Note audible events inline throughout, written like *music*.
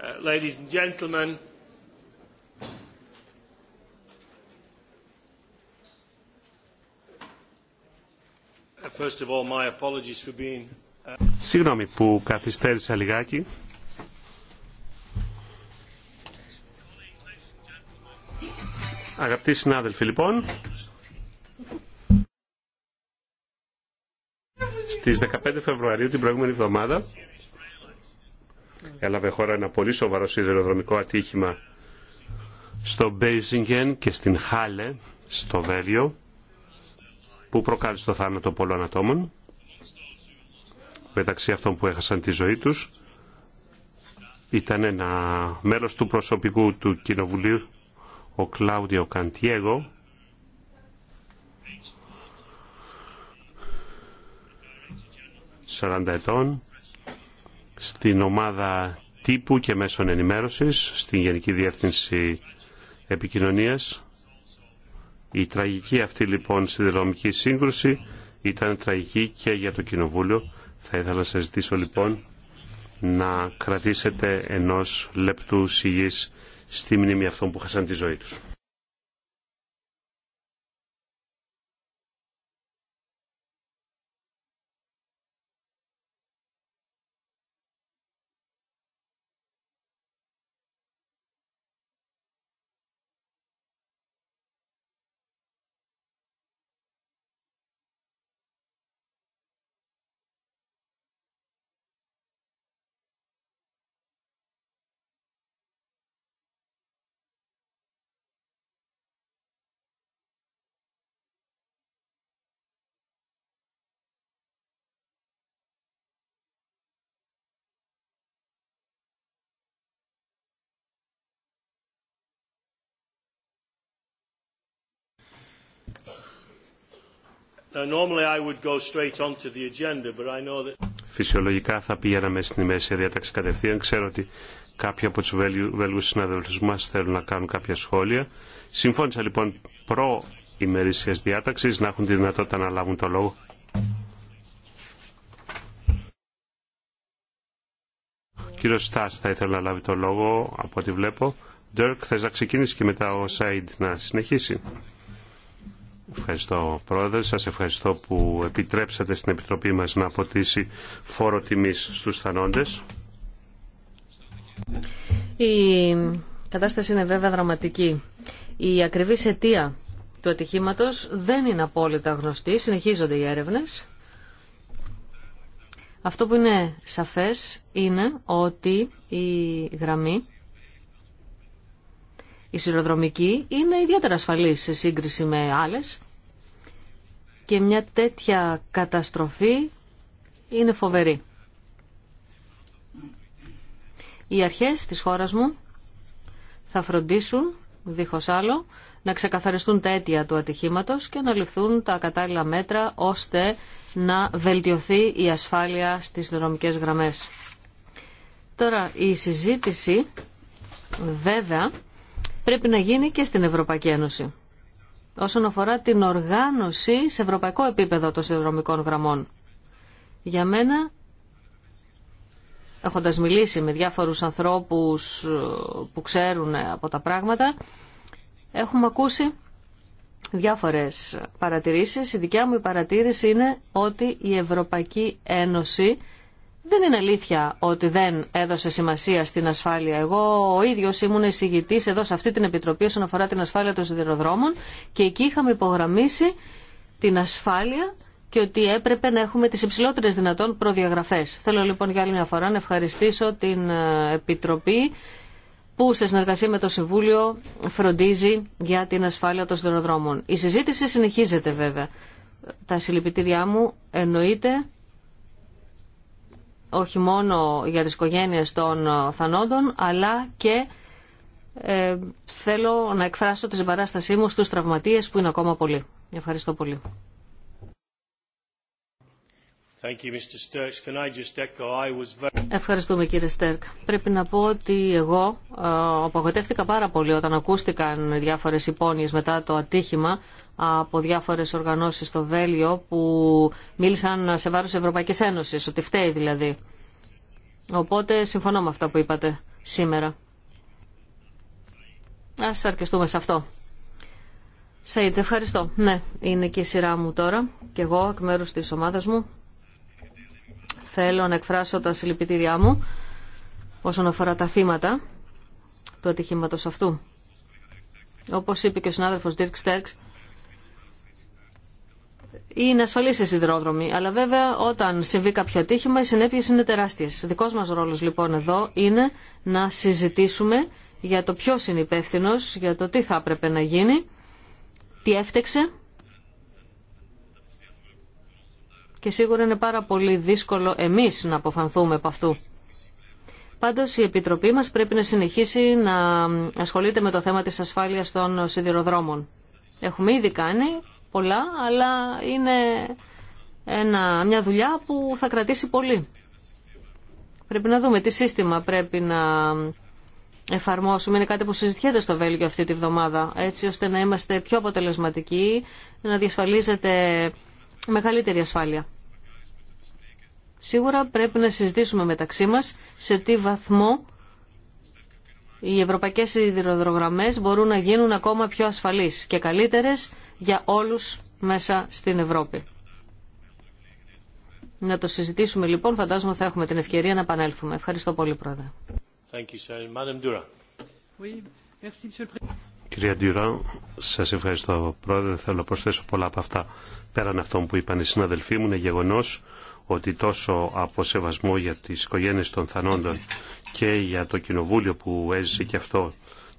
Uh, ladies and gentlemen, uh, first of all, my apologies for being. Uh, Συγγνώμη που καθυστέρησα λιγάκι. Αγαπητοί συνάδελφοι, λοιπόν, στις 15 Φεβρουαρίου την προηγούμενη εβδομάδα έλαβε χώρα ένα πολύ σοβαρό σιδηροδρομικό ατύχημα στο Μπέιζιγγεν και στην Χάλε, στο Βέλιο, που προκάλεσε το θάνατο πολλών ατόμων, μεταξύ αυτών που έχασαν τη ζωή τους. Ήταν ένα μέλος του προσωπικού του Κοινοβουλίου, ο Κλάουδιο Καντιέγο, ...40 ετών, στην ομάδα τύπου και μέσων ενημέρωσης, στην Γενική Διεύθυνση Επικοινωνίας. Η τραγική αυτή λοιπόν συνδρομική σύγκρουση ήταν τραγική και για το Κοινοβούλιο. Θα ήθελα να σας ζητήσω λοιπόν να κρατήσετε ενός λεπτού σιγής στη μνήμη αυτών που χάσαν τη ζωή τους. Φυσιολογικά θα πήγαμε στην ημέρησια διάταξη κατευθείαν. Ξέρω ότι κάποιοι από του Βέλγου συναδελφού μα θέλουν να κάνουν κάποια σχόλια. Συμφώνησα λοιπόν προ ημερήσια διάταξη να έχουν τη δυνατότητα να λάβουν το λόγο. Κύριο Στάς θα ήθελα να λάβει το λόγο από ό,τι βλέπω. Ντέρκ, θες να ξεκινήσει και μετά ο Σαΐντ να συνεχίσει. Ευχαριστώ Πρόεδρε, σας ευχαριστώ που επιτρέψατε στην Επιτροπή μας να αποτίσει φόρο τιμής στους θανόντες. Η κατάσταση είναι βέβαια δραματική. Η ακριβή αιτία του ατυχήματος δεν είναι απόλυτα γνωστή, συνεχίζονται οι έρευνες. Αυτό που είναι σαφές είναι ότι η γραμμή η σειροδρομική είναι ιδιαίτερα ασφαλή σε σύγκριση με άλλες και μια τέτοια καταστροφή είναι φοβερή. Οι αρχές της χώρας μου θα φροντίσουν, δίχως άλλο, να ξεκαθαριστούν τα αίτια του ατυχήματος και να ληφθούν τα κατάλληλα μέτρα ώστε να βελτιωθεί η ασφάλεια στις δρομικές γραμμές. Τώρα, η συζήτηση βέβαια πρέπει να γίνει και στην Ευρωπαϊκή Ένωση όσον αφορά την οργάνωση σε ευρωπαϊκό επίπεδο των συνδρομικών γραμμών. Για μένα, έχοντας μιλήσει με διάφορους ανθρώπους ε, που ξέρουν ε, από τα πράγματα, έχουμε ακούσει διάφορες παρατηρήσεις. Η δικιά μου παρατήρηση είναι ότι η Ευρωπαϊκή Ένωση δεν είναι αλήθεια ότι δεν έδωσε σημασία στην ασφάλεια. Εγώ ο ίδιο ήμουν εισηγητή εδώ σε αυτή την επιτροπή όσον αφορά την ασφάλεια των σιδηροδρόμων και εκεί είχαμε υπογραμμίσει την ασφάλεια και ότι έπρεπε να έχουμε τις υψηλότερες δυνατόν προδιαγραφές. Θέλω λοιπόν για άλλη μια φορά να ευχαριστήσω την ε, Επιτροπή που σε συνεργασία με το Συμβούλιο φροντίζει για την ασφάλεια των σιδηροδρόμων. Η συζήτηση συνεχίζεται βέβαια. Τα συλληπιτήριά μου εννοείται όχι μόνο για τις οικογένειες των ε, θανόντων, αλλά και ε, θέλω να εκφράσω τη συμπαράστασή μου στους τραυματίες που είναι ακόμα πολλοί. Ευχαριστώ πολύ. Ευχαριστούμε κύριε Στέρκ. Πρέπει να πω ότι εγώ ε, απογοητεύτηκα πάρα πολύ όταν ακούστηκαν διάφορες υπόνοιες μετά το ατύχημα από διάφορες οργανώσεις στο Βέλιο που μίλησαν σε βάρος Ευρωπαϊκής Ένωσης, ότι φταίει δηλαδή. Οπότε συμφωνώ με αυτά που είπατε σήμερα. Ας αρκεστούμε σε αυτό. Σαΐτ, ευχαριστώ. Ναι, είναι και η σειρά μου τώρα και εγώ εκ μέρους της ομάδας μου θέλω να εκφράσω τα συλληπιτήριά μου όσον αφορά τα θύματα του ατυχήματος αυτού. Όπως είπε και ο συνάδελφος Dirk Sterks, είναι ασφαλεί οι σιδηρόδρομοι, αλλά βέβαια όταν συμβεί κάποιο ατύχημα οι συνέπειε είναι τεράστιες. Δικός μας ρόλος λοιπόν εδώ είναι να συζητήσουμε για το ποιο είναι υπεύθυνο, για το τι θα έπρεπε να γίνει, τι έφτεξε και σίγουρα είναι πάρα πολύ δύσκολο εμείς να αποφανθούμε από αυτού. Πάντως η Επιτροπή μας πρέπει να συνεχίσει να ασχολείται με το θέμα της ασφάλειας των σιδηροδρόμων. Έχουμε ήδη κάνει πολλά, αλλά είναι ένα, μια δουλειά που θα κρατήσει πολύ. Πρέπει να δούμε τι σύστημα πρέπει να εφαρμόσουμε. Είναι κάτι που συζητιέται στο Βέλγιο αυτή τη βδομάδα, έτσι ώστε να είμαστε πιο αποτελεσματικοί, να διασφαλίζεται μεγαλύτερη ασφάλεια. Σίγουρα πρέπει να συζητήσουμε μεταξύ μας σε τι βαθμό οι ευρωπαϊκές σιδηροδρογραμμές μπορούν να γίνουν ακόμα πιο ασφαλείς και καλύτερες για όλους μέσα στην Ευρώπη. Να το συζητήσουμε λοιπόν, φαντάζομαι θα έχουμε την ευκαιρία να επανέλθουμε. Ευχαριστώ πολύ, Πρόεδρε. Κυρία Ντουρά, σα ευχαριστώ, Πρόεδρε. Θέλω να προσθέσω πολλά από αυτά. Πέραν αυτών που είπαν οι συναδελφοί μου, είναι γεγονό ότι τόσο από σεβασμό για τι οικογένειε των θανόντων και για το κοινοβούλιο που έζησε και αυτό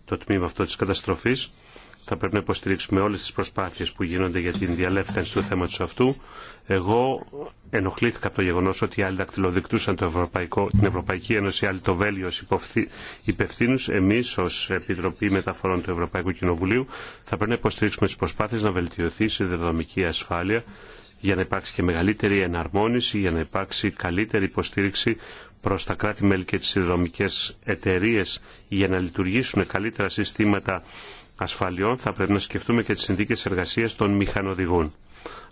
το τμήμα αυτό τη καταστροφή, θα πρέπει να υποστηρίξουμε όλες τις προσπάθειες που γίνονται για την διαλεύκανση του θέματος αυτού. Εγώ ενοχλήθηκα από το γεγονός ότι οι άλλοι δακτυλοδεικτούσαν το Ευρωπαϊκό, την Ευρωπαϊκή Ένωση, άλλοι το Βέλγιο ως υπευθύνους. Εμείς ως Επιτροπή Μεταφορών του Ευρωπαϊκού Κοινοβουλίου θα πρέπει να υποστηρίξουμε τις προσπάθειες να βελτιωθεί η συνδεδομική ασφάλεια για να υπάρξει και μεγαλύτερη εναρμόνιση, για να υπάρξει καλύτερη υποστήριξη προς τα κράτη-μέλη και τις συνδρομικές εταιρείε για να λειτουργήσουν καλύτερα συστήματα ασφαλιών θα πρέπει να σκεφτούμε και τις συνθήκες εργασίας των μηχανοδηγών.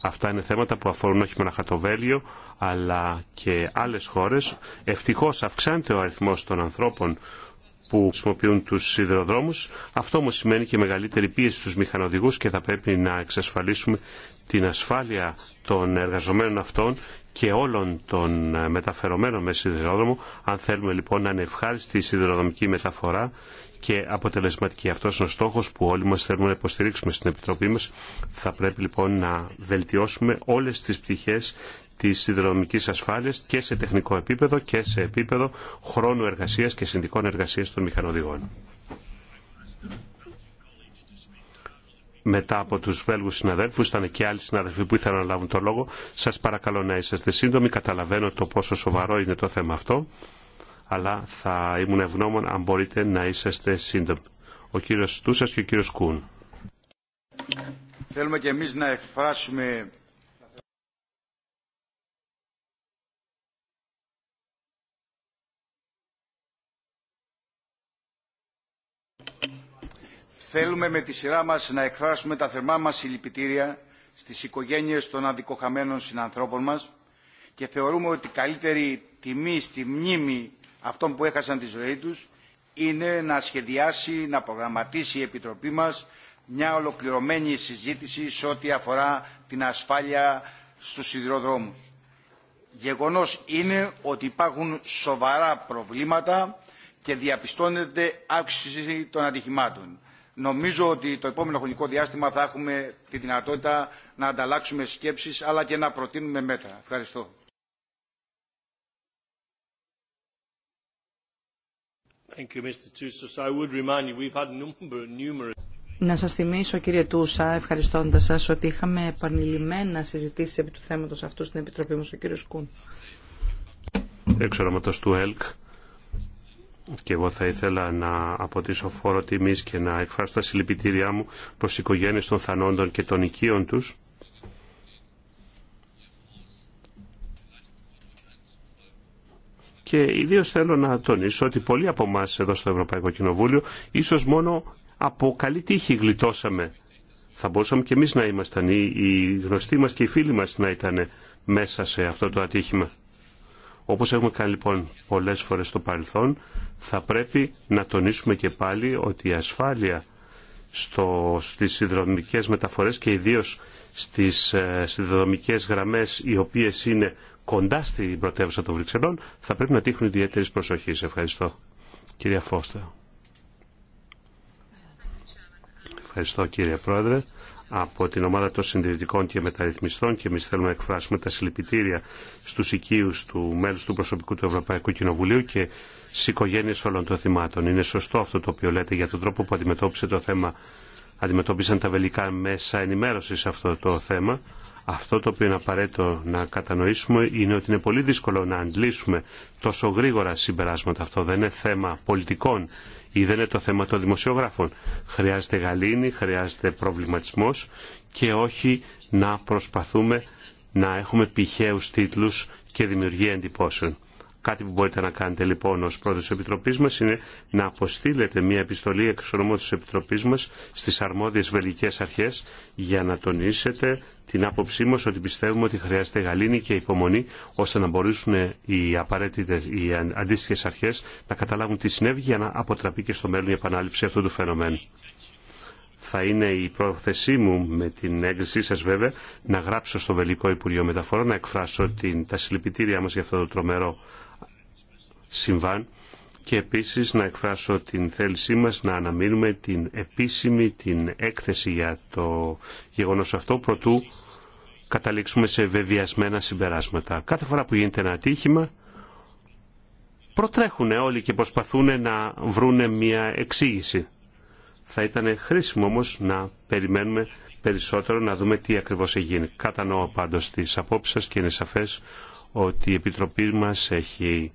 Αυτά είναι θέματα που αφορούν όχι μόνο το Βέλγιο, αλλά και άλλες χώρες. Ευτυχώς αυξάνεται ο αριθμός των ανθρώπων που χρησιμοποιούν τους σιδηροδρόμους. Αυτό όμως σημαίνει και μεγαλύτερη πίεση στους μηχανοδηγούς και θα πρέπει να εξασφαλίσουμε την ασφάλεια των εργαζομένων αυτών και όλων των ε, μεταφερομένων με σιδηρόδρομο, αν θέλουμε λοιπόν να είναι ευχάριστη η σιδηροδρομική μεταφορά και αποτελεσματική. Αυτός είναι ο στόχος που όλοι μας θέλουμε να υποστηρίξουμε στην Επιτροπή μας. Θα πρέπει λοιπόν να βελτιώσουμε όλες τις πτυχές της συνδρομικής ασφάλειας και σε τεχνικό επίπεδο και σε επίπεδο χρόνου εργασίας και συνδικών εργασίας των μηχανοδηγών. μετά από τους Βέλγους συναδέλφους, ήταν και άλλοι συναδελφοί που ήθελαν να λάβουν το λόγο. Σας παρακαλώ να είσαστε σύντομοι, καταλαβαίνω το πόσο σοβαρό είναι το θέμα αυτό αλλά θα ήμουν ευγνώμων αν μπορείτε να είσαστε σύντομοι. Ο κύριος Στούσας και ο κύριος Κούν. Θέλουμε και εμείς να εκφράσουμε Θέλουμε με τη σειρά μας να εκφράσουμε τα θερμά μας συλληπιτήρια στις οικογένειες των αδικοχαμένων συνανθρώπων μας και θεωρούμε ότι καλύτερη τιμή στη μνήμη αυτών που έχασαν τη ζωή τους είναι να σχεδιάσει, να προγραμματίσει η Επιτροπή μας μια ολοκληρωμένη συζήτηση σε ό,τι αφορά την ασφάλεια στους σιδηροδρόμους. Γεγονός είναι ότι υπάρχουν σοβαρά προβλήματα και διαπιστώνεται αύξηση των ατυχημάτων. Νομίζω ότι το επόμενο χρονικό διάστημα θα έχουμε τη δυνατότητα να ανταλλάξουμε σκέψεις αλλά και να προτείνουμε μέτρα. Ευχαριστώ. Να σας θυμίσω κύριε Τούσα, ευχαριστώντας σας, ότι είχαμε επανειλημμένα συζητήσει επί του θέματος αυτού στην Επιτροπή μας, ο κύριος Κούν. Εξ του ΕΛΚ και εγώ θα ήθελα να αποτίσω φόρο τιμής και να εκφράσω τα συλληπιτήριά μου προς οικογένειες των θανόντων και των οικείων τους Και ιδίω θέλω να τονίσω ότι πολλοί από εμά εδώ στο Ευρωπαϊκό Κοινοβούλιο ίσω μόνο από καλή τύχη γλιτώσαμε. Θα μπορούσαμε και εμεί να ήμασταν, οι γνωστοί μα και οι φίλοι μα να ήταν μέσα σε αυτό το ατύχημα. Όπω έχουμε κάνει λοιπόν πολλέ φορέ στο παρελθόν, θα πρέπει να τονίσουμε και πάλι ότι η ασφάλεια στο, στις συνδρομικές μεταφορές και ιδίως στις ε, συνδρομικές γραμμές οι οποίες είναι κοντά στην πρωτεύουσα των Βρυξελών θα πρέπει να τύχουν ιδιαίτερη προσοχή. Ευχαριστώ. Κυρία Φώστα. Ευχαριστώ κύριε Πρόεδρε. Από την ομάδα των συντηρητικών και μεταρρυθμιστών και εμεί θέλουμε να εκφράσουμε τα συλληπιτήρια στου οικείου του μέλου του προσωπικού του Ευρωπαϊκού Κοινοβουλίου και στι οικογένειε όλων των θυμάτων. Είναι σωστό αυτό το οποίο λέτε για τον τρόπο που αντιμετώπισε το θέμα, αντιμετώπισαν τα βελικά μέσα ενημέρωση σε αυτό το θέμα αυτό το οποίο είναι απαραίτητο να κατανοήσουμε είναι ότι είναι πολύ δύσκολο να αντλήσουμε τόσο γρήγορα συμπεράσματα. Αυτό δεν είναι θέμα πολιτικών ή δεν είναι το θέμα των δημοσιογράφων. Χρειάζεται γαλήνη, χρειάζεται προβληματισμός και όχι να προσπαθούμε να έχουμε πηχαίους τίτλους και δημιουργία εντυπώσεων. Κάτι που μπορείτε να κάνετε λοιπόν ως πρόεδρος της Επιτροπής μας είναι να αποστείλετε μια επιστολή εξ ονομότητας της Επιτροπής μας στις αρμόδιες βελγικές αρχές για να τονίσετε την άποψή μας ότι πιστεύουμε ότι χρειάζεται γαλήνη και υπομονή ώστε να μπορέσουν οι απαραίτητες, οι αντίστοιχες αρχές να καταλάβουν τι συνέβη για να αποτραπεί και στο μέλλον η επανάληψη αυτού του φαινομένου θα είναι η πρόθεσή μου με την έγκρισή σας βέβαια να γράψω στο Βελικό Υπουργείο Μεταφορών να εκφράσω την, τα συλληπιτήριά μας για αυτό το τρομερό συμβάν και επίσης να εκφράσω την θέλησή μας να αναμείνουμε την επίσημη την έκθεση για το γεγονός αυτό προτού καταλήξουμε σε βεβαιασμένα συμπεράσματα. Κάθε φορά που γίνεται ένα ατύχημα προτρέχουν όλοι και προσπαθούν να βρούνε μια εξήγηση. Θα ήταν χρήσιμο όμως να περιμένουμε περισσότερο να δούμε τι ακριβώς έχει γίνει. Κατανοώ πάντως τις απόψεις και είναι σαφές ότι η Επιτροπή μας έχει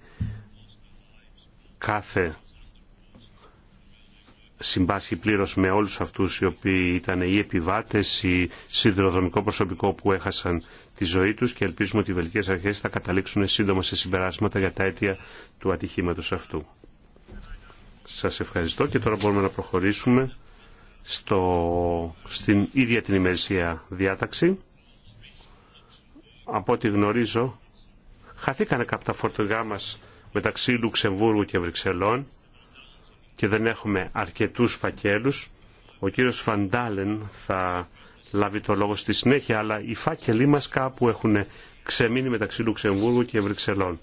κάθε συμπάσχει πλήρως με όλους αυτούς οι οποίοι ήταν οι επιβάτες, η σιδηροδρομικό προσωπικό που έχασαν τη ζωή τους και ελπίζουμε ότι οι βελικές αρχές θα καταλήξουν σύντομα σε συμπεράσματα για τα αίτια του ατυχήματος αυτού. Σας ευχαριστώ και τώρα μπορούμε να προχωρήσουμε στο, στην ίδια την ημερησία διάταξη. Από ό,τι γνωρίζω, χαθήκανε κάποια τα φορτηγά μας μεταξύ Λουξεμβούργου και Βρυξελών και δεν έχουμε αρκετούς φακέλους. Ο κύριος Φαντάλεν θα λάβει το λόγο στη συνέχεια, αλλά οι φάκελοι μας κάπου έχουν ξεμείνει μεταξύ Λουξεμβούργου και Βρυξελών.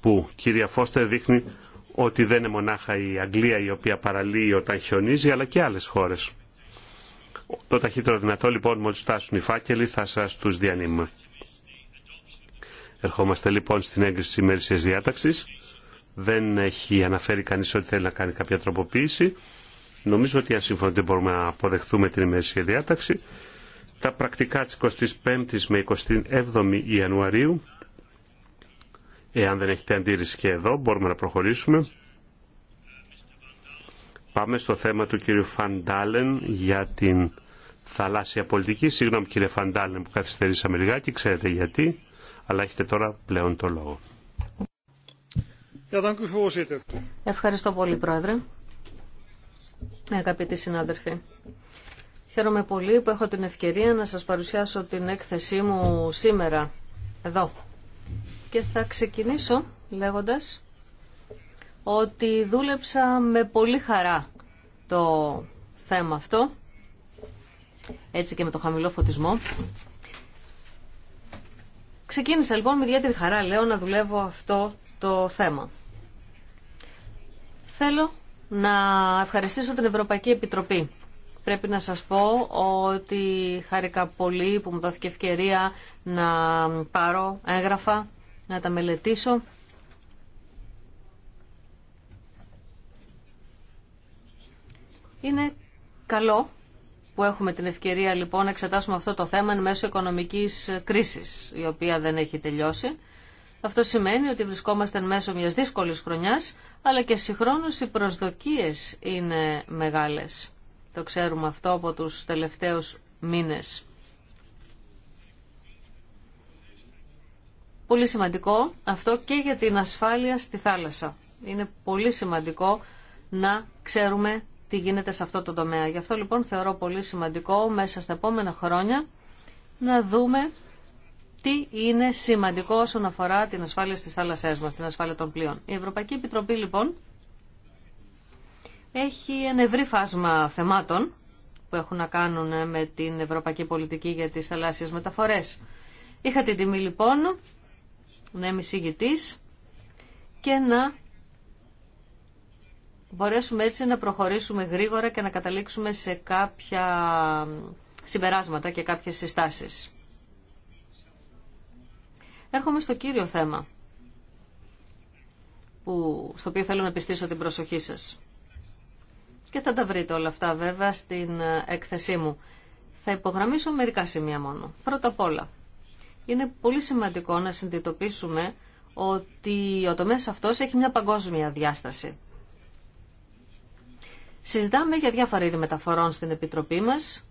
Που κυρία Φώστερ δείχνει ότι δεν είναι μονάχα η Αγγλία η οποία παραλύει όταν χιονίζει, αλλά και άλλες χώρες. Το ταχύτερο δυνατό λοιπόν μόλις φτάσουν οι φάκελοι θα σας τους διανύμουμε. Ερχόμαστε λοιπόν στην έγκριση της ημέρησης διάταξης. Δεν έχει αναφέρει κανείς ότι θέλει να κάνει κάποια τροποποίηση. Νομίζω ότι αν συμφωνείτε μπορούμε να αποδεχθούμε την ημερησία διάταξη. Τα πρακτικά της 25ης με 27η Ιανουαρίου. Εάν δεν έχετε αντίρρηση και εδώ μπορούμε να προχωρήσουμε. Πάμε στο θέμα του κύριου Φαντάλεν για την θαλάσσια πολιτική. Συγγνώμη κύριε Φαντάλεν που καθυστερήσαμε λιγάκι, ξέρετε γιατί αλλά έχετε τώρα πλέον το λόγο. Ευχαριστώ πολύ, Πρόεδρε. Αγαπητοί συνάδελφοι, χαίρομαι πολύ που έχω την ευκαιρία να σας παρουσιάσω την έκθεσή μου σήμερα, εδώ. Και θα ξεκινήσω λέγοντας ότι δούλεψα με πολύ χαρά το θέμα αυτό, έτσι και με το χαμηλό φωτισμό, Ξεκίνησα λοιπόν με ιδιαίτερη χαρά, λέω, να δουλεύω αυτό το θέμα. Θέλω να ευχαριστήσω την Ευρωπαϊκή Επιτροπή. Πρέπει να σας πω ότι χάρηκα πολύ που μου δόθηκε ευκαιρία να πάρω έγγραφα, να τα μελετήσω. Είναι καλό που έχουμε την ευκαιρία λοιπόν να εξετάσουμε αυτό το θέμα εν μέσω οικονομικής κρίσης, η οποία δεν έχει τελειώσει. Αυτό σημαίνει ότι βρισκόμαστε εν μέσω μιας δύσκολης χρονιάς, αλλά και συγχρόνως οι προσδοκίες είναι μεγάλες. Το ξέρουμε αυτό από τους τελευταίους μήνες. Πολύ σημαντικό αυτό και για την ασφάλεια στη θάλασσα. Είναι πολύ σημαντικό να ξέρουμε τι γίνεται σε αυτό το τομέα. Γι' αυτό λοιπόν θεωρώ πολύ σημαντικό μέσα στα επόμενα χρόνια να δούμε τι είναι σημαντικό όσον αφορά την ασφάλεια στις θάλασσές μας, την ασφάλεια των πλοίων. Η Ευρωπαϊκή Επιτροπή λοιπόν έχει ένα ευρύ φάσμα θεμάτων που έχουν να κάνουν με την Ευρωπαϊκή Πολιτική για τις θαλάσσιες μεταφορές. Είχα την τιμή λοιπόν να είμαι και να μπορέσουμε έτσι να προχωρήσουμε γρήγορα και να καταλήξουμε σε κάποια συμπεράσματα και κάποιες συστάσεις. Έρχομαι στο κύριο θέμα, που, στο οποίο θέλω να πιστήσω την προσοχή σας. Και θα τα βρείτε όλα αυτά βέβαια στην έκθεσή μου. Θα υπογραμμίσω μερικά σημεία μόνο. Πρώτα απ' όλα, είναι πολύ σημαντικό να συνειδητοποιήσουμε ότι ο τομέας αυτός έχει μια παγκόσμια διάσταση. Συζητάμε για διάφορα είδη μεταφορών στην Επιτροπή μας,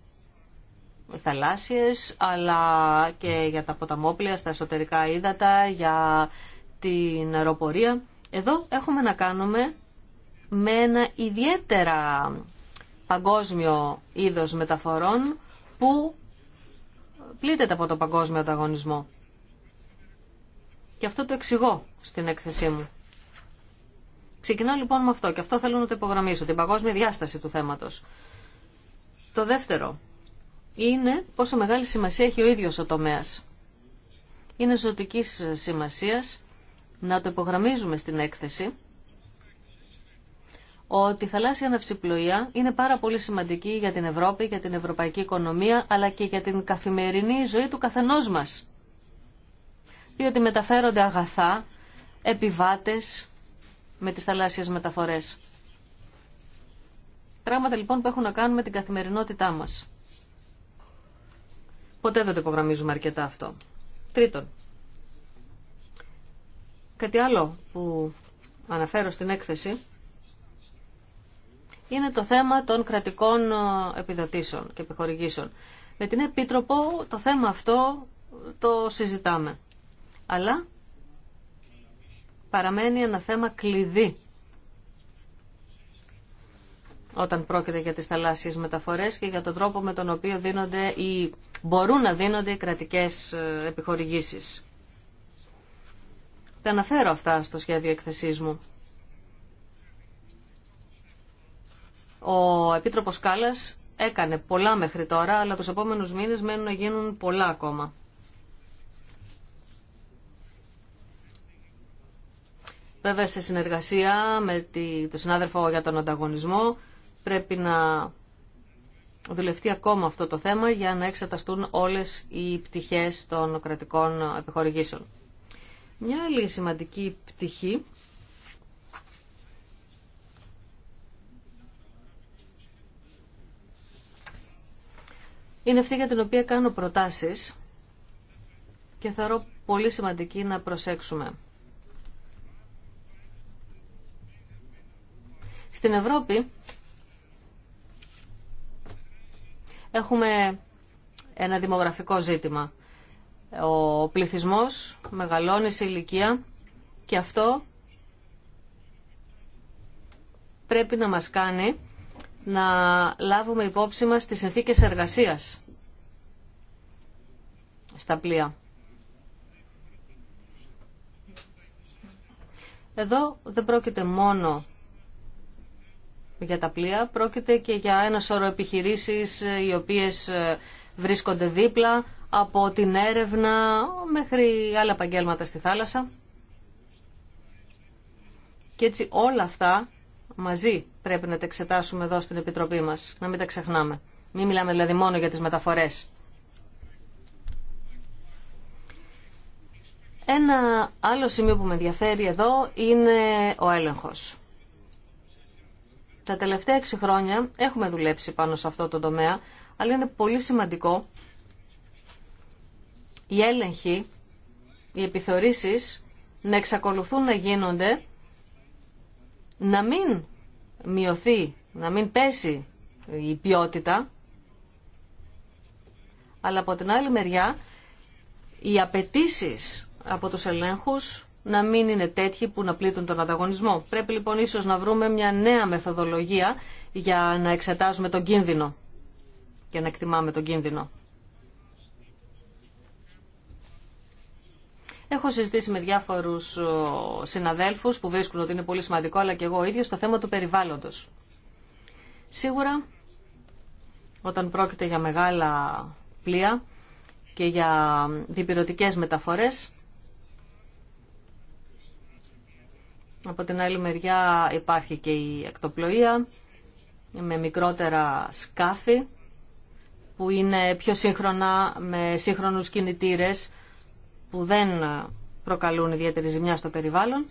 θαλάσσιες, αλλά και για τα ποταμόπλια, στα εσωτερικά ύδατα, για την αεροπορία. Εδώ έχουμε να κάνουμε με ένα ιδιαίτερα παγκόσμιο είδος μεταφορών που πλήττεται από το παγκόσμιο ανταγωνισμό. Και αυτό το εξηγώ στην έκθεσή μου. Ξεκινάω λοιπόν με αυτό και αυτό θέλω να το υπογραμμίσω, την παγκόσμια διάσταση του θέματος. Το δεύτερο είναι πόσο μεγάλη σημασία έχει ο ίδιος ο τομέας. Είναι ζωτικής σημασίας να το υπογραμμίζουμε στην έκθεση ότι η θαλάσσια ναυσιπλοεία είναι πάρα πολύ σημαντική για την Ευρώπη, για την ευρωπαϊκή οικονομία, αλλά και για την καθημερινή ζωή του καθενός μας. Διότι μεταφέρονται αγαθά, επιβάτες, με τις θαλάσσιες μεταφορές. Πράγματα λοιπόν που έχουν να κάνουν με την καθημερινότητά μας. Ποτέ δεν το υπογραμμίζουμε αρκετά αυτό. Τρίτον, κάτι άλλο που αναφέρω στην έκθεση είναι το θέμα των κρατικών ε, επιδοτήσεων και επιχορηγήσεων. Με την Επίτροπο το θέμα αυτό το συζητάμε. Αλλά παραμένει ένα θέμα κλειδί όταν πρόκειται για τις θαλάσσιες μεταφορές και για τον τρόπο με τον οποίο δίνονται ή μπορούν να δίνονται οι κρατικές ε, επιχορηγήσεις. Τα αναφέρω αυτά στο σχέδιο εκθεσής μου. Ο Επίτροπος Κάλλας έκανε πολλά μέχρι τώρα, αλλά τους επόμενους μήνες μένουν να γίνουν πολλά ακόμα. Βέβαια σε συνεργασία με τη, τον συνάδελφο για τον ανταγωνισμό πρέπει να δουλευτεί ακόμα αυτό το θέμα για να εξεταστούν όλες οι πτυχές των κρατικών επιχορηγήσεων. Μια άλλη σημαντική πτυχή είναι αυτή για την οποία κάνω προτάσεις και θεωρώ πολύ σημαντική να προσέξουμε. Στην Ευρώπη έχουμε ένα δημογραφικό ζήτημα. Ο πληθυσμός μεγαλώνει σε ηλικία και αυτό πρέπει να μας κάνει να λάβουμε υπόψη μας τις συνθήκες εργασίας στα πλοία. Εδώ δεν πρόκειται μόνο για τα πλοία, πρόκειται και για ένα σώρο επιχειρήσεις ε, οι οποίες ε, βρίσκονται δίπλα από την έρευνα μέχρι άλλα επαγγέλματα στη θάλασσα. Και έτσι όλα αυτά μαζί πρέπει να τα εξετάσουμε εδώ στην Επιτροπή μας, να μην τα ξεχνάμε. Μην μιλάμε δηλαδή μόνο για τις μεταφορές. Ένα άλλο σημείο που με ενδιαφέρει εδώ είναι ο έλεγχος. Τα τελευταία έξι χρόνια έχουμε δουλέψει πάνω σε αυτό το τομέα, αλλά είναι πολύ σημαντικό οι έλεγχοι, οι επιθεωρήσεις να εξακολουθούν να γίνονται, να μην μειωθεί, να μην πέσει η ποιότητα, αλλά από την άλλη μεριά οι απαιτήσει από τους ελέγχους να μην είναι τέτοιοι που να πλήττουν τον ανταγωνισμό. Πρέπει λοιπόν ίσω να βρούμε μια νέα μεθοδολογία για να εξετάζουμε τον κίνδυνο και να εκτιμάμε τον κίνδυνο. Έχω συζητήσει με διάφορου συναδέλφου που βρίσκουν ότι είναι πολύ σημαντικό, αλλά και εγώ ίδιο, στο θέμα του περιβάλλοντο. Σίγουρα, όταν πρόκειται για μεγάλα πλοία και για διπυρωτικέ μεταφορέ, Από την άλλη μεριά υπάρχει και η εκτοπλοεία με μικρότερα σκάφη που είναι πιο σύγχρονα με σύγχρονους κινητήρες που δεν προκαλούν ιδιαίτερη ζημιά στο περιβάλλον.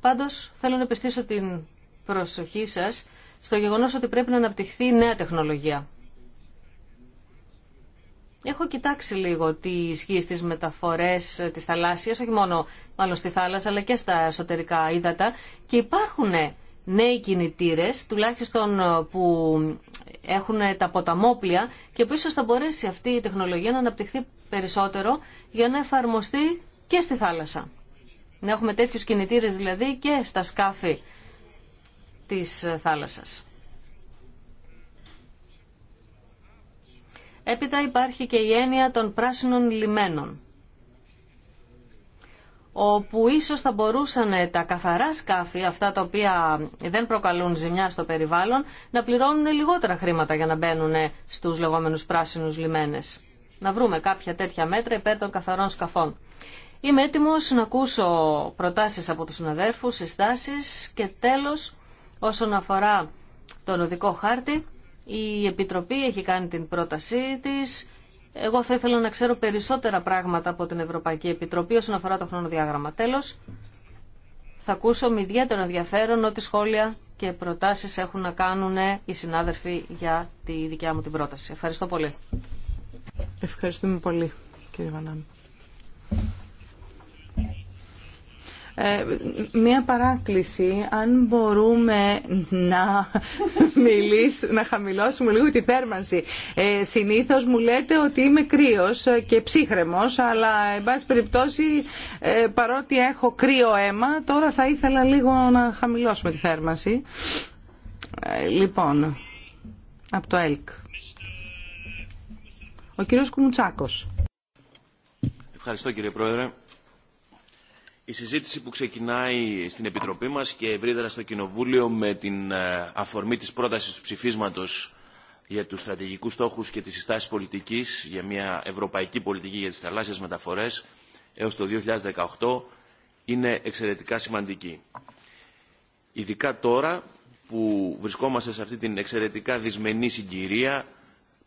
Πάντως θέλω να επιστήσω την προσοχή σας στο γεγονός ότι πρέπει να αναπτυχθεί νέα τεχνολογία. Έχω κοιτάξει λίγο τι ισχύει στις μεταφορές της θαλάσσιας, όχι μόνο μάλλον στη θάλασσα, αλλά και στα εσωτερικά ύδατα και υπάρχουν νέοι κινητήρε, τουλάχιστον ε, που έχουν τα ποταμόπλια και που ίσως θα μπορέσει αυτή η τεχνολογία να αναπτυχθεί περισσότερο για να εφαρμοστεί και στη θάλασσα. Να έχουμε τέτοιου κινητήρες δηλαδή και στα σκάφη της ε, θάλασσας. Έπειτα υπάρχει και η έννοια των πράσινων λιμένων όπου ίσως θα μπορούσαν τα καθαρά σκάφη, αυτά τα οποία δεν προκαλούν ζημιά στο περιβάλλον, να πληρώνουν λιγότερα χρήματα για να μπαίνουν στους λεγόμενους πράσινους λιμένες. Να βρούμε κάποια τέτοια μέτρα υπέρ των καθαρών σκαφών. Είμαι έτοιμος να ακούσω προτάσεις από τους συναδέρφους, συστάσεις και τέλος όσον αφορά τον οδικό χάρτη, η Επιτροπή έχει κάνει την πρότασή της. Εγώ θα ήθελα να ξέρω περισσότερα πράγματα από την Ευρωπαϊκή Επιτροπή όσον αφορά το χρονοδιάγραμμα. Τέλος, θα ακούσω με ιδιαίτερο ενδιαφέρον ό,τι σχόλια και προτάσεις έχουν να κάνουν οι συνάδελφοι για τη δικιά μου την πρόταση. Ευχαριστώ πολύ. Ευχαριστούμε πολύ, κύριε Βανάμ. Ε, μία παράκληση, αν μπορούμε να, μιλήσουμε, να χαμηλώσουμε λίγο τη θέρμανση. Ε, συνήθως μου λέτε ότι είμαι κρύος και ψύχρεμος, αλλά εν πάση περιπτώσει ε, παρότι έχω κρύο αίμα, τώρα θα ήθελα λίγο να χαμηλώσουμε τη θέρμανση. Ε, λοιπόν, από το ΕΛΚ. Ο κύριος Κουμουτσάκος. Ευχαριστώ κύριε Πρόεδρε. Η συζήτηση που ξεκινάει στην Επιτροπή μας και ευρύτερα στο Κοινοβούλιο με την ε, αφορμή της πρότασης του ψηφίσματος για τους στρατηγικούς στόχους και τις συστάσει πολιτικής για μια ευρωπαϊκή πολιτική για τις θαλάσσιες μεταφορές έως το 2018 είναι εξαιρετικά σημαντική. Ειδικά τώρα που βρισκόμαστε σε αυτή την εξαιρετικά δυσμενή συγκυρία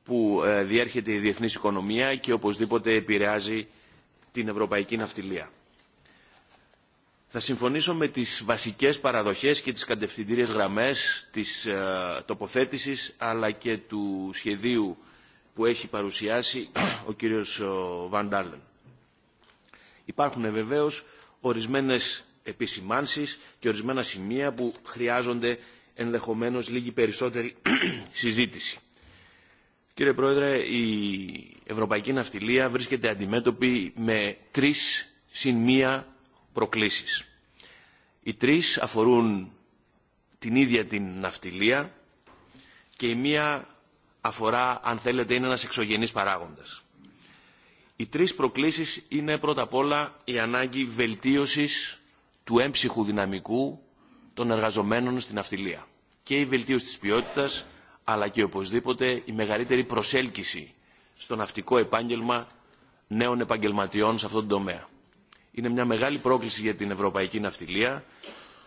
που ε, διέρχεται η διεθνής οικονομία και οπωσδήποτε επηρεάζει την ευρωπαϊκή ναυτιλία θα συμφωνήσω με τις βασικές παραδοχές και τις κατευθυντήριες γραμμές της ε, τοποθέτησης αλλά και του σχεδίου που έχει παρουσιάσει ο κύριος ε, Βαντάρλεν. Υπάρχουν βεβαίως ορισμένες επισημάνσεις και ορισμένα σημεία που χρειάζονται ενδεχομένως λίγη περισσότερη *clears throat* συζήτηση. Κύριε Πρόεδρε, η Ευρωπαϊκή Ναυτιλία βρίσκεται αντιμέτωπη με τρεις συν μία προκλήσεις. Οι τρεις αφορούν την ίδια την ναυτιλία και η μία αφορά, αν θέλετε, είναι ένας εξωγενής παράγοντας. Οι τρεις προκλήσεις είναι πρώτα απ' όλα η ανάγκη βελτίωσης του έμψυχου δυναμικού των εργαζομένων στην ναυτιλία. Και η βελτίωση της ποιότητας, αλλά και οπωσδήποτε η μεγαλύτερη προσέλκυση στο ναυτικό επάγγελμα νέων επαγγελματιών σε αυτόν τον τομέα είναι μια μεγάλη πρόκληση για την ευρωπαϊκή ναυτιλία,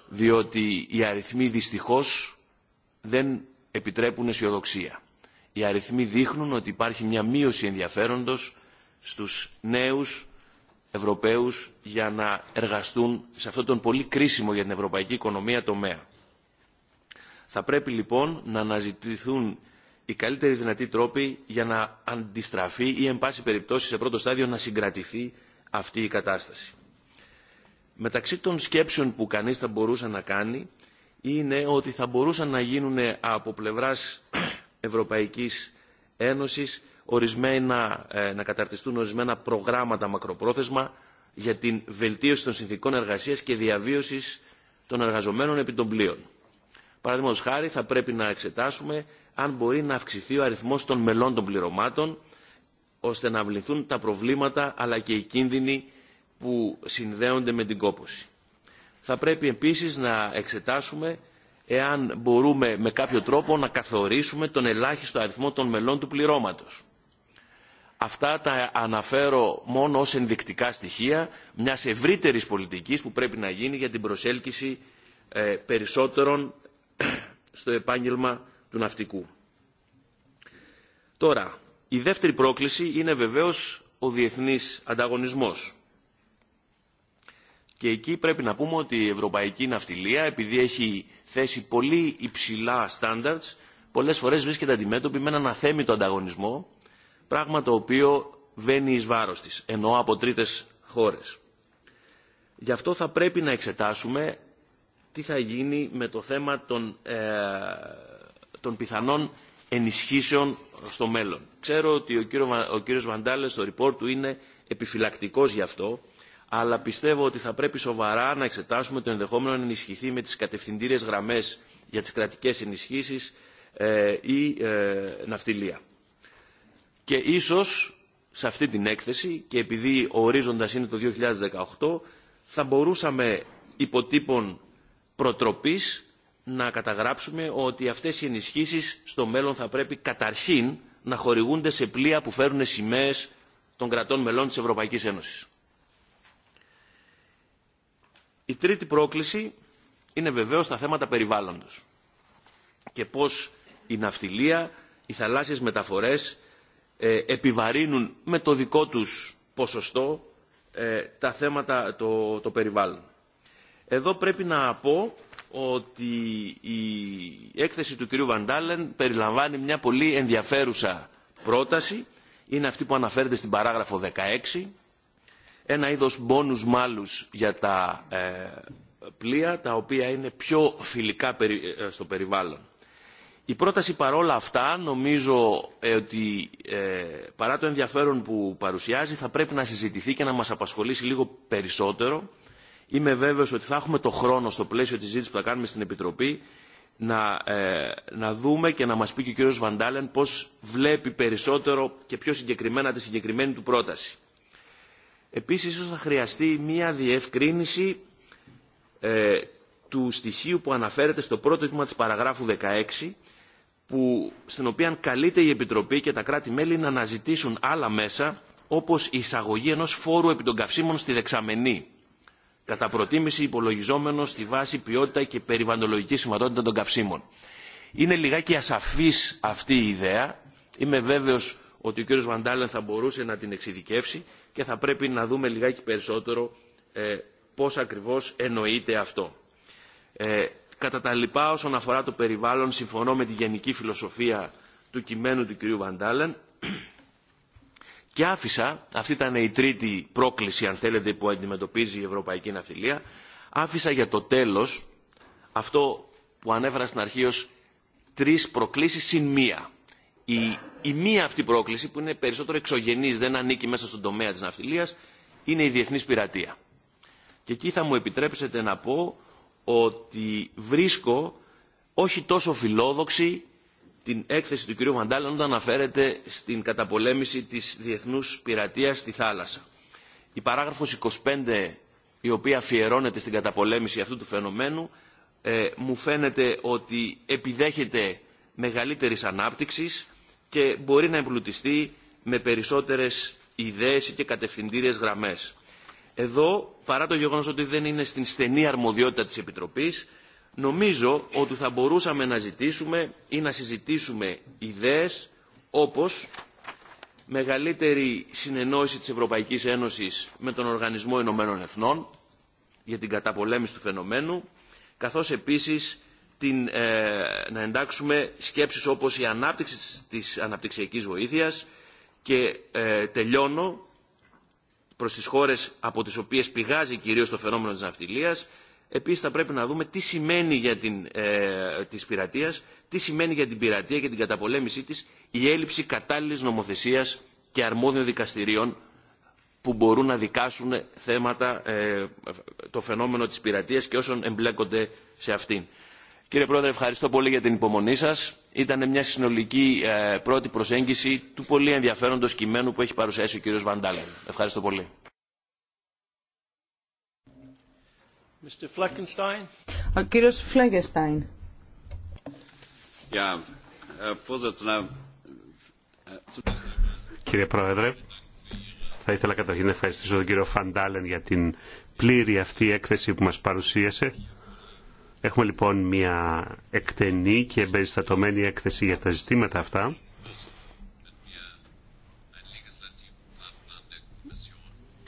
διότι οι αριθμοί δυστυχώς δεν επιτρέπουν αισιοδοξία. Οι αριθμοί δείχνουν ότι υπάρχει μια μείωση ενδιαφέροντος στους νέους Ευρωπαίους για να εργαστούν σε αυτό τον πολύ κρίσιμο για την ευρωπαϊκή οικονομία τομέα. Θα πρέπει λοιπόν να αναζητηθούν οι καλύτεροι δυνατοί τρόποι για να αντιστραφεί ή εν πάση περιπτώσει σε πρώτο στάδιο να συγκρατηθεί αυτή η κατάσταση μεταξύ των σκέψεων που κανείς θα μπορούσε να κάνει είναι ότι θα μπορούσαν να γίνουν από πλευράς Ευρωπαϊκής Ένωσης ορισμένα, ε, να καταρτιστούν ορισμένα προγράμματα μακροπρόθεσμα για την βελτίωση των συνθήκων εργασίας και διαβίωσης των εργαζομένων επί των πλοίων. Παραδείγματος χάρη θα πρέπει να εξετάσουμε αν μπορεί να αυξηθεί ο αριθμός των μελών των πληρωμάτων ώστε να βληθούν τα προβλήματα αλλά και οι κίνδυνοι που συνδέονται με την κόπωση. Θα πρέπει επίσης να εξετάσουμε εάν μπορούμε με κάποιο τρόπο να καθορίσουμε τον ελάχιστο αριθμό των μελών του πληρώματος. Αυτά τα αναφέρω μόνο ως ενδεικτικά στοιχεία μιας ευρύτερης πολιτικής που πρέπει να γίνει για την προσέλκυση ε, περισσότερων *clears throat* στο επάγγελμα του ναυτικού. Τώρα, η δεύτερη πρόκληση είναι βεβαίως ο διεθνής ανταγωνισμός και εκεί πρέπει να πούμε ότι η ευρωπαϊκή ναυτιλία, επειδή έχει θέσει πολύ υψηλά standards, πολλές φορές βρίσκεται αντιμέτωπη με έναν αθέμητο ανταγωνισμό, πράγμα το οποίο βαίνει εις βάρος της, ενώ από τρίτες χώρες. Γι' αυτό θα πρέπει να εξετάσουμε τι θα γίνει με το θέμα των, ε, πιθανών ενισχύσεων στο μέλλον. Ξέρω ότι ο κύριος, ο στο report του είναι επιφυλακτικός γι' αυτό, αλλά πιστεύω ότι θα πρέπει σοβαρά να εξετάσουμε το ενδεχόμενο να ενισχυθεί με τις κατευθυντήριες γραμμές για τις κρατικές ενισχύσεις ή ε, ε, ναυτιλία. Και ίσως σε αυτή την έκθεση και επειδή ο ορίζοντας είναι το 2018 θα μπορούσαμε υποτύπων προτροπής να καταγράψουμε ότι αυτές οι ενισχύσεις στο μέλλον θα πρέπει καταρχήν να χορηγούνται σε πλοία που φέρουν σημαίες των κρατών μελών της Ευρωπαϊκής Ένωσης. Η τρίτη πρόκληση είναι βεβαίως τα θέματα περιβάλλοντος και πώς η ναυτιλία, οι θαλάσσιες μεταφορές ε, επιβαρύνουν με το δικό τους ποσοστό ε, τα θέματα το, το περιβάλλον. Εδώ πρέπει να πω ότι η έκθεση του κυρίου Βαντάλεν περιλαμβάνει μια πολύ ενδιαφέρουσα πρόταση. Είναι αυτή που αναφέρεται στην παράγραφο 16 ένα είδος μπόνους μάλους για τα ε, πλοία τα οποία είναι πιο φιλικά ε, στο περιβάλλον. Η πρόταση παρόλα αυτά νομίζω ε, ότι παρά το ενδιαφέρον που παρουσιάζει θα πρέπει να συζητηθεί και να μας απασχολήσει λίγο περισσότερο. Είμαι βέβαιος ότι θα έχουμε το χρόνο στο πλαίσιο της ζήτησης που θα κάνουμε στην Επιτροπή να, να δούμε και να μας πει και ο κύριος Βαντάλεν πώς βλέπει περισσότερο και πιο συγκεκριμένα τη συγκεκριμένη του πρόταση. Επίσης, ίσως θα χρειαστεί μία διευκρίνηση ε, του στοιχείου που αναφέρεται στο πρώτο τμήμα της παραγράφου 16, που, στην οποία καλείται η Επιτροπή και τα κράτη-μέλη να αναζητήσουν άλλα μέσα, όπως η εισαγωγή ενός φόρου επί των καυσίμων στη δεξαμενή, κατά προτίμηση υπολογιζόμενο στη βάση ποιότητα και περιβαλλοντολογική σημαντότητα των καυσίμων. Είναι λιγάκι ασαφής αυτή η ιδέα. Είμαι βέβαιος ότι ο κύριος Βαντάλεν θα μπορούσε να την εξειδικεύσει και θα πρέπει να δούμε λιγάκι περισσότερο ε, πώς ακριβώς εννοείται αυτό. Ε, κατά τα λοιπά, όσον αφορά το περιβάλλον, συμφωνώ με τη γενική φιλοσοφία του κειμένου του κ. Βαντάλεν, και άφησα, αυτή ήταν η τρίτη πρόκληση αν θέλετε που αντιμετωπίζει η Ευρωπαϊκή Ναυτιλία, άφησα για το τέλος αυτό που ανέφερα στην αρχή ως τρεις προκλήσεις συν μία. Η η μία αυτή πρόκληση που είναι περισσότερο εξωγενής, δεν ανήκει μέσα στον τομέα της ναυτιλίας, είναι η διεθνής πειρατεία. Και εκεί θα μου επιτρέψετε να πω ότι βρίσκω όχι τόσο φιλόδοξη την έκθεση του κ. Βαντάλλα όταν αναφέρεται στην καταπολέμηση της διεθνούς πειρατεία στη θάλασσα. Η παράγραφος 25 η οποία αφιερώνεται στην καταπολέμηση αυτού του φαινομένου ε, μου φαίνεται ότι επιδέχεται μεγαλύτερης ανάπτυξης και μπορεί να εμπλουτιστεί με περισσότερες ιδέες και κατευθυντήριες γραμμές. Εδώ, παρά το γεγονός ότι δεν είναι στην στενή αρμοδιότητα της Επιτροπής, νομίζω ότι θα μπορούσαμε να ζητήσουμε ή να συζητήσουμε ιδέες όπως μεγαλύτερη συνεννόηση της Ευρωπαϊκής Ένωσης με τον Οργανισμό Ηνωμένων Εθνών για την καταπολέμηση του φαινομένου, καθώς επίσης ε, να εντάξουμε σκέψεις όπως η ανάπτυξη της αναπτυξιακής βοήθειας και ε, τελειώνω προς τις χώρες από τις οποίες πηγάζει κυρίως το φαινόμενο της ναυτιλίας. Επίσης θα πρέπει να δούμε τι σημαίνει για την, ε, της τι σημαίνει για την πειρατεία και την καταπολέμησή της η έλλειψη κατάλληλης νομοθεσίας και αρμόδιων δικαστηρίων που μπορούν να δικάσουν θέματα, το φαινόμενο της πειρατείας και όσων εμπλέκονται σε αυτήν. Κύριε Πρόεδρε, ευχαριστώ πολύ για την υπομονή σας. Ήταν μια συνολική ε, πρώτη προσέγγιση του πολύ ενδιαφέροντος κειμένου που έχει παρουσιάσει ο κύριος Βαντάλεν. Ευχαριστώ πολύ. Ο κύριος uh, uh, Κύριε Πρόεδρε, θα ήθελα καταρχήν να ευχαριστήσω τον κύριο Φαντάλεν για την πλήρη αυτή έκθεση που μας παρουσίασε Έχουμε λοιπόν μια εκτενή και εμπεριστατωμένη έκθεση για τα ζητήματα αυτά.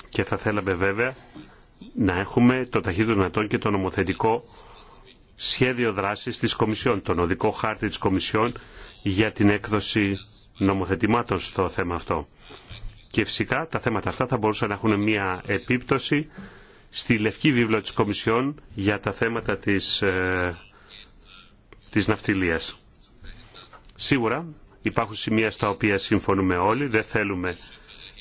Και θα θέλαμε βέβαια να έχουμε το ταχύτερο δυνατόν και το νομοθετικό σχέδιο δράσης της Κομισιόν, τον οδικό χάρτη της Κομισιόν για την έκδοση νομοθετημάτων στο θέμα αυτό. Και φυσικά τα θέματα αυτά θα μπορούσαν να έχουν μια επίπτωση στη Λευκή Βίβλο της Κομισιόν για τα θέματα της, ε, της ναυτιλίας. Σίγουρα υπάρχουν σημεία στα οποία συμφωνούμε όλοι, δεν θέλουμε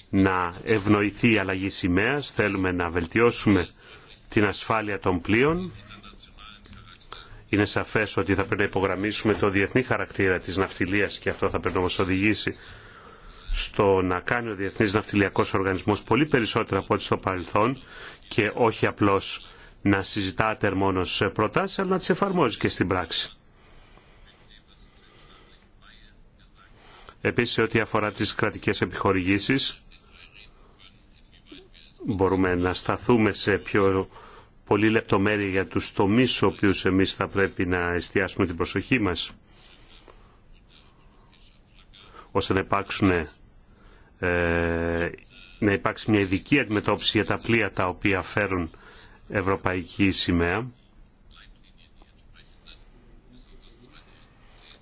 να ευνοηθεί η αλλαγή σημαία, θέλουμε να βελτιώσουμε την ασφάλεια των πλοίων. Είναι σαφές ότι θα πρέπει να υπογραμμίσουμε το διεθνή χαρακτήρα της ναυτιλίας και αυτό θα πρέπει να μας οδηγήσει στο να κάνει ο Διεθνής Ναυτιλιακός Οργανισμός πολύ περισσότερο από ό,τι στο παρελθόν και όχι απλώς να συζητάτε μόνο προτάσεις, αλλά να τις εφαρμόζει και στην πράξη. Επίσης, ό,τι αφορά τις κρατικές επιχορηγήσεις, μπορούμε να σταθούμε σε πιο πολύ λεπτομέρεια για τους τομείς στους οποίους εμείς θα πρέπει να εστιάσουμε την προσοχή μας, ώστε να υπάρξουν ε, να υπάρξει μια ειδική αντιμετώπιση για τα πλοία τα οποία φέρουν ευρωπαϊκή σημαία.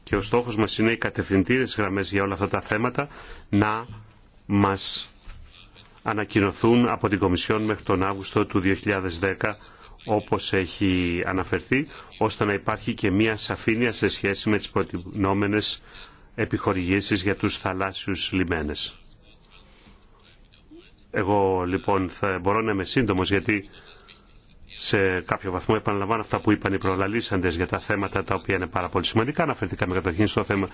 Και ο στόχος μας είναι οι κατευθυντήρες γραμμές για όλα αυτά τα θέματα να μας ανακοινωθούν από την Κομισιόν μέχρι τον Αύγουστο του 2010 όπως έχει αναφερθεί, ώστε να υπάρχει και μία σαφήνεια σε σχέση με τις προτινόμενες επιχορηγήσεις για τους θαλάσσιους λιμένες. Εγώ λοιπόν θα μπορώ να είμαι σύντομο γιατί σε κάποιο βαθμό επαναλαμβάνω αυτά που είπαν οι προλαλήσαντε για τα θέματα τα οποία είναι πάρα πολύ σημαντικά. Αναφερθήκαμε καταρχήν στο θέμα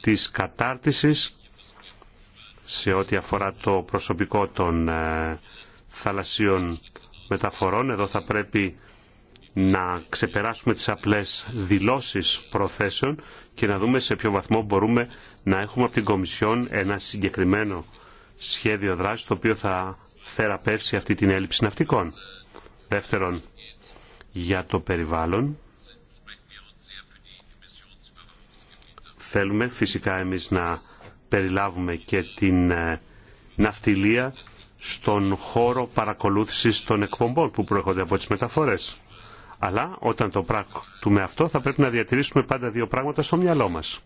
τη κατάρτιση σε ό,τι αφορά το προσωπικό των ε, θαλασσίων μεταφορών. Εδώ θα πρέπει να ξεπεράσουμε τις απλές δηλώσεις προθέσεων και να δούμε σε ποιο βαθμό μπορούμε να έχουμε από την Κομισιόν ένα συγκεκριμένο σχέδιο δράση το οποίο θα θεραπεύσει αυτή την έλλειψη ναυτικών. Δεύτερον, για το περιβάλλον θέλουμε φυσικά εμείς να περιλάβουμε και την ε, ναυτιλία στον χώρο παρακολούθησης των εκπομπών που προέρχονται από τις μεταφορές. Αλλά όταν το πράξουμε αυτό θα πρέπει να διατηρήσουμε πάντα δύο πράγματα στο μυαλό μας.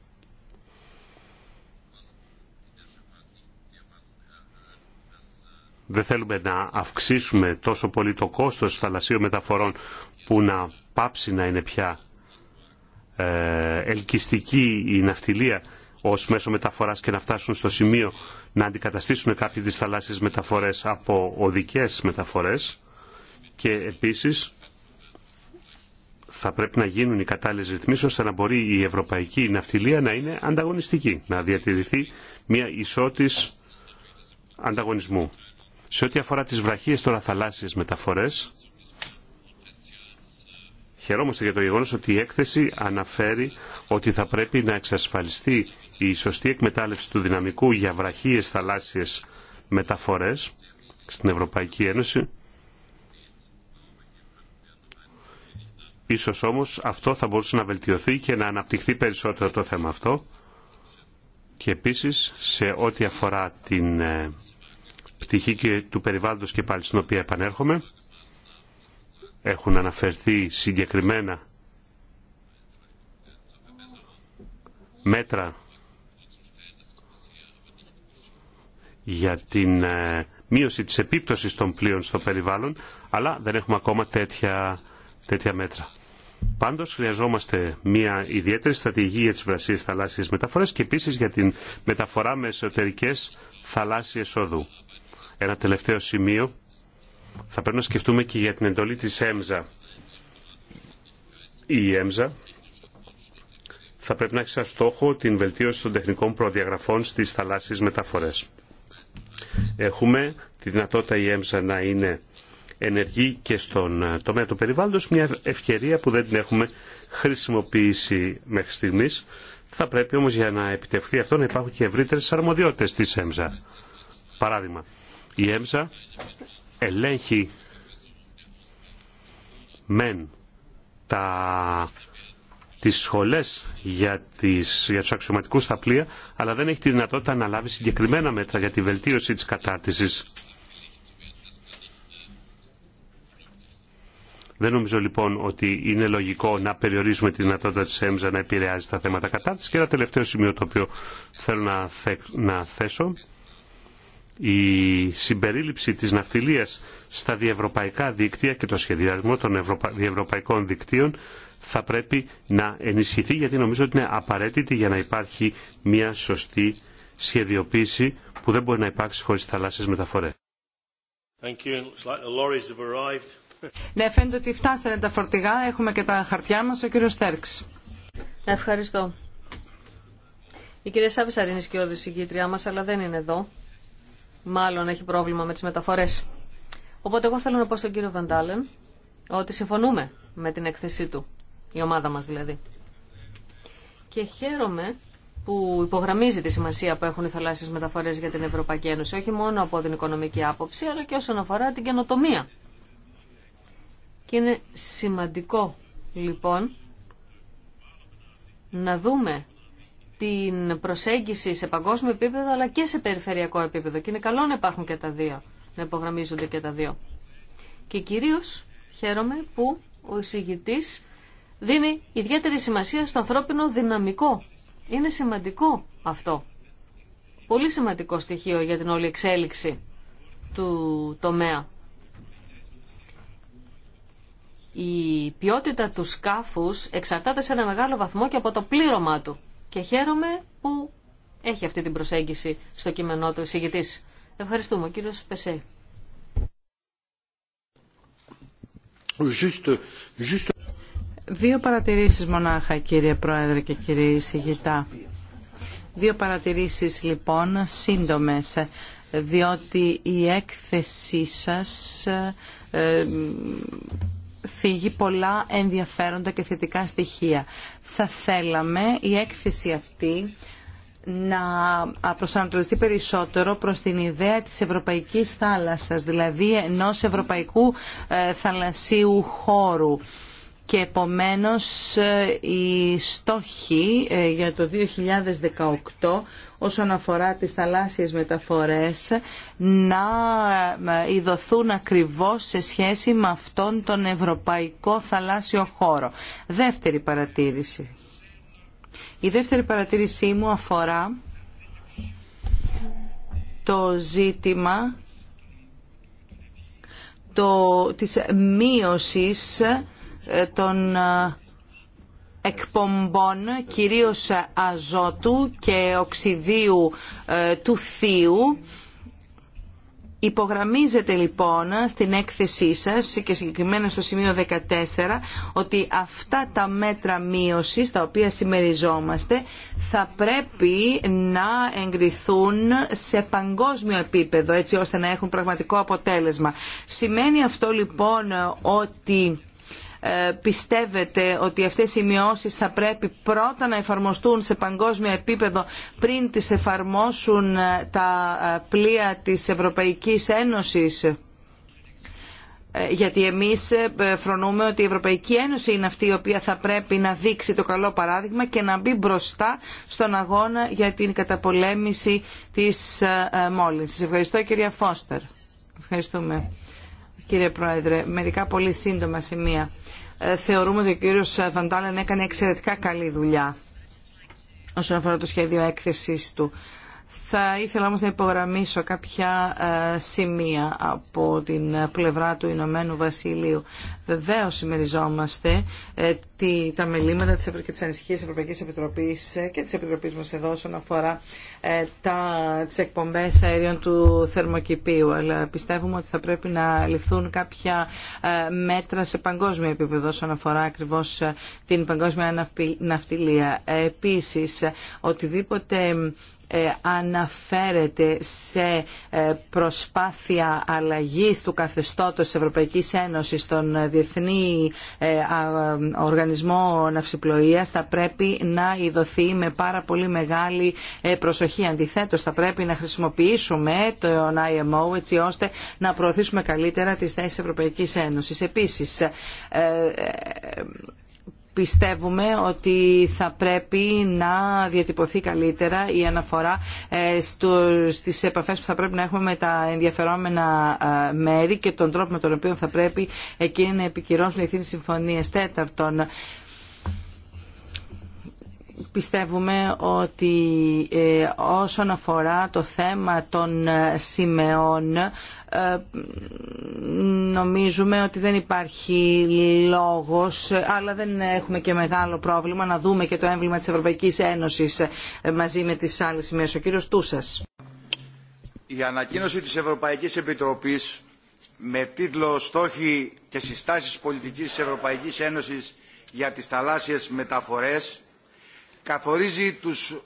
δεν θέλουμε να αυξήσουμε τόσο πολύ το κόστος θαλασσίων μεταφορών που να πάψει να είναι πια ε, ελκυστική η ναυτιλία ως μέσο μεταφοράς και να φτάσουν στο σημείο να αντικαταστήσουν κάποιες τις θαλάσσιες μεταφορές από οδικές μεταφορές και επίσης θα πρέπει να γίνουν οι κατάλληλες ρυθμίσεις ώστε να μπορεί η ευρωπαϊκή ναυτιλία να είναι ανταγωνιστική, να διατηρηθεί μια ισότης ανταγωνισμού. Σε ό,τι αφορά τις βραχίες τώρα θαλάσσιες μεταφορές, χαιρόμαστε για το γεγονός ότι η έκθεση αναφέρει ότι θα πρέπει να εξασφαλιστεί η σωστή εκμετάλλευση του δυναμικού για βραχίες θαλάσσιες μεταφορές στην Ευρωπαϊκή Ένωση. Ίσως όμως αυτό θα μπορούσε να βελτιωθεί και να αναπτυχθεί περισσότερο το θέμα αυτό. Και επίσης σε ό,τι αφορά την ε, πτυχή και του περιβάλλοντος και πάλι στην οποία επανέρχομαι. Έχουν αναφερθεί συγκεκριμένα μέτρα για την ε, μείωση της επίπτωσης των πλοίων στο περιβάλλον, αλλά δεν έχουμε ακόμα τέτοια, τέτοια μέτρα. Πάντως χρειαζόμαστε μια ιδιαίτερη στρατηγική για τι θαλάσσιες μεταφορές μεταφορέ και επίσης για την μεταφορά με εσωτερικέ θαλάσσιες οδού. Ένα τελευταίο σημείο. Θα πρέπει να σκεφτούμε και για την εντολή της ΕΜΖΑ. Η ΕΜΖΑ θα πρέπει να έχει σαν στόχο την βελτίωση των τεχνικών προδιαγραφών στις θαλάσσιες μεταφορές. Έχουμε τη δυνατότητα η ΕΜΖΑ να είναι ενεργή και στον τομέα του περιβάλλοντος, μια ευκαιρία που δεν την έχουμε χρησιμοποιήσει μέχρι στιγμής. Θα πρέπει όμως για να επιτευχθεί αυτό να υπάρχουν και ευρύτερες αρμοδιότητες της ΕΜΖΑ. Παράδειγμα, η ΕΜΖΑ ελέγχει μεν τα, τις σχολές για, τις, για τους αξιωματικούς στα πλοία, αλλά δεν έχει τη δυνατότητα να λάβει συγκεκριμένα μέτρα για τη βελτίωση της κατάρτισης. Δεν νομίζω λοιπόν ότι είναι λογικό να περιορίσουμε τη δυνατότητα της ΕΜΖΑ να επηρεάζει τα θέματα κατάρτισης. Και ένα τελευταίο σημείο το οποίο θέλω να, θέσω η συμπερίληψη της ναυτιλίας στα διευρωπαϊκά δίκτυα και το σχεδιασμό των διευρωπαϊκών δικτύων θα πρέπει να ενισχυθεί γιατί νομίζω ότι είναι απαραίτητη για να υπάρχει μια σωστή σχεδιοποίηση που δεν μπορεί να υπάρξει χωρίς θαλάσσιες μεταφορές. Ναι, φαίνεται ότι φτάσανε τα φορτηγά. Έχουμε και τα χαρτιά μας. Ο κύριος Στέρξ. Ευχαριστώ. Η κυρία Σάβη Σαρίνης και η συγκήτριά μας, αλλά δεν είναι εδώ μάλλον έχει πρόβλημα με τις μεταφορές. Οπότε εγώ θέλω να πω στον κύριο Βαντάλεν ότι συμφωνούμε με την εκθεσή του, η ομάδα μας δηλαδή. Και χαίρομαι που υπογραμμίζει τη σημασία που έχουν οι θαλάσσιες μεταφορές για την Ευρωπαϊκή Ένωση, όχι μόνο από την οικονομική άποψη, αλλά και όσον αφορά την καινοτομία. Και είναι σημαντικό, λοιπόν, να δούμε την προσέγγιση σε παγκόσμιο επίπεδο αλλά και σε περιφερειακό επίπεδο. Και είναι καλό να υπάρχουν και τα δύο, να υπογραμμίζονται και τα δύο. Και κυρίω χαίρομαι που ο εισηγητή δίνει ιδιαίτερη σημασία στο ανθρώπινο δυναμικό. Είναι σημαντικό αυτό. Πολύ σημαντικό στοιχείο για την όλη εξέλιξη του τομέα. Η ποιότητα του σκάφους εξαρτάται σε ένα μεγάλο βαθμό και από το πλήρωμά του. Και χαίρομαι που έχει αυτή την προσέγγιση στο κείμενό του εισηγητή. Ευχαριστούμε, κύριο Πεσέ. Δύο παρατηρήσεις μονάχα, κύριε Πρόεδρε και κύριε Συγητά. Δύο παρατηρήσεις λοιπόν σύντομες, διότι η έκθεσή σας ε, θίγει πολλά ενδιαφέροντα και θετικά στοιχεία. Θα θέλαμε η έκθεση αυτή να προσανατολιστεί περισσότερο προς την ιδέα της ευρωπαϊκής θάλασσας, δηλαδή ενός ευρωπαϊκού ε, θαλασσίου χώρου και επομένως ε, οι στόχοι ε, για το 2018 όσον αφορά τις θαλάσσιες μεταφορές να ε, ειδωθούν ακριβώς σε σχέση με αυτόν τον ευρωπαϊκό θαλάσσιο χώρο. Δεύτερη παρατήρηση. Η δεύτερη παρατήρησή μου αφορά το ζήτημα το, της μείωσης των ε, εκπομπών κυρίως αζότου και οξυδίου ε, του θείου. υπογραμμίζεται λοιπόν στην έκθεσή σας και συγκεκριμένα στο σημείο 14 ότι αυτά τα μέτρα μείωσης τα οποία συμμεριζόμαστε θα πρέπει να εγκριθούν σε παγκόσμιο επίπεδο έτσι ώστε να έχουν πραγματικό αποτέλεσμα. Σημαίνει αυτό λοιπόν ότι ε, πιστεύετε ότι αυτές οι μειώσεις θα πρέπει πρώτα να εφαρμοστούν σε παγκόσμιο επίπεδο πριν τις εφαρμόσουν ε, τα ε, πλοία της Ευρωπαϊκής Ένωσης γιατί εμείς φρονούμε ότι η Ευρωπαϊκή Ένωση είναι αυτή η οποία θα πρέπει να δείξει το καλό παράδειγμα και να μπει μπροστά στον αγώνα για την καταπολέμηση της μόλυνσης. Ευχαριστώ κυρία Φώστερ. Ευχαριστούμε κύριε Πρόεδρε. Μερικά πολύ σύντομα σημεία. Ε, θεωρούμε ότι ο κύριος Βαντάλεν έκανε εξαιρετικά καλή δουλειά όσον αφορά το σχέδιο έκθεσης του. Θα ήθελα όμως να υπογραμμίσω κάποια ε, σημεία από την πλευρά του Ηνωμένου Βασιλείου. Βεβαίως συμμεριζόμαστε ε, τα μελήματα της, και τις Ανησυχίας Ευρωπαϊκής Επιτροπής ε, και της Επιτροπής μας εδώ όσον αφορά τα, τις εκπομπές αερίων του θερμοκηπίου. Αλλά πιστεύουμε ότι θα πρέπει να ληφθούν κάποια μέτρα σε παγκόσμιο επίπεδο όσον αφορά ακριβώς την παγκόσμια ναυτιλία. Επίσης, οτιδήποτε ε, αναφέρεται σε ε, προσπάθεια αλλαγής του καθεστώτος της Ευρωπαϊκής Ένωσης στον Διεθνή ε, Οργανισμό Ναυσιπλοείας θα πρέπει να ειδωθεί με πάρα πολύ μεγάλη προσοχή. Αντιθέτως θα πρέπει να χρησιμοποιήσουμε το IMO έτσι ώστε να προωθήσουμε καλύτερα τις θέσεις της Ευρωπαϊκής Ένωσης. Επίσης, πιστεύουμε ότι θα πρέπει να διατυπωθεί καλύτερα η αναφορά ε, στις επαφές που θα πρέπει να έχουμε με τα ενδιαφερόμενα ε, μέρη και τον τρόπο με τον οποίο θα πρέπει εκείνοι να επικυρώσουν οι συμφωνίες. Τέταρτον, πιστεύουμε ότι ε, όσον αφορά το θέμα των σημεών νομίζουμε ότι δεν υπάρχει λόγος, αλλά δεν έχουμε και μεγάλο πρόβλημα να δούμε και το έμβλημα της Ευρωπαϊκής Ένωσης μαζί με τις άλλες σημείες. Ο κύριος Τούσας. Η ανακοίνωση της Ευρωπαϊκής Επιτροπής με τίτλο «Στόχοι και συστάσεις πολιτικής της Ευρωπαϊκής Ένωσης για τις θαλάσσιες μεταφορές» καθορίζει τους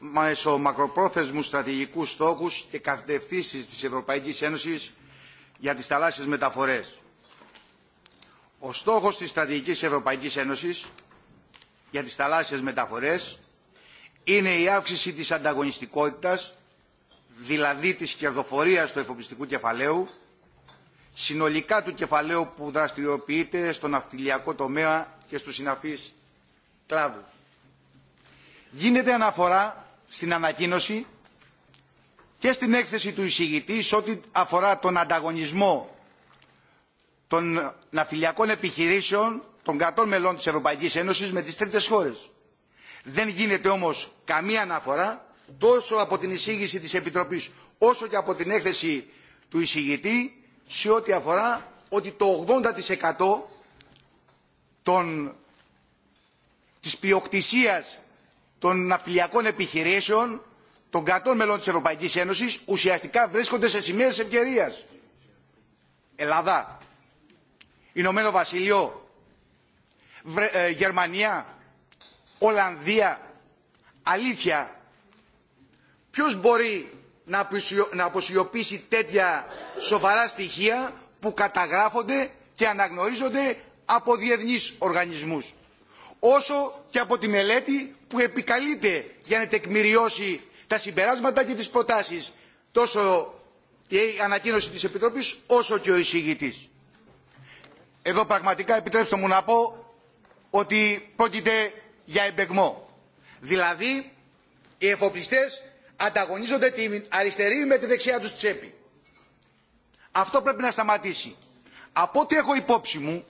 μακροπρόθεσμους στρατηγικούς στόχους και κατευθύνσεις της Ευρωπαϊκής Ένωσης για τις θαλάσσιες μεταφορές. Ο στόχος της Στρατηγικής Ευρωπαϊκής Ένωσης για τις θαλάσσιες μεταφορές είναι η αύξηση της ανταγωνιστικότητας, δηλαδή της κερδοφορίας του εφοπλιστικού κεφαλαίου, συνολικά του κεφαλαίου που δραστηριοποιείται στον ναυτιλιακό τομέα και στους συναφείς κλάδους. Γίνεται αναφορά στην ανακοίνωση και στην έκθεση του εισηγητή σε ό,τι αφορά τον ανταγωνισμό των ναυτιλιακών επιχειρήσεων των κρατών μελών της Ευρωπαϊκής Ένωσης με τις τρίτες χώρες. Δεν γίνεται όμως καμία αναφορά τόσο από την εισήγηση της Επιτροπής όσο και από την έκθεση του εισηγητή σε ό,τι αφορά ότι το 80% των, της πλειοκτησίας των ναυτιλιακών επιχειρήσεων των κρατών μελών της Ευρωπαϊκής Ένωσης ουσιαστικά βρίσκονται σε σημεία της ευκαιρίας. Ελλάδα, Ηνωμένο Βασίλειο, ε, Γερμανία, Ολλανδία. Αλήθεια, ποιος μπορεί να αποσιωπήσει τέτοια σοβαρά στοιχεία που καταγράφονται και αναγνωρίζονται από διεθνείς οργανισμούς. Όσο και από τη μελέτη που επικαλείται για να τεκμηριώσει τα συμπεράσματα και τις προτάσεις τόσο η ανακοίνωση της Επιτροπής όσο και ο εισηγητής. Εδώ πραγματικά επιτρέψτε μου να πω ότι πρόκειται για εμπεγμό. Δηλαδή οι εφοπλιστές ανταγωνίζονται την αριστερή με τη δεξιά τους τσέπη. Αυτό πρέπει να σταματήσει. Από ό,τι έχω υπόψη μου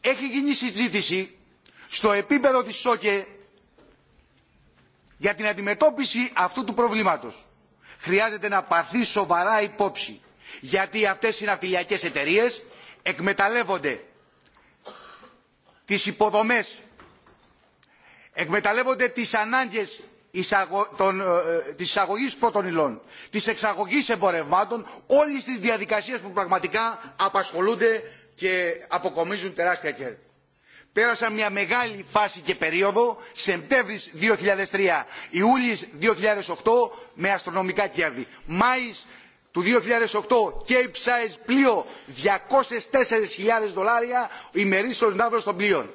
έχει γίνει συζήτηση στο επίπεδο της ΣΟΚΕ για την αντιμετώπιση αυτού του προβλήματος χρειάζεται να παρθεί σοβαρά υπόψη γιατί αυτές οι ναυτιλιακές εταιρείε εκμεταλλεύονται τις υποδομές, εκμεταλλεύονται τις ανάγκες ε, της εισαγωγής πρώτων υλών, της εξαγωγής εμπορευμάτων, όλες τις διαδικασίες που πραγματικά απασχολούνται και αποκομίζουν τεράστια κέρδη πέρασαν μια μεγάλη φάση και περίοδο Σεπτέμβρης 2003, Ιούλης 2008 με αστρονομικά κέρδη. Μάης του 2008 Cape Size πλοίο 204.000 δολάρια ημερήσεως ναύρος των πλοίων.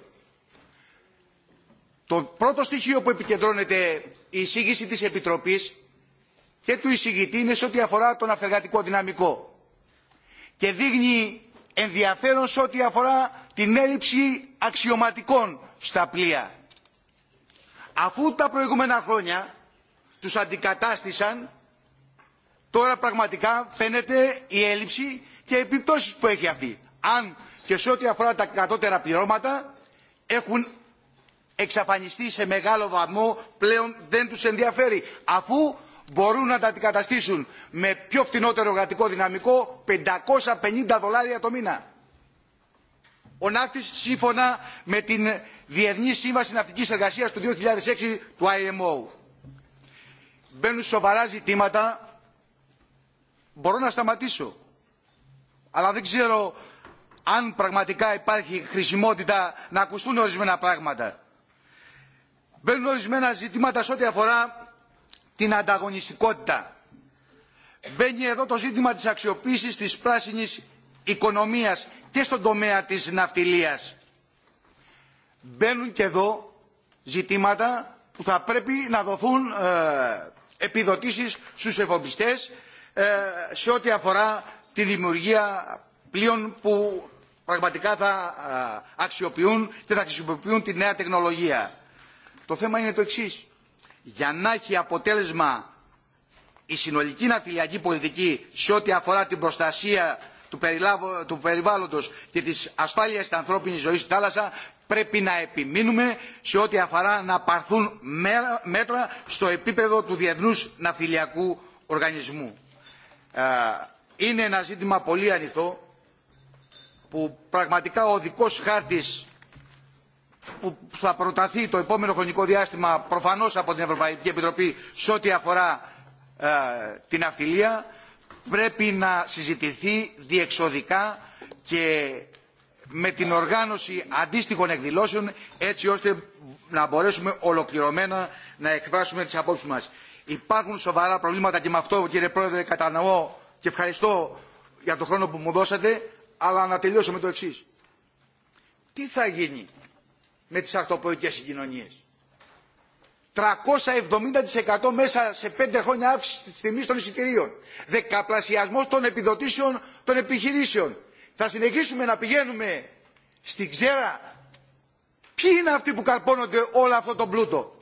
Το πρώτο στοιχείο που επικεντρώνεται η εισήγηση της Επιτροπής και του εισηγητή είναι σε ό,τι αφορά τον αφεργατικό δυναμικό και δείχνει ενδιαφέρον σε ό,τι αφορά την έλλειψη αξιωματικών στα πλοία. Αφού τα προηγούμενα χρόνια τους αντικατάστησαν, τώρα πραγματικά φαίνεται η έλλειψη και οι επιπτώσεις που έχει αυτή. Αν και σε ό,τι αφορά τα κατώτερα πληρώματα έχουν εξαφανιστεί σε μεγάλο βαθμό, πλέον δεν τους ενδιαφέρει, αφού μπορούν να τα αντικαταστήσουν με πιο φτηνότερο εργατικό δυναμικό 550 δολάρια το μήνα ο ναύτης σύμφωνα με την Διεθνή Σύμβαση Ναυτικής Εργασίας του 2006 του IMO. Μπαίνουν σοβαρά ζητήματα. Μπορώ να σταματήσω. Αλλά δεν ξέρω αν πραγματικά υπάρχει χρησιμότητα να ακουστούν ορισμένα πράγματα. Μπαίνουν ορισμένα ζητήματα σε ό,τι αφορά την ανταγωνιστικότητα. Μπαίνει εδώ το ζήτημα της αξιοποίησης της πράσινης οικονομίας και στον τομέα της ναυτιλίας. Μπαίνουν και εδώ ζητήματα που θα πρέπει να δοθούν ε, επιδοτήσεις στους εφοπιστές ε, σε ό,τι αφορά τη δημιουργία πλοίων που πραγματικά θα ε, αξιοποιούν και θα χρησιμοποιούν τη νέα τεχνολογία. Το θέμα είναι το εξής. Για να έχει αποτέλεσμα η συνολική ναυτιλιακή πολιτική σε ό,τι αφορά την προστασία του, του περιβάλλοντος και της ασφάλειας της ανθρώπινης ζωής στη θάλασσα πρέπει να επιμείνουμε σε ό,τι αφορά να παρθούν μέτρα στο επίπεδο του Διεθνούς Ναυτιλιακού Οργανισμού. Ε, είναι ένα ζήτημα πολύ ανοιχτό που πραγματικά ο δικός χάρτης που θα προταθεί το επόμενο χρονικό διάστημα προφανώς από την Ευρωπαϊκή Επιτροπή σε ό,τι αφορά ε, την αφιλία πρέπει να συζητηθεί διεξοδικά και με την οργάνωση αντίστοιχων εκδηλώσεων έτσι ώστε να μπορέσουμε ολοκληρωμένα να εκφράσουμε τις απόψεις μας. Υπάρχουν σοβαρά προβλήματα και με αυτό κύριε Πρόεδρε κατανοώ και ευχαριστώ για τον χρόνο που μου δώσατε αλλά να τελειώσω με το εξής. Τι θα γίνει με τις αρτοπορικές συγκοινωνίες. 370% μέσα σε πέντε χρόνια αύξηση της τιμή των εισιτηρίων. Δεκαπλασιασμός των επιδοτήσεων των επιχειρήσεων. Θα συνεχίσουμε να πηγαίνουμε στην ξέρα. Ποιοι είναι αυτοί που καρπώνονται όλο αυτό το πλούτο.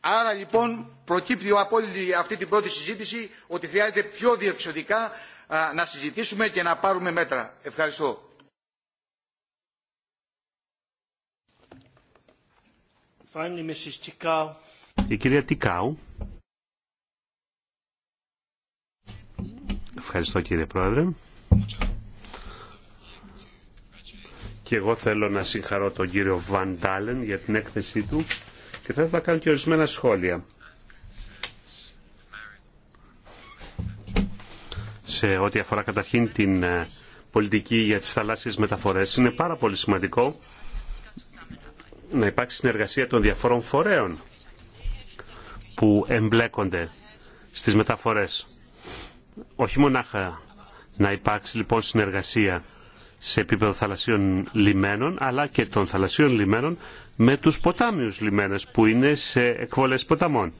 Άρα λοιπόν προκύπτει από όλη αυτή την πρώτη συζήτηση ότι χρειάζεται πιο διεξοδικά να συζητήσουμε και να πάρουμε μέτρα. Ευχαριστώ. Η κυρία Τικάου. Ευχαριστώ κύριε Πρόεδρε. Και εγώ θέλω να συγχαρώ τον κύριο Βαν Τάλεν για την έκθεσή του και θα ήθελα να κάνω και ορισμένα σχόλια. Σε ό,τι αφορά καταρχήν την ε, πολιτική για τις θαλάσσιες μεταφορές είναι πάρα πολύ σημαντικό να υπάρξει συνεργασία των διαφορών φορέων που εμπλέκονται στις μεταφορές. Όχι μονάχα να υπάρξει λοιπόν συνεργασία σε επίπεδο θαλασσίων λιμένων, αλλά και των θαλασσίων λιμένων με τους ποτάμιους λιμένες που είναι σε εκβολές ποταμών.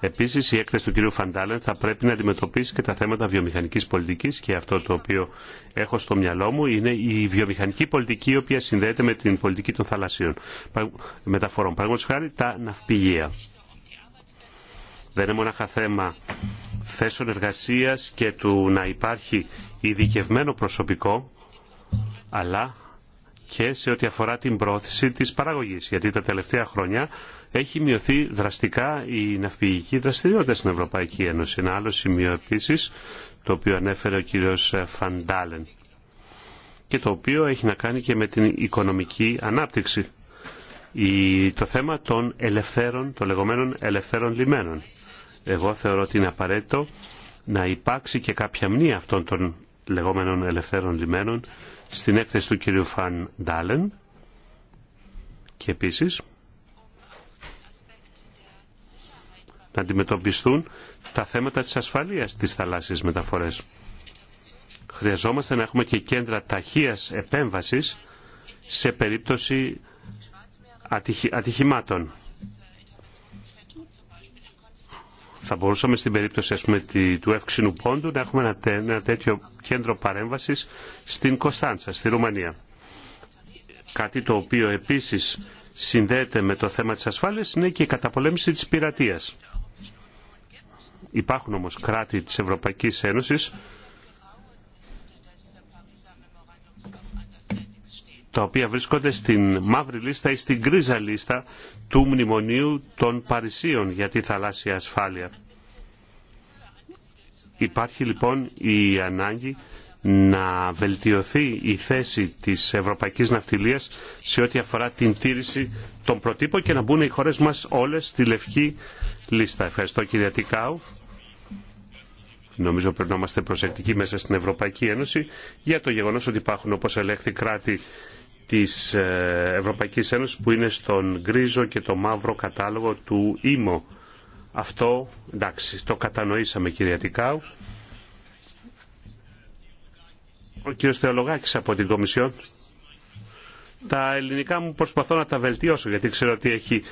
Επίση, η έκθεση του κ. Φαντάλεν θα πρέπει να αντιμετωπίσει και τα θέματα βιομηχανική πολιτική και αυτό το οποίο έχω στο μυαλό μου είναι η βιομηχανική πολιτική η οποία συνδέεται με την πολιτική των θαλασσίων μεταφορών. Παραδείγματο χάρη τα ναυπηγεία. Δεν είναι μονάχα θέμα θέσεων εργασία και του να υπάρχει ειδικευμένο προσωπικό, αλλά και σε ό,τι αφορά την πρόθεση της παραγωγής. Γιατί τα τελευταία χρόνια έχει μειωθεί δραστικά η ναυπηγική δραστηριότητα στην Ευρωπαϊκή Ένωση. Ένα άλλο σημείο επίση, το οποίο ανέφερε ο κύριος ε, Φαντάλεν και το οποίο έχει να κάνει και με την οικονομική ανάπτυξη. Η, το θέμα των ελευθέρων, των λεγόμενων ελευθέρων λιμένων. Εγώ θεωρώ ότι είναι απαραίτητο να υπάρξει και κάποια μνήμα αυτών των λεγόμενων ελευθέρων λιμένων στην έκθεση του κυρίου Φαν και επίσης να αντιμετωπιστούν τα θέματα της ασφαλείας της θαλάσσιας μεταφορές. Χρειαζόμαστε να έχουμε και κέντρα ταχείας επέμβασης σε περίπτωση ατυχημάτων. Θα μπορούσαμε στην περίπτωση του εύξηνου πόντου να έχουμε ένα τέτοιο κέντρο παρέμβασης στην Κωνσταντσα, στη Ρουμανία. Κάτι το οποίο επίσης συνδέεται με το θέμα της ασφάλειας είναι και η καταπολέμηση της πειρατείας. Υπάρχουν όμως κράτη της Ευρωπαϊκής Ένωσης τα οποία βρίσκονται στην μαύρη λίστα ή στην γκρίζα λίστα του Μνημονίου των Παρισίων για τη θαλάσσια ασφάλεια. Υπάρχει λοιπόν η ανάγκη να βελτιωθεί η θέση της ευρωπαϊκής ναυτιλίας σε ό,τι αφορά την τήρηση των προτύπων και να μπουν οι χώρες μας όλες στη λευκή λίστα. Ευχαριστώ κυρία Τικάου. Νομίζω πρέπει να είμαστε προσεκτικοί μέσα στην Ευρωπαϊκή Ένωση για το γεγονός ότι υπάρχουν όπως ελέγχθη κράτη της ε, Ευρωπαϊκής Ένωσης που είναι στον γκρίζο και το μαύρο κατάλογο του ΙΜΟ. Αυτό εντάξει, το κατανοήσαμε κυρία Τικάου ο κ. Θεολογάκης από την Κομισιόν. Τα ελληνικά μου προσπαθώ να τα βελτιώσω γιατί ξέρω ότι έχει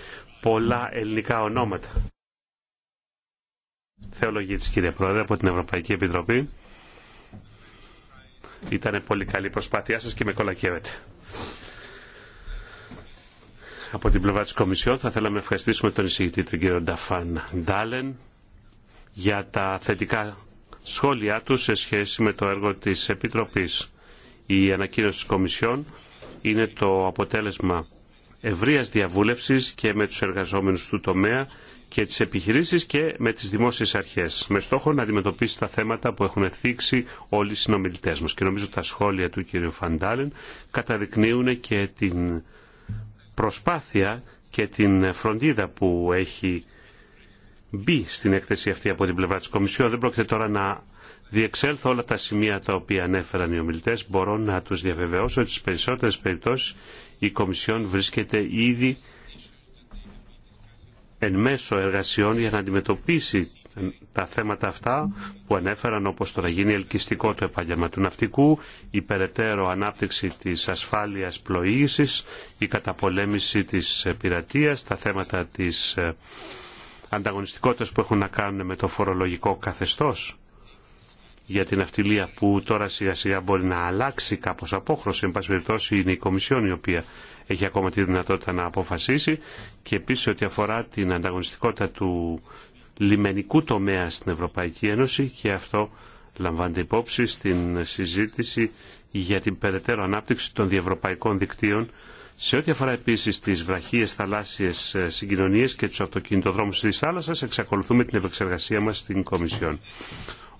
πολλά ελληνικά ονόματα. Θεολογή της κύριε Πρόεδρε από την Ευρωπαϊκή Επιτροπή. Ήταν πολύ καλή προσπάθειά σας και με κολακεύετε. Από την πλευρά της Κομισιόν θα θέλαμε να ευχαριστήσουμε τον εισηγητή τον κύριο Νταφάν Ντάλεν για τα θετικά σχόλιά τους σε σχέση με το έργο της Επιτροπής. Η ανακοίνωση της Κομισιόν είναι το αποτέλεσμα ευρείας διαβούλευσης και με τους εργαζόμενους του τομέα και τις επιχειρήσεις και με τις δημόσιες αρχές, με στόχο να αντιμετωπίσει τα θέματα που έχουν θίξει όλοι οι συνομιλητές μας. Και νομίζω τα σχόλια του κ. Φαντάλεν καταδεικνύουν και την προσπάθεια και την φροντίδα που έχει μπει στην έκθεση αυτή από την πλευρά της Κομισιόν. Δεν πρόκειται τώρα να διεξέλθω όλα τα σημεία τα οποία ανέφεραν οι ομιλητές. Μπορώ να τους διαβεβαιώσω ότι στις περισσότερες περιπτώσεις η Κομισιόν βρίσκεται ήδη εν μέσω εργασιών για να αντιμετωπίσει τα θέματα αυτά που ανέφεραν όπως το να γίνει ελκυστικό το επάγγελμα του ναυτικού, η περαιτέρω ανάπτυξη της ασφάλειας πλοήγησης, η καταπολέμηση της πειρατείας, τα θέματα της ε, ανταγωνιστικότητες που έχουν να κάνουν με το φορολογικό καθεστώς για την αυτιλία που τώρα σιγά σιγά μπορεί να αλλάξει κάπως απόχρωση. Εν πάση περιπτώσει είναι η Κομισιόν η οποία έχει ακόμα τη δυνατότητα να αποφασίσει και επίσης ότι αφορά την ανταγωνιστικότητα του λιμενικού τομέα στην Ευρωπαϊκή Ένωση και αυτό λαμβάνεται υπόψη στην συζήτηση για την περαιτέρω ανάπτυξη των διευρωπαϊκών δικτύων σε ό,τι αφορά επίση τι βραχίε θαλάσσιε συγκοινωνίε και του αυτοκινητοδρόμου τη θάλασσα, εξακολουθούμε την επεξεργασία μα στην Κομισιόν.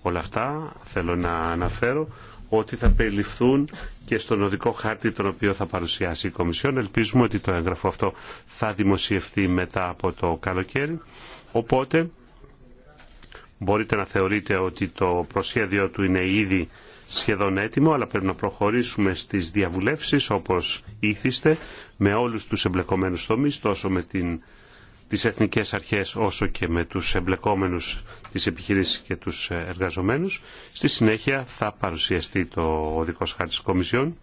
Όλα αυτά θέλω να αναφέρω ότι θα περιληφθούν και στον οδικό χάρτη τον οποίο θα παρουσιάσει η Κομισιόν. Ελπίζουμε ότι το έγγραφο αυτό θα δημοσιευτεί μετά από το καλοκαίρι. Οπότε μπορείτε να θεωρείτε ότι το προσχέδιο του είναι ήδη σχεδόν έτοιμο, αλλά πρέπει να προχωρήσουμε στις διαβουλεύσεις όπως ήθιστε με όλους τους εμπλεκομένους τομείς, τόσο με την, τις εθνικές αρχές όσο και με τους εμπλεκόμενους της επιχειρήσης και τους ε, εργαζομένους. Στη συνέχεια θα παρουσιαστεί το οδικός χάρτης Κομισιόν.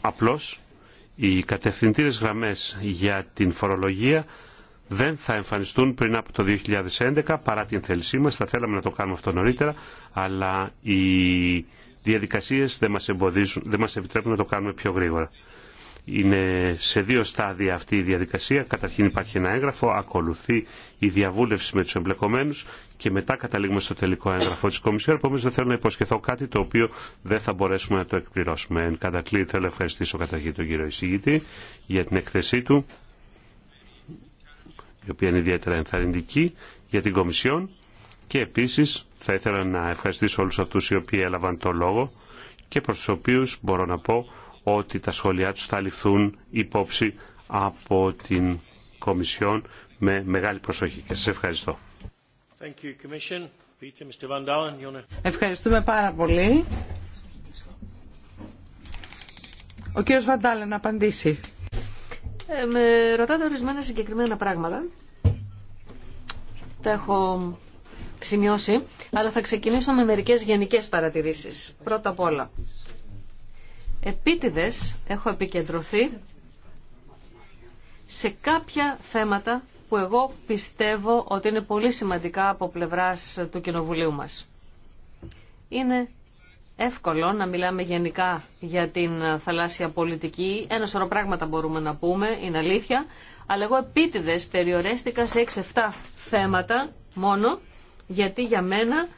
Απλώς οι κατευθυντήρες γραμμές για την φορολογία δεν θα εμφανιστούν πριν από το 2011 παρά την θέλησή μας. Θα θέλαμε να το κάνουμε αυτό νωρίτερα, αλλά οι διαδικασίες δεν μας, εμποδίζουν, δεν μας επιτρέπουν να το κάνουμε πιο γρήγορα. Είναι σε δύο στάδια αυτή η διαδικασία. Καταρχήν υπάρχει ένα έγγραφο, ακολουθεί η διαβούλευση με τους εμπλεκομένους και μετά καταλήγουμε στο τελικό έγγραφο της Κομισιόν. Επομένως δεν θέλω να υποσχεθώ κάτι το οποίο δεν θα μπορέσουμε να το εκπληρώσουμε. Εν κατακλείδη θέλω να ευχαριστήσω καταρχήν τον κύριο εισηγητή για την εκθεσή του η οποία είναι ιδιαίτερα ενθαρρυντική για την Κομισιόν και επίσης θα ήθελα να ευχαριστήσω όλους αυτούς οι οποίοι έλαβαν το λόγο και προς τους οποίους μπορώ να πω ότι τα σχόλιά τους θα ληφθούν υπόψη από την Κομισιόν με μεγάλη προσοχή και σας ευχαριστώ. Ευχαριστούμε πάρα πολύ. Ο κύριος Βαντάλε να απαντήσει. Ε, με ρωτάτε ορισμένα συγκεκριμένα πράγματα. Τα έχω σημειώσει, αλλά θα ξεκινήσω με μερικές γενικές παρατηρήσεις. Πρώτα απ' όλα, επίτηδες έχω επικεντρωθεί σε κάποια θέματα που εγώ πιστεύω ότι είναι πολύ σημαντικά από πλευράς του Κοινοβουλίου μας. Είναι εύκολο να μιλάμε γενικά για την θαλάσσια πολιτική. Ένα σωρό πράγματα μπορούμε να πούμε, είναι αλήθεια. Αλλά εγώ επίτηδε, περιορέστηκα σε 6-7 θέματα μόνο, γιατί για μένα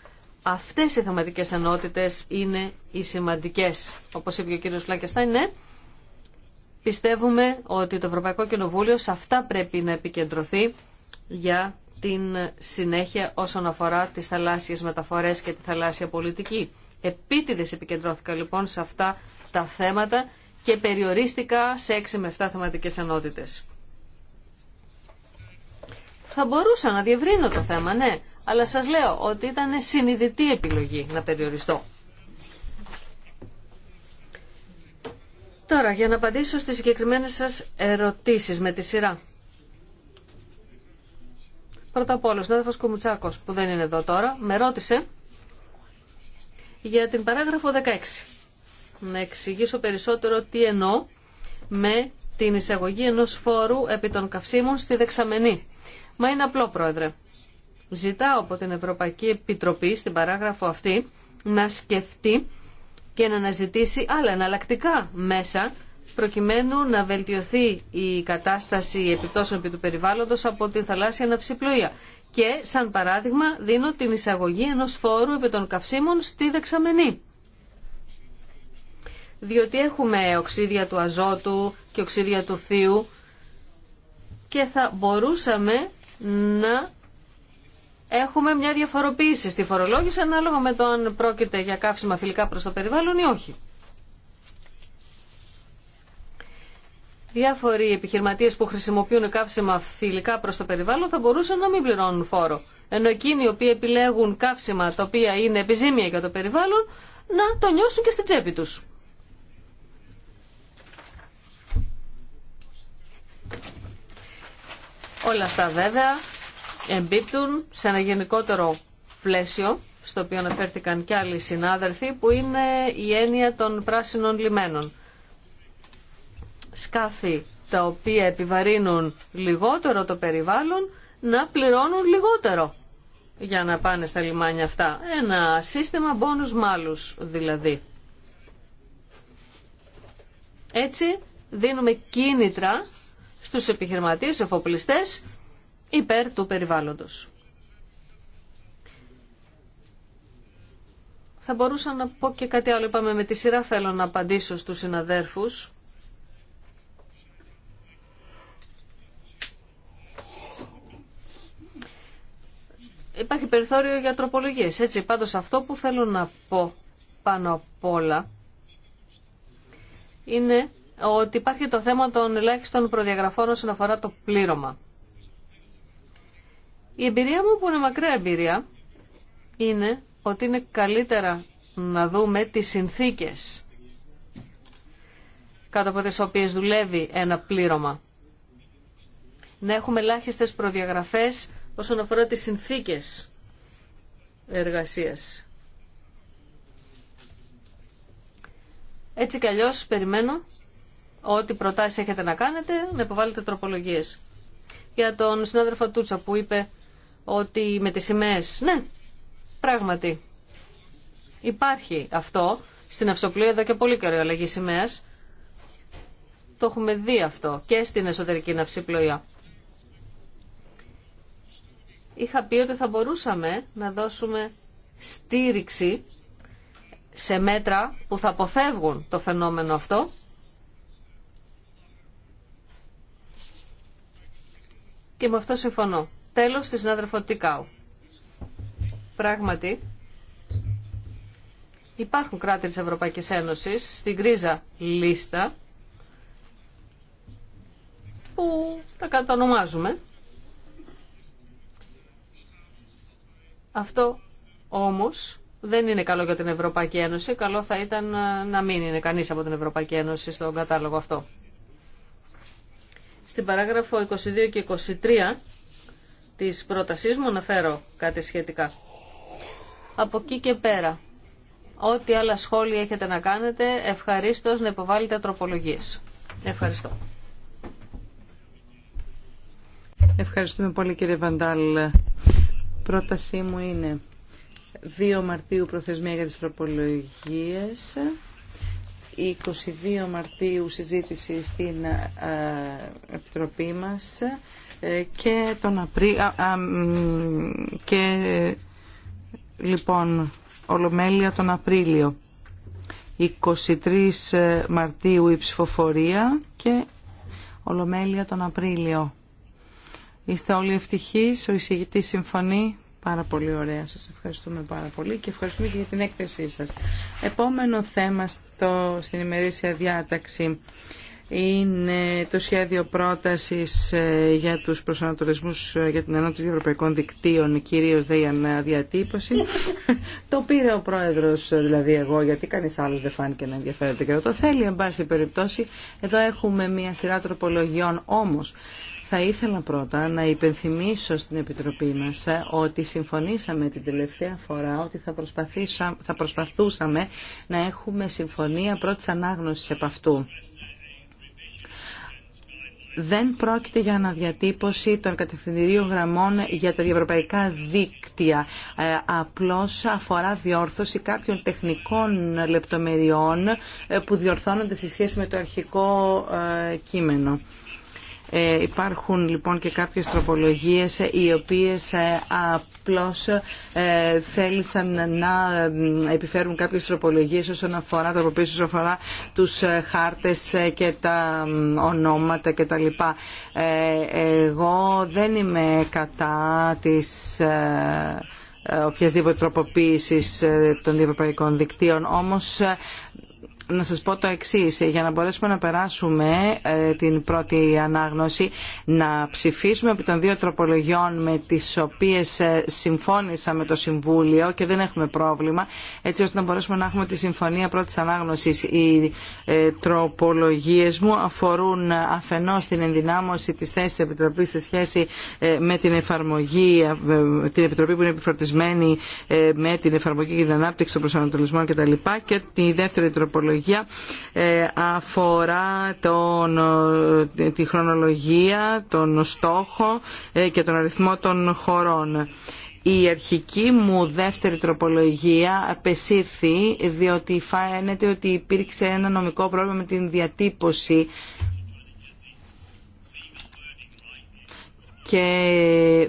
αυτές οι θεματικέ ενότητε είναι οι σημαντικέ. Όπω είπε ο κ. Φλάκιαστα, ναι, πιστεύουμε ότι το Ευρωπαϊκό Κοινοβούλιο σε αυτά πρέπει να επικεντρωθεί για την συνέχεια όσον αφορά τις θαλάσσιες μεταφορές και τη θαλάσσια πολιτική. Επίτηδες επικεντρώθηκα λοιπόν σε αυτά τα θέματα και περιορίστηκα σε 6 με 7 θεματικές ενότητες. Θα μπορούσα να διευρύνω το θέμα, ναι, αλλά σας λέω ότι ήταν συνειδητή επιλογή να περιοριστώ. Τώρα, για να απαντήσω στις συγκεκριμένες σας ερωτήσεις με τη σειρά. Πρώτα απ' όλα, ο Κουμουτσάκος, που δεν είναι εδώ τώρα, με ρώτησε για την παράγραφο 16. Να εξηγήσω περισσότερο τι εννοώ με την εισαγωγή ενός φόρου επί των καυσίμων στη δεξαμενή. Μα είναι απλό, Πρόεδρε. Ζητάω από την Ευρωπαϊκή Επιτροπή στην παράγραφο αυτή να σκεφτεί και να αναζητήσει άλλα εναλλακτικά μέσα προκειμένου να βελτιωθεί η κατάσταση επιπτώσεων επί του περιβάλλοντος από την θαλάσσια ναυσιπλοεία και σαν παράδειγμα δίνω την εισαγωγή ενός φόρου επί των καυσίμων στη δεξαμενή. Διότι έχουμε οξύδια του αζότου και οξύδια του θείου και θα μπορούσαμε να έχουμε μια διαφοροποίηση στη φορολόγηση ανάλογα με το αν πρόκειται για καύσιμα φιλικά προς το περιβάλλον ή όχι. διάφοροι επιχειρηματίες που χρησιμοποιούν καύσιμα φιλικά προς το περιβάλλον θα μπορούσαν να μην πληρώνουν φόρο. Ενώ εκείνοι οι οποίοι επιλέγουν καύσιμα τα οποία είναι επιζήμια για το περιβάλλον να το νιώσουν και στην τσέπη τους. Όλα αυτά βέβαια εμπίπτουν σε ένα γενικότερο πλαίσιο στο οποίο αναφέρθηκαν και άλλοι συνάδελφοι που είναι η έννοια των πράσινων λιμένων σκάφη τα οποία επιβαρύνουν λιγότερο το περιβάλλον να πληρώνουν λιγότερο για να πάνε στα λιμάνια αυτά. Ένα σύστημα bonus μάλους δηλαδή. Έτσι δίνουμε κίνητρα στους επιχειρηματίες, εφοπλιστές υπέρ του περιβάλλοντος. Θα μπορούσα να πω και κάτι άλλο, είπαμε με τη σειρά θέλω να απαντήσω στους συναδέρφους υπάρχει περιθώριο για τροπολογίε. Έτσι, πάντως αυτό που θέλω να πω πάνω απ' όλα είναι ότι υπάρχει το θέμα των ελάχιστων προδιαγραφών όσον αφορά το πλήρωμα. Η εμπειρία μου που είναι μακρά εμπειρία είναι ότι είναι καλύτερα να δούμε τις συνθήκες κάτω από τις οποίες δουλεύει ένα πλήρωμα. Να έχουμε ελάχιστες προδιαγραφές όσον αφορά τις συνθήκες εργασίας. Έτσι κι περιμένω ό,τι προτάσεις έχετε να κάνετε, να υποβάλλετε τροπολογίες. Για τον συνάδελφο Τούτσα που είπε ότι με τις σημαίες, ναι, πράγματι, υπάρχει αυτό στην αυσοπλοία, εδώ και πολύ καιρό η αλλαγή σημαίας. Το έχουμε δει αυτό και στην εσωτερική ναυσιπλοεία είχα πει ότι θα μπορούσαμε να δώσουμε στήριξη σε μέτρα που θα αποφεύγουν το φαινόμενο αυτό και με αυτό συμφωνώ. Τέλος, της συνάδελφο Τικάου. Πράγματι, υπάρχουν κράτη της Ευρωπαϊκής Ένωσης στην κρίζα λίστα που τα κατονομάζουμε Αυτό όμως δεν είναι καλό για την Ευρωπαϊκή Ένωση. Καλό θα ήταν ε, να μην είναι κανείς από την Ευρωπαϊκή Ένωση στον κατάλογο αυτό. Στην παράγραφο 22 και 23 της πρότασής μου αναφέρω κάτι σχετικά. Από εκεί και πέρα, ό,τι άλλα σχόλια έχετε να κάνετε, ευχαρίστως να υποβάλλετε τροπολογίες. Ευχαριστώ. Ευχαριστούμε πολύ κύριε Βαντάλ. Πρότασή μου είναι 2 Μαρτίου προθεσμία για τις τροπολογίες, 22 Μαρτίου συζήτηση στην ε, Επιτροπή μας ε, και τον και λοιπόν Ολομέλεια τον Απρίλιο. 23 Μαρτίου η ψηφοφορία και Ολομέλεια τον Απρίλιο. Είστε όλοι ευτυχείς, ο εισηγητής συμφωνεί. Πάρα πολύ ωραία, σας ευχαριστούμε πάρα πολύ και ευχαριστούμε και για την έκθεσή σας. Επόμενο θέμα στο, στην ημερήσια διάταξη είναι το σχέδιο πρότασης ε, για τους προσανατολισμούς ε, για την ανάπτυξη ευρωπαϊκών δικτύων, κυρίως δε για διατύπωση. *laughs* το πήρε ο πρόεδρος, δηλαδή εγώ, γιατί κανείς άλλος δεν φάνηκε να ενδιαφέρεται και να το θέλει, εν πάση περιπτώσει. Εδώ έχουμε μια σειρά τροπολογιών, όμως θα ήθελα πρώτα να υπενθυμίσω στην Επιτροπή μας ε, ότι συμφωνήσαμε την τελευταία φορά ότι θα, θα προσπαθούσαμε να έχουμε συμφωνία πρώτης ανάγνωσης επ' αυτού. Δεν πρόκειται για αναδιατύπωση των κατευθυντηρίων γραμμών για τα διευρωπαϊκά δίκτυα. Ε, απλώς αφορά διόρθωση κάποιων τεχνικών λεπτομεριών ε, που διορθώνονται σε σχέση με το αρχικό κείμενο. Ε, υπάρχουν λοιπόν και κάποιες τροπολογίες ε, οι οποίες ε, απλώς θέλησαν να επιφέρουν κάποιες τροπολογίες όσον αφορά, τροποποίηση όσον αφορά τους χάρτες και τα ονόματα και τα λοιπά. Εγώ δεν είμαι κατά της οποιασδήποτε τροποποίησης των διευρωπαϊκών δικτύων. Όμως να σας πω το εξής, για να μπορέσουμε να περάσουμε ε, την πρώτη ανάγνωση, να ψηφίσουμε από των δύο τροπολογιών με τις οποίες ε, συμφώνησαμε το Συμβούλιο και δεν έχουμε πρόβλημα, έτσι ώστε να μπορέσουμε να έχουμε τη συμφωνία πρώτης ανάγνωσης. Οι ε, τροπολογίες μου αφορούν αφενός την ενδυνάμωση της θέσης της Επιτροπής σε σχέση με την εφαρμογή, την Επιτροπή που είναι επιφορτισμένη με την εφαρμογή και την ανάπτυξη των προσανατολισμών κτλ. Και τη δεύτερη τροπολογία ε, αφορά τον, ε, τη χρονολογία, τον στόχο ε, και τον αριθμό των χωρών. Η αρχική μου δεύτερη τροπολογία απεσήρθη διότι φαίνεται ότι υπήρξε ένα νομικό πρόβλημα με την διατύπωση και ε,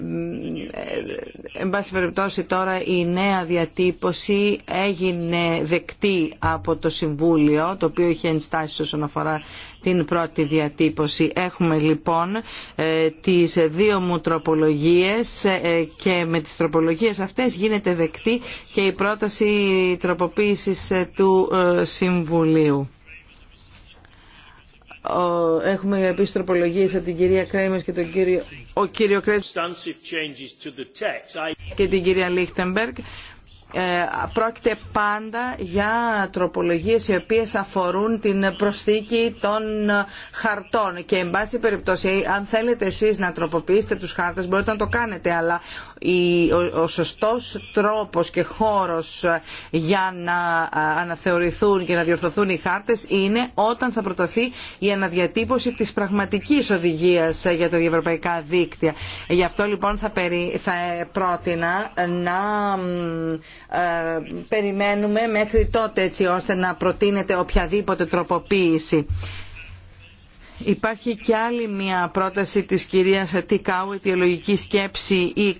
εν πάση περιπτώσει τώρα η νέα διατύπωση έγινε δεκτή από το Συμβούλιο το οποίο είχε ενστάσει όσον αφορά την πρώτη διατύπωση. Έχουμε λοιπόν ε, τις δύο μου τροπολογίες ε, και με τις τροπολογίες αυτές γίνεται δεκτή και η πρόταση τροποποίησης του Συμβουλίου. Έχουμε επίσης τροπολογίες από την κυρία Κρέμες και τον κύριο, ο κύριο και την κυρία Λίχτεμπεργκ. Ε, πρόκειται πάντα για τροπολογίες οι οποίες αφορούν την προσθήκη των χαρτών και εν πάση περιπτώσει αν θέλετε εσείς να τροποποιήσετε τους χάρτες μπορείτε να το κάνετε αλλά ο σωστός τρόπος και χώρος για να αναθεωρηθούν και να διορθωθούν οι χάρτες είναι όταν θα προταθεί η αναδιατύπωση της πραγματικής οδηγίας για τα διευρωπαϊκά δίκτυα. Γι' αυτό λοιπόν θα, περί, θα πρότεινα να ε, περιμένουμε μέχρι τότε έτσι ώστε να προτείνεται οποιαδήποτε τροποποίηση. Υπάρχει και άλλη μια πρόταση της κυρίας Τικάου, αιτιολογική σκέψη 20,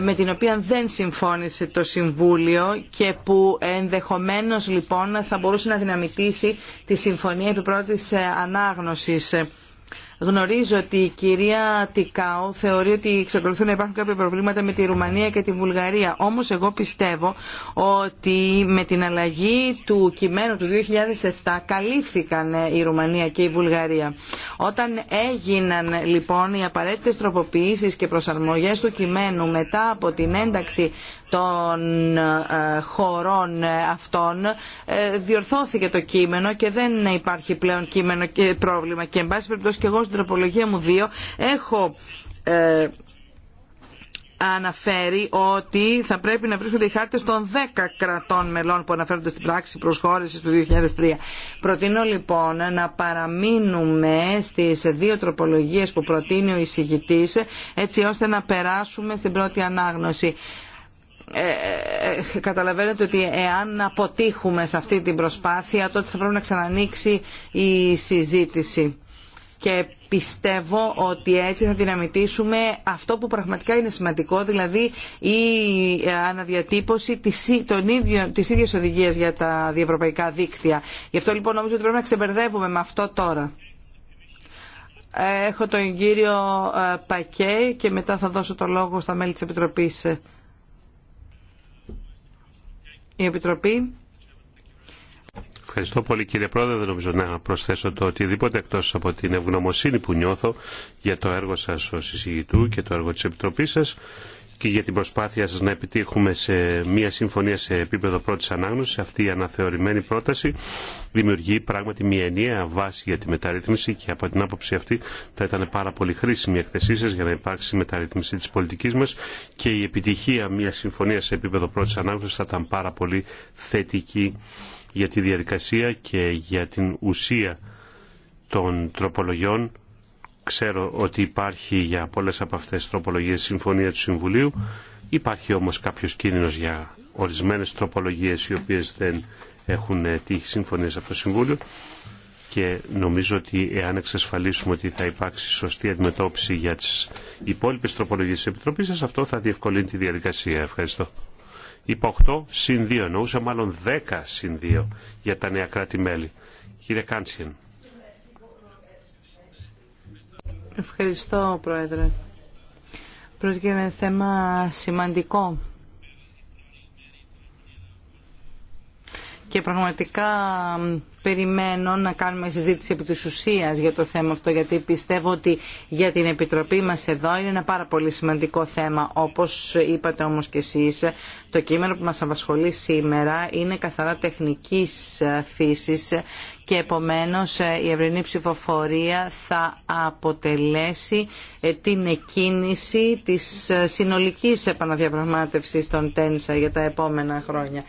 με την οποία δεν συμφώνησε το Συμβούλιο και που ενδεχομένως λοιπόν θα μπορούσε να δυναμητήσει τη συμφωνία επί πρώτης ανάγνωσης. Γνωρίζω ότι η κυρία Τικάου θεωρεί ότι εξακολουθούν να υπάρχουν κάποια προβλήματα με τη Ρουμανία και τη Βουλγαρία. Όμως εγώ πιστεύω ότι με την αλλαγή του κειμένου του 2007 καλύφθηκαν ε, η Ρουμανία και η Βουλγαρία. Όταν έγιναν λοιπόν οι απαραίτητε τροποποίησει και προσαρμογές του κειμένου μετά από την ένταξη των ε, χωρών ε, αυτών ε, διορθώθηκε το κείμενο και δεν υπάρχει πλέον κείμενο και πρόβλημα και εν πάση περιπτώσει και εγώ στην τροπολογία μου 2 έχω αναφέρει ότι θα πρέπει να βρίσκονται οι χάρτες των 10 κρατών μελών που αναφέρονται στην πράξη προσχώρησης του 2003. Προτείνω λοιπόν να παραμείνουμε στις δύο τροπολογίες που προτείνει ο εισηγητής έτσι ώστε να περάσουμε στην πρώτη ανάγνωση. Ε, ε, ε, καταλαβαίνετε ότι εάν αποτύχουμε σε αυτή την προσπάθεια τότε θα πρέπει να ξανανοίξει η συζήτηση και πιστεύω ότι έτσι θα δυναμητήσουμε αυτό που πραγματικά είναι σημαντικό, δηλαδή η αναδιατύπωση της, των ίδιων, της ίδιας οδηγίας για τα διευρωπαϊκά δίκτυα. Γι' αυτό λοιπόν νομίζω ότι πρέπει να ξεμπερδεύουμε με αυτό τώρα. Έχω τον κύριο ε, Πακέ και μετά θα δώσω το λόγο στα μέλη της Επιτροπής η Επιτροπή. Ευχαριστώ πολύ κύριε Πρόεδρε. Δεν νομίζω να προσθέσω το οτιδήποτε εκτός από την ευγνωμοσύνη που νιώθω για το έργο σας ως εισηγητού και το έργο της Επιτροπής σας και για την προσπάθεια σας να επιτύχουμε σε μια συμφωνία σε επίπεδο πρώτης ανάγνωσης. Αυτή η αναθεωρημένη πρόταση δημιουργεί πράγματι μια ενιαία βάση για τη μεταρρύθμιση και από την άποψη αυτή θα ήταν πάρα πολύ χρήσιμη η εκθεσή σας για να υπάρξει η μεταρρύθμιση της πολιτικής μας και η επιτυχία μιας συμφωνία σε επίπεδο πρώτης ανάγνωσης θα ήταν πάρα πολύ θετική για τη διαδικασία και για την ουσία των τροπολογιών Ξέρω ότι υπάρχει για πολλές από αυτές τις τροπολογίες συμφωνία του Συμβουλίου. Υπάρχει όμως κάποιος κίνδυνος για ορισμένες τροπολογίες οι οποίες δεν έχουν τύχει συμφωνίες από το Συμβούλιο και νομίζω ότι εάν εξασφαλίσουμε ότι θα υπάρξει σωστή αντιμετώπιση για τις υπόλοιπες τροπολογίες της Επιτροπής σας, αυτό θα διευκολύνει τη διαδικασία. Ευχαριστώ. Είπα 8 συν 2, εννοούσα μάλλον 10 συν 2 για τα νέα κράτη-μέλη. Κύριε Κάντσιεν. Ευχαριστώ, Πρόεδρε. Πρόκειται για ένα θέμα σημαντικό. Και πραγματικά περιμένω να κάνουμε συζήτηση επί της ουσίας για το θέμα αυτό, γιατί πιστεύω ότι για την Επιτροπή μας εδώ είναι ένα πάρα πολύ σημαντικό θέμα. Όπως είπατε όμως και εσείς, το κείμενο που μας απασχολεί σήμερα είναι καθαρά τεχνικής φύσης και επομένως ε, η ευρυνή ψηφοφορία θα αποτελέσει ε, την εκκίνηση της ε, συνολικής επαναδιαπραγμάτευσης των ΤΕΝΣΑ για τα επόμενα χρόνια.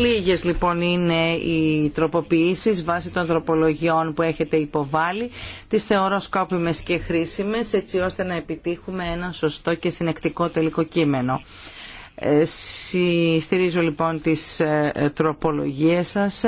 Λίγες λοιπόν είναι οι τροποποιήσεις βάσει των τροπολογιών που έχετε υποβάλει. Τις θεωρώ σκόπιμες και χρήσιμες έτσι ώστε να επιτύχουμε ένα σωστό και συνεκτικό τελικό κείμενο. Ε, στηρίζω λοιπόν τις ε, τροπολογίες σας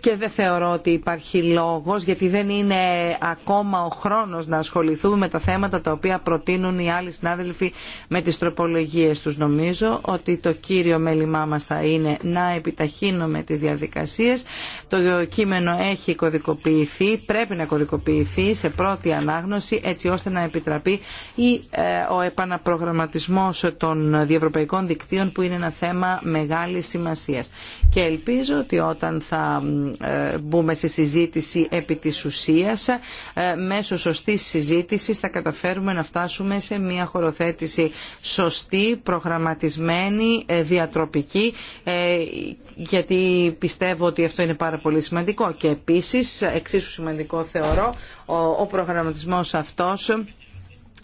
και δεν θεωρώ ότι υπάρχει λόγος γιατί δεν είναι ακόμα ο χρόνος να ασχοληθούμε με τα θέματα τα οποία προτείνουν οι άλλοι συνάδελφοι με τις τροπολογίες τους. Νομίζω ότι το κύριο μέλημά μας θα είναι να επιταχύνουμε τις διαδικασίες. Το κείμενο έχει κωδικοποιηθεί, πρέπει να κωδικοποιηθεί σε πρώτη ανάγνωση έτσι ώστε να επιτραπεί ή ε, ο επαναπρογραμματισμός των διευρωπαϊκών δικτύων που είναι ένα θέμα μεγάλης σημασίας. Και ελπίζω ότι όταν θα ε, μπούμε στη συζήτηση επί της ουσίας. Ε, μέσω σωστής συζήτησης θα καταφέρουμε να φτάσουμε σε μια χωροθέτηση σωστή, προγραμματισμένη, ε, διατροπική γιατί πιστεύω ότι αυτό είναι πάρα πολύ σημαντικό και επίσης εξίσου σημαντικό θεωρώ ο, ο προγραμματισμός αυτός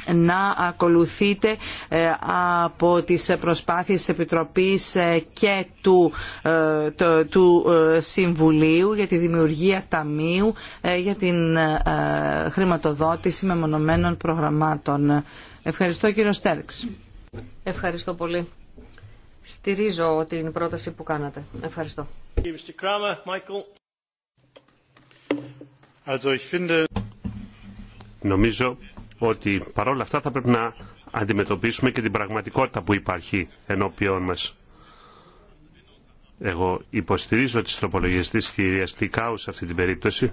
να ακολουθείτε ε, από τις προσπάθειες της Επιτροπής ε, και του, ε, Συμβουλίου για τη δημιουργία ταμείου για την χρηματοδότηση μεμονωμένων προγραμμάτων. Ευχαριστώ κύριο Στέρξ. Ευχαριστώ πολύ. Στηρίζω την πρόταση που κάνατε. Ευχαριστώ. Νομίζω ότι παρόλα αυτά θα πρέπει να αντιμετωπίσουμε και την πραγματικότητα που υπάρχει ενώπιόν μας. Εγώ υποστηρίζω τις τροπολογίες της σε αυτή την περίπτωση,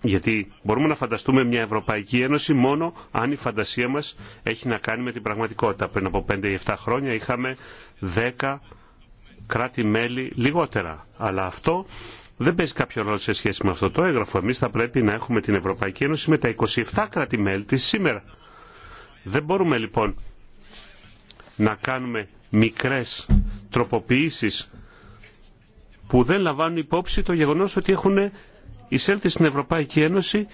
γιατί μπορούμε να φανταστούμε μια Ευρωπαϊκή Ένωση μόνο αν η φαντασία μας έχει να κάνει με την πραγματικότητα. Πριν από 5 ή 7 χρόνια είχαμε 10 κράτη-μέλη λιγότερα. Αλλά αυτό δεν παίζει κάποιο ρόλο σε σχέση με αυτό το έγγραφο. Εμεί θα πρέπει να έχουμε την Ευρωπαϊκή Ένωση με τα 27 κράτη-μέλη της σήμερα. Δεν μπορούμε λοιπόν να κάνουμε μικρές τροποποιήσεις που δεν λαμβάνουν υπόψη το γεγονός ότι έχουν εισέλθει στην Ευρωπαϊκή Ένωση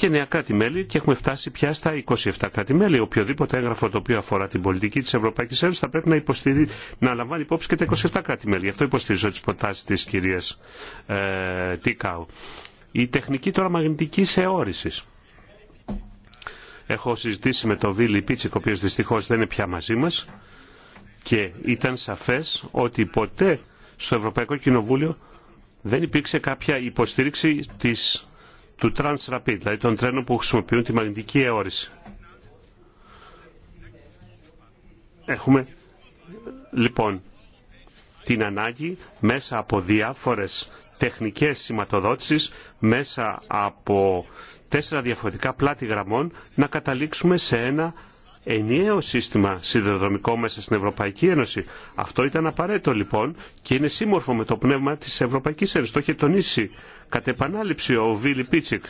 και νέα κράτη-μέλη και έχουμε φτάσει πια στα 27 κράτη-μέλη. Οποιοδήποτε έγγραφο το οποίο αφορά την πολιτική τη Ευρωπαϊκή Ένωση θα πρέπει να, υποστηρί... να λαμβάνει υπόψη και τα 27 κράτη-μέλη. Γι' αυτό υποστηρίζω τι προτάσει τη κυρία ε, Τίκαου. Η τεχνική τώρα μαγνητική αιώρηση. Έχω συζητήσει με τον Βίλι Πίτσικ, ο οποίο δυστυχώ δεν είναι πια μαζί μα και ήταν σαφέ ότι ποτέ στο Ευρωπαϊκό Κοινοβούλιο δεν υπήρξε κάποια υποστήριξη της του Transrapid, δηλαδή των τρένων που χρησιμοποιούν τη μαγνητική αιώρηση. Έχουμε λοιπόν την ανάγκη μέσα από διάφορες τεχνικές σηματοδότησης, μέσα από τέσσερα διαφορετικά πλάτη γραμμών, να καταλήξουμε σε ένα ενιαίο σύστημα σιδηροδρομικό μέσα στην Ευρωπαϊκή Ένωση. Αυτό ήταν απαραίτητο λοιπόν και είναι σύμμορφο με το πνεύμα της Ευρωπαϊκής Ένωσης. Το είχε τονίσει κατ' επανάληψη ο Βίλι Πίτσικ.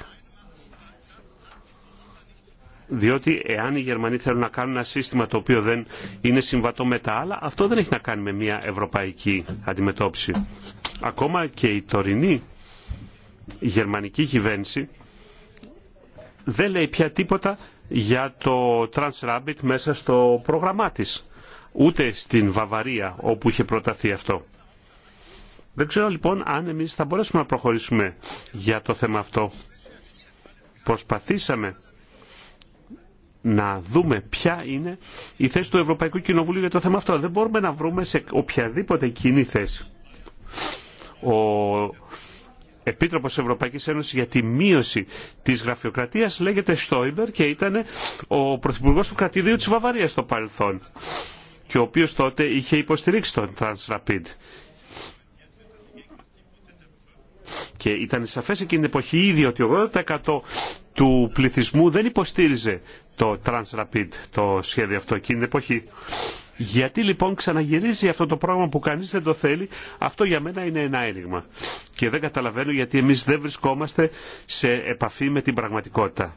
Διότι εάν οι Γερμανοί θέλουν να κάνουν ένα σύστημα το οποίο δεν είναι συμβατό με τα άλλα, αυτό δεν έχει να κάνει με μια ευρωπαϊκή αντιμετώπιση. Ακόμα και η τωρινή γερμανική κυβέρνηση δεν λέει πια τίποτα για το Transrabbit μέσα στο πρόγραμμά της. Ούτε στην Βαβαρία όπου είχε προταθεί αυτό. Δεν ξέρω λοιπόν αν εμείς θα μπορέσουμε να προχωρήσουμε για το θέμα αυτό. Προσπαθήσαμε να δούμε ποια είναι η θέση του Ευρωπαϊκού Κοινοβουλίου για το θέμα αυτό. Δεν μπορούμε να βρούμε σε οποιαδήποτε κοινή θέση. Ο Επίτροπος Ευρωπαϊκής Ένωσης για τη μείωση της γραφειοκρατίας λέγεται Στόιμπερ και ήταν ο Πρωθυπουργός του κρατηδίου της Βαβαρίας στο παρελθόν και ο οποίος τότε είχε υποστηρίξει τον Transrapid. Και ήταν σαφές εκείνη την εποχή ήδη ότι 80% του πληθυσμού δεν υποστήριζε το Transrapid, το σχέδιο αυτό εκείνη την εποχή. Γιατί λοιπόν ξαναγυρίζει αυτό το πράγμα που κανεί δεν το θέλει, αυτό για μένα είναι ένα έρηγμα. Και δεν καταλαβαίνω γιατί εμεί δεν βρισκόμαστε σε επαφή με την πραγματικότητα.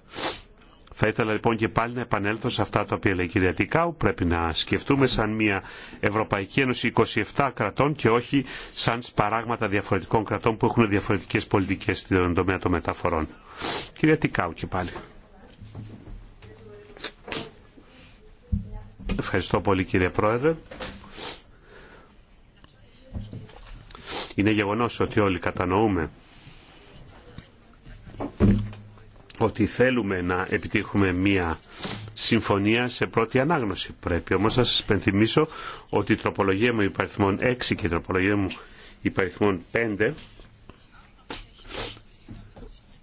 Θα ήθελα λοιπόν και πάλι να επανέλθω σε αυτά τα οποία λέει η κυρία Τικάου. Πρέπει να σκεφτούμε σαν μια Ευρωπαϊκή Ένωση 27 κρατών και όχι σαν παράγματα διαφορετικών κρατών που έχουν διαφορετικές πολιτικές στον τομέα των μεταφορών. Κυρία Τικάου και πάλι. Ευχαριστώ πολύ κύριε Πρόεδρε. Είναι γεγονός ότι όλοι κατανοούμε ότι θέλουμε να επιτύχουμε μία συμφωνία σε πρώτη ανάγνωση. Πρέπει όμως να σας πενθυμίσω ότι η τροπολογία μου υπαριθμών 6 και η τροπολογία μου υπαριθμών 5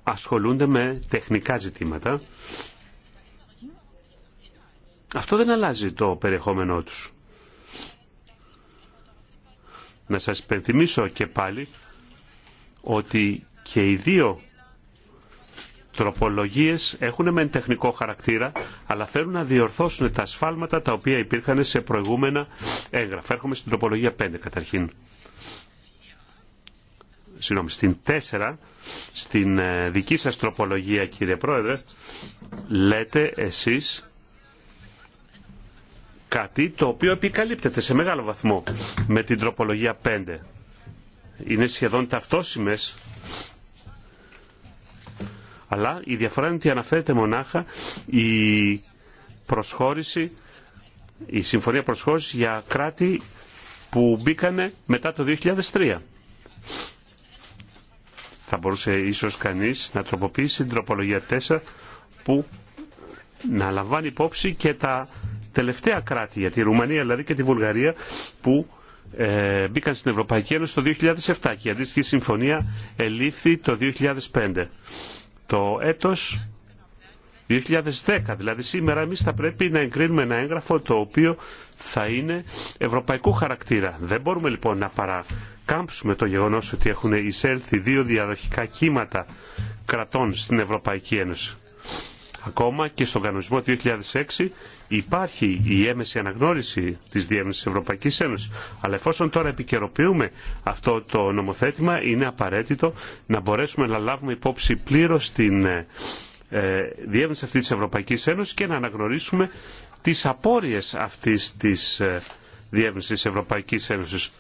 ασχολούνται με τεχνικά ζητήματα αυτό δεν αλλάζει το περιεχόμενό τους. Να σας υπενθυμίσω και πάλι ότι και οι δύο τροπολογίες έχουν μεν τεχνικό χαρακτήρα, αλλά θέλουν να διορθώσουν τα ασφάλματα τα οποία υπήρχαν σε προηγούμενα έγγραφα. Έρχομαι στην τροπολογία 5 καταρχήν. Συγγνώμη, στην 4, στην ε, δική σας τροπολογία κύριε Πρόεδρε, λέτε εσείς κάτι το οποίο επικαλύπτεται σε μεγάλο βαθμό με την τροπολογία 5. Είναι σχεδόν ταυτόσιμες, αλλά η διαφορά είναι ότι αναφέρεται μονάχα η προσχώρηση, η συμφωνία προσχώρησης για κράτη που μπήκανε μετά το 2003. Θα μπορούσε ίσως κανείς να τροποποιήσει την τροπολογία 4 που να λαμβάνει υπόψη και τα τελευταία κράτη, για τη Ρουμανία δηλαδή και τη Βουλγαρία που ε, μπήκαν στην Ευρωπαϊκή Ένωση το 2007 και η αντίστοιχη συμφωνία ελήφθη το 2005. Το έτος 2010, δηλαδή σήμερα εμείς θα πρέπει να εγκρίνουμε ένα έγγραφο το οποίο θα είναι ευρωπαϊκού χαρακτήρα. Δεν μπορούμε λοιπόν να παρακάμψουμε το γεγονός ότι έχουν εισέλθει δύο διαδοχικά κύματα κρατών στην Ευρωπαϊκή Ένωση. Ακόμα και στον κανονισμό 2006 υπάρχει η έμεση αναγνώριση της διεύνησης Ευρωπαϊκής Ένωσης. Αλλά εφόσον τώρα επικαιροποιούμε αυτό το νομοθέτημα, είναι απαραίτητο να μπορέσουμε να λάβουμε υπόψη πλήρως την ε, ε, διεύνηση αυτή της Ευρωπαϊκής Ένωσης και να αναγνωρίσουμε τις απόρριες αυτής της ε, διεύνησης τη Ευρωπαϊκής Ένωσης.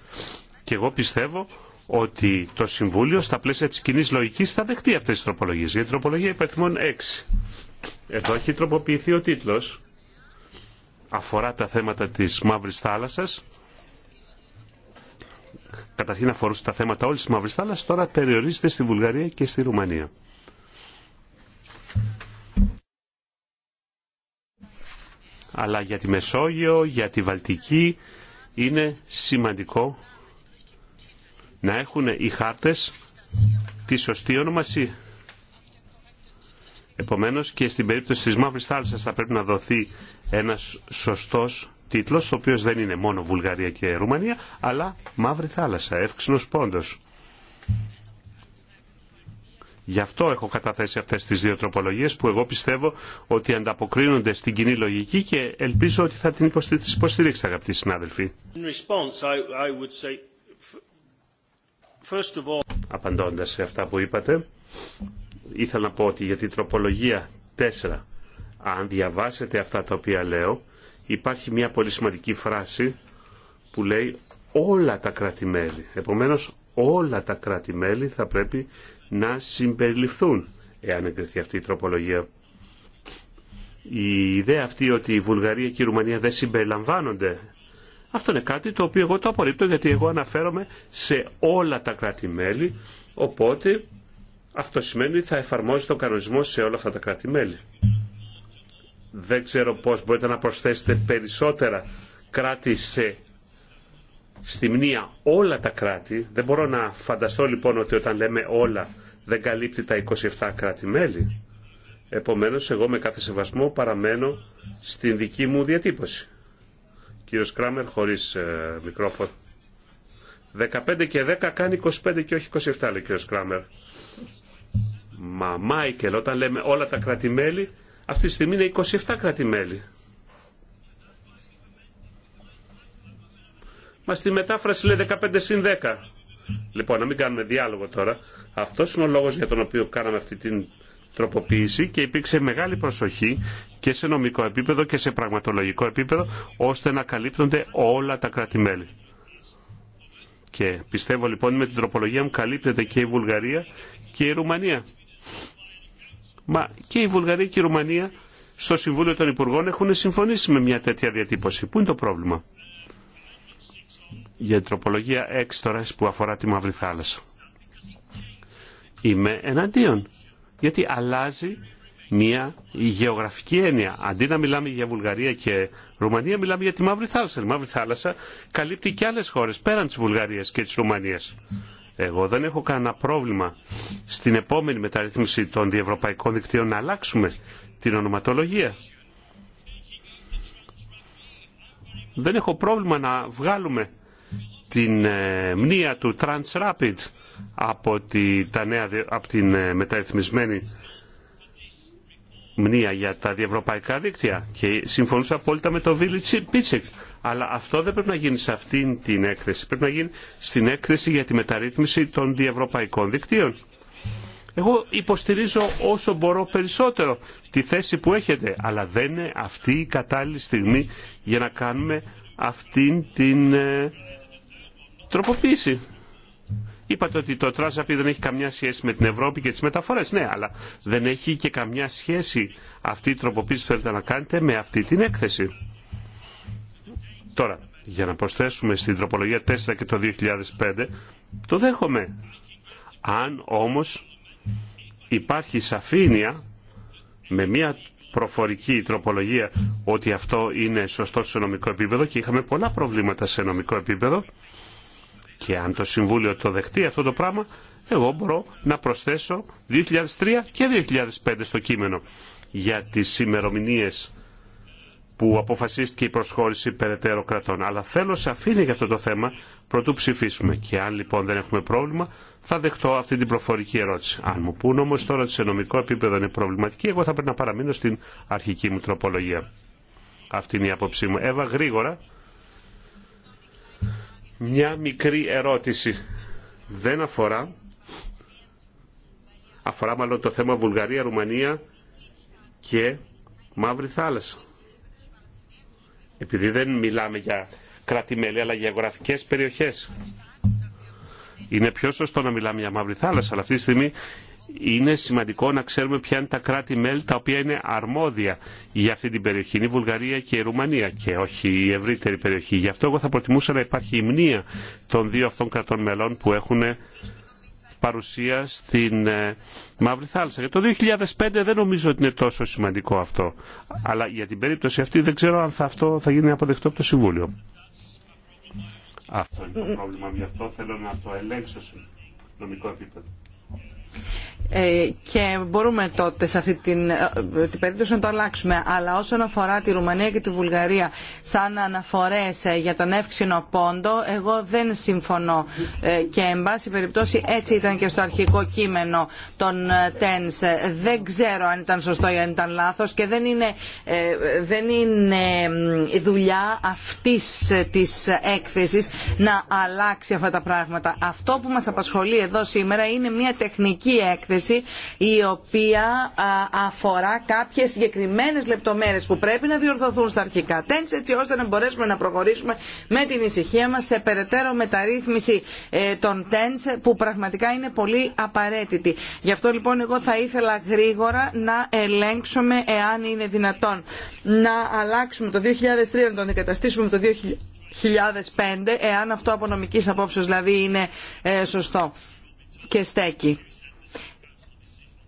Και εγώ πιστεύω ότι το Συμβούλιο στα πλαίσια της κοινή λογικής θα δεχτεί αυτές τις τροπολογίες. Για τροπολογία υπαριθμών 6 εδώ έχει τροποποιηθεί ο τίτλος. Αφορά τα θέματα της Μαύρης Θάλασσας. Καταρχήν αφορούσε τα θέματα όλης της Μαύρης Θάλασσας, τώρα περιορίζεται στη Βουλγαρία και στη Ρουμανία. Αλλά για τη Μεσόγειο, για τη Βαλτική, είναι σημαντικό να έχουν οι χάρτες τη σωστή ονομασία. Επομένως και στην περίπτωση της Μαύρης Θάλασσας θα πρέπει να δοθεί ένας σωστός τίτλος, το οποίο δεν είναι μόνο Βουλγαρία και Ρουμανία, αλλά Μαύρη Θάλασσα, εύξηνος πόντος. Γι' αυτό έχω καταθέσει αυτές τις δύο τροπολογίες που εγώ πιστεύω ότι ανταποκρίνονται στην κοινή λογική και ελπίζω ότι θα την υποστηρίξετε αγαπητοί συνάδελφοι. Απαντώντας σε αυτά που είπατε, ήθελα να πω ότι για την τροπολογία 4, αν διαβάσετε αυτά τα οποία λέω, υπάρχει μια πολύ σημαντική φράση που λέει όλα τα κράτη-μέλη. Επομένως όλα τα κράτη-μέλη θα πρέπει να συμπεριληφθούν εάν εγκριθεί αυτή η τροπολογία. Η ιδέα αυτή ότι η Βουλγαρία και η Ρουμανία δεν συμπεριλαμβάνονται αυτό είναι κάτι το οποίο εγώ το απορρίπτω γιατί εγώ αναφέρομαι σε όλα τα κράτη-μέλη οπότε αυτό σημαίνει ότι θα εφαρμόζει τον κανονισμό σε όλα αυτά τα κράτη-μέλη. Δεν ξέρω πώς μπορείτε να προσθέσετε περισσότερα κράτη σε, στη μνήα όλα τα κράτη. Δεν μπορώ να φανταστώ λοιπόν ότι όταν λέμε όλα δεν καλύπτει τα 27 κράτη-μέλη. Επομένως εγώ με κάθε σεβασμό παραμένω στην δική μου διατύπωση. Κύριος Κράμερ χωρίς ε, μικρόφωνο. 15 και 10 κάνει 25 και όχι 27 λέει ο κύριος Κράμερ. Μα Μάικελ, όταν λέμε όλα τα κράτη-μέλη αυτή τη στιγμή είναι 27 κράτη-μέλη. Μα στη μετάφραση λέει 15 συν 10. Λοιπόν, να μην κάνουμε διάλογο τώρα. Αυτό είναι ο λόγο για τον οποίο κάναμε αυτή την τροποποίηση και υπήρξε μεγάλη προσοχή και σε νομικό επίπεδο και σε πραγματολογικό επίπεδο ώστε να καλύπτονται όλα τα κράτη-μέλη. Και πιστεύω λοιπόν με την τροπολογία μου καλύπτεται και η Βουλγαρία και η Ρουμανία. Μα και η Βουλγαρία και η Ρουμανία στο Συμβούλιο των Υπουργών έχουν συμφωνήσει με μια τέτοια διατύπωση. Πού είναι το πρόβλημα για την τροπολογία τώρα που αφορά τη Μαύρη Θάλασσα. Είμαι εναντίον, γιατί αλλάζει μια γεωγραφική έννοια. Αντί να μιλάμε για Βουλγαρία και Ρουμανία, μιλάμε για τη Μαύρη Θάλασσα. Η Μαύρη Θάλασσα καλύπτει και άλλες χώρες πέραν της Βουλγαρίας και της Ρουμανίας. Εγώ δεν έχω κανένα πρόβλημα στην επόμενη μεταρρύθμιση των διευρωπαϊκών δικτύων να αλλάξουμε την ονοματολογία. Δεν έχω πρόβλημα να βγάλουμε την ε, μνήα του Transrapid από, τη, τα από την ε, μεταρρυθμισμένη μνήα για τα διευρωπαϊκά δίκτυα και συμφωνούσα απόλυτα με τον Βίλιτσι Πίτσεκ αλλά αυτό δεν πρέπει να γίνει σε αυτή την έκθεση. Πρέπει να γίνει στην έκθεση για τη μεταρρύθμιση των διευρωπαϊκών δικτύων. Εγώ υποστηρίζω όσο μπορώ περισσότερο τη θέση που έχετε, αλλά δεν είναι αυτή η κατάλληλη στιγμή για να κάνουμε αυτή την ε, τροποποίηση. Είπατε ότι το τράζαπι δεν έχει καμιά σχέση με την Ευρώπη και τις μεταφορές. Ναι, αλλά δεν έχει και καμιά σχέση αυτή η τροποποίηση που θέλετε να κάνετε με αυτή την έκθεση. Τώρα, για να προσθέσουμε στην τροπολογία 4 και το 2005, το δέχομαι. Αν όμως υπάρχει σαφήνεια με μια προφορική τροπολογία ότι αυτό είναι σωστό σε νομικό επίπεδο και είχαμε πολλά προβλήματα σε νομικό επίπεδο και αν το Συμβούλιο το δεχτεί αυτό το πράγμα, εγώ μπορώ να προσθέσω 2003 και 2005 στο κείμενο για τις ημερομηνίες που αποφασίστηκε η προσχώρηση περαιτέρω κρατών. Αλλά θέλω σαφήνεια για αυτό το θέμα πρωτού ψηφίσουμε. Και αν λοιπόν δεν έχουμε πρόβλημα, θα δεχτώ αυτή την προφορική ερώτηση. Αν μου πούν όμω τώρα ότι σε νομικό επίπεδο είναι προβληματική, εγώ θα πρέπει να παραμείνω στην αρχική μου τροπολογία. Αυτή είναι η άποψή μου. Εύα, γρήγορα. Μια μικρή ερώτηση. Δεν αφορά. Αφορά μάλλον το θέμα Βουλγαρία, Ρουμανία και Μαύρη Θάλασσα επειδή δεν μιλάμε για κράτη-μέλη αλλά για γεωγραφικές περιοχές. Είναι πιο σωστό να μιλάμε για μαύρη θάλασσα, αλλά αυτή τη στιγμή είναι σημαντικό να ξέρουμε ποια είναι τα κράτη-μέλη τα οποία είναι αρμόδια για αυτή την περιοχή. Είναι η Βουλγαρία και η Ρουμανία και όχι η ευρύτερη περιοχή. Γι' αυτό εγώ θα προτιμούσα να υπάρχει η των δύο αυτών κρατών μελών που έχουν παρουσία στην ε, Μαύρη Θάλασσα. Για το 2005 δεν νομίζω ότι είναι τόσο σημαντικό αυτό. Αλλά για την περίπτωση αυτή δεν ξέρω αν θα αυτό θα γίνει αποδεκτό από το Συμβούλιο. Αυτό είναι το πρόβλημα. Γι' αυτό θέλω να το ελέγξω σε νομικό επίπεδο. Ε, και μπορούμε τότε σε αυτή την, ε, την περίπτωση να το αλλάξουμε. Αλλά όσον αφορά τη Ρουμανία και τη Βουλγαρία σαν αναφορές ε, για τον εύξηνο πόντο, εγώ δεν συμφωνώ. Και εν πάση περιπτώσει έτσι ήταν και στο αρχικό κείμενο των ΤΕΝΣ. Δεν ξέρω αν ήταν σωστό ή αν ήταν λάθος και δεν είναι, δεν είναι δουλειά αυτή τη έκθεση να αλλάξει αυτά τα πράγματα. Αυτό που μας απασχολεί εδώ σήμερα είναι μια τεχνική έκθεση η οποία αφορά κάποιες συγκεκριμένες λεπτομέρειες που πρέπει να διορθωθούν στα αρχικά τένς έτσι ώστε να μπορέσουμε να προχωρήσουμε με την ησυχία μας σε περαιτέρω μεταρρύθμιση ε, των τένς που πραγματικά είναι πολύ απαραίτητη. Γι' αυτό λοιπόν εγώ θα ήθελα γρήγορα να ελέγξουμε εάν είναι δυνατόν να αλλάξουμε το 2003 να τον αντικαταστήσουμε με το 2005, εάν αυτό από νομικής απόψεως δηλαδή είναι ε, σωστό και στέκει.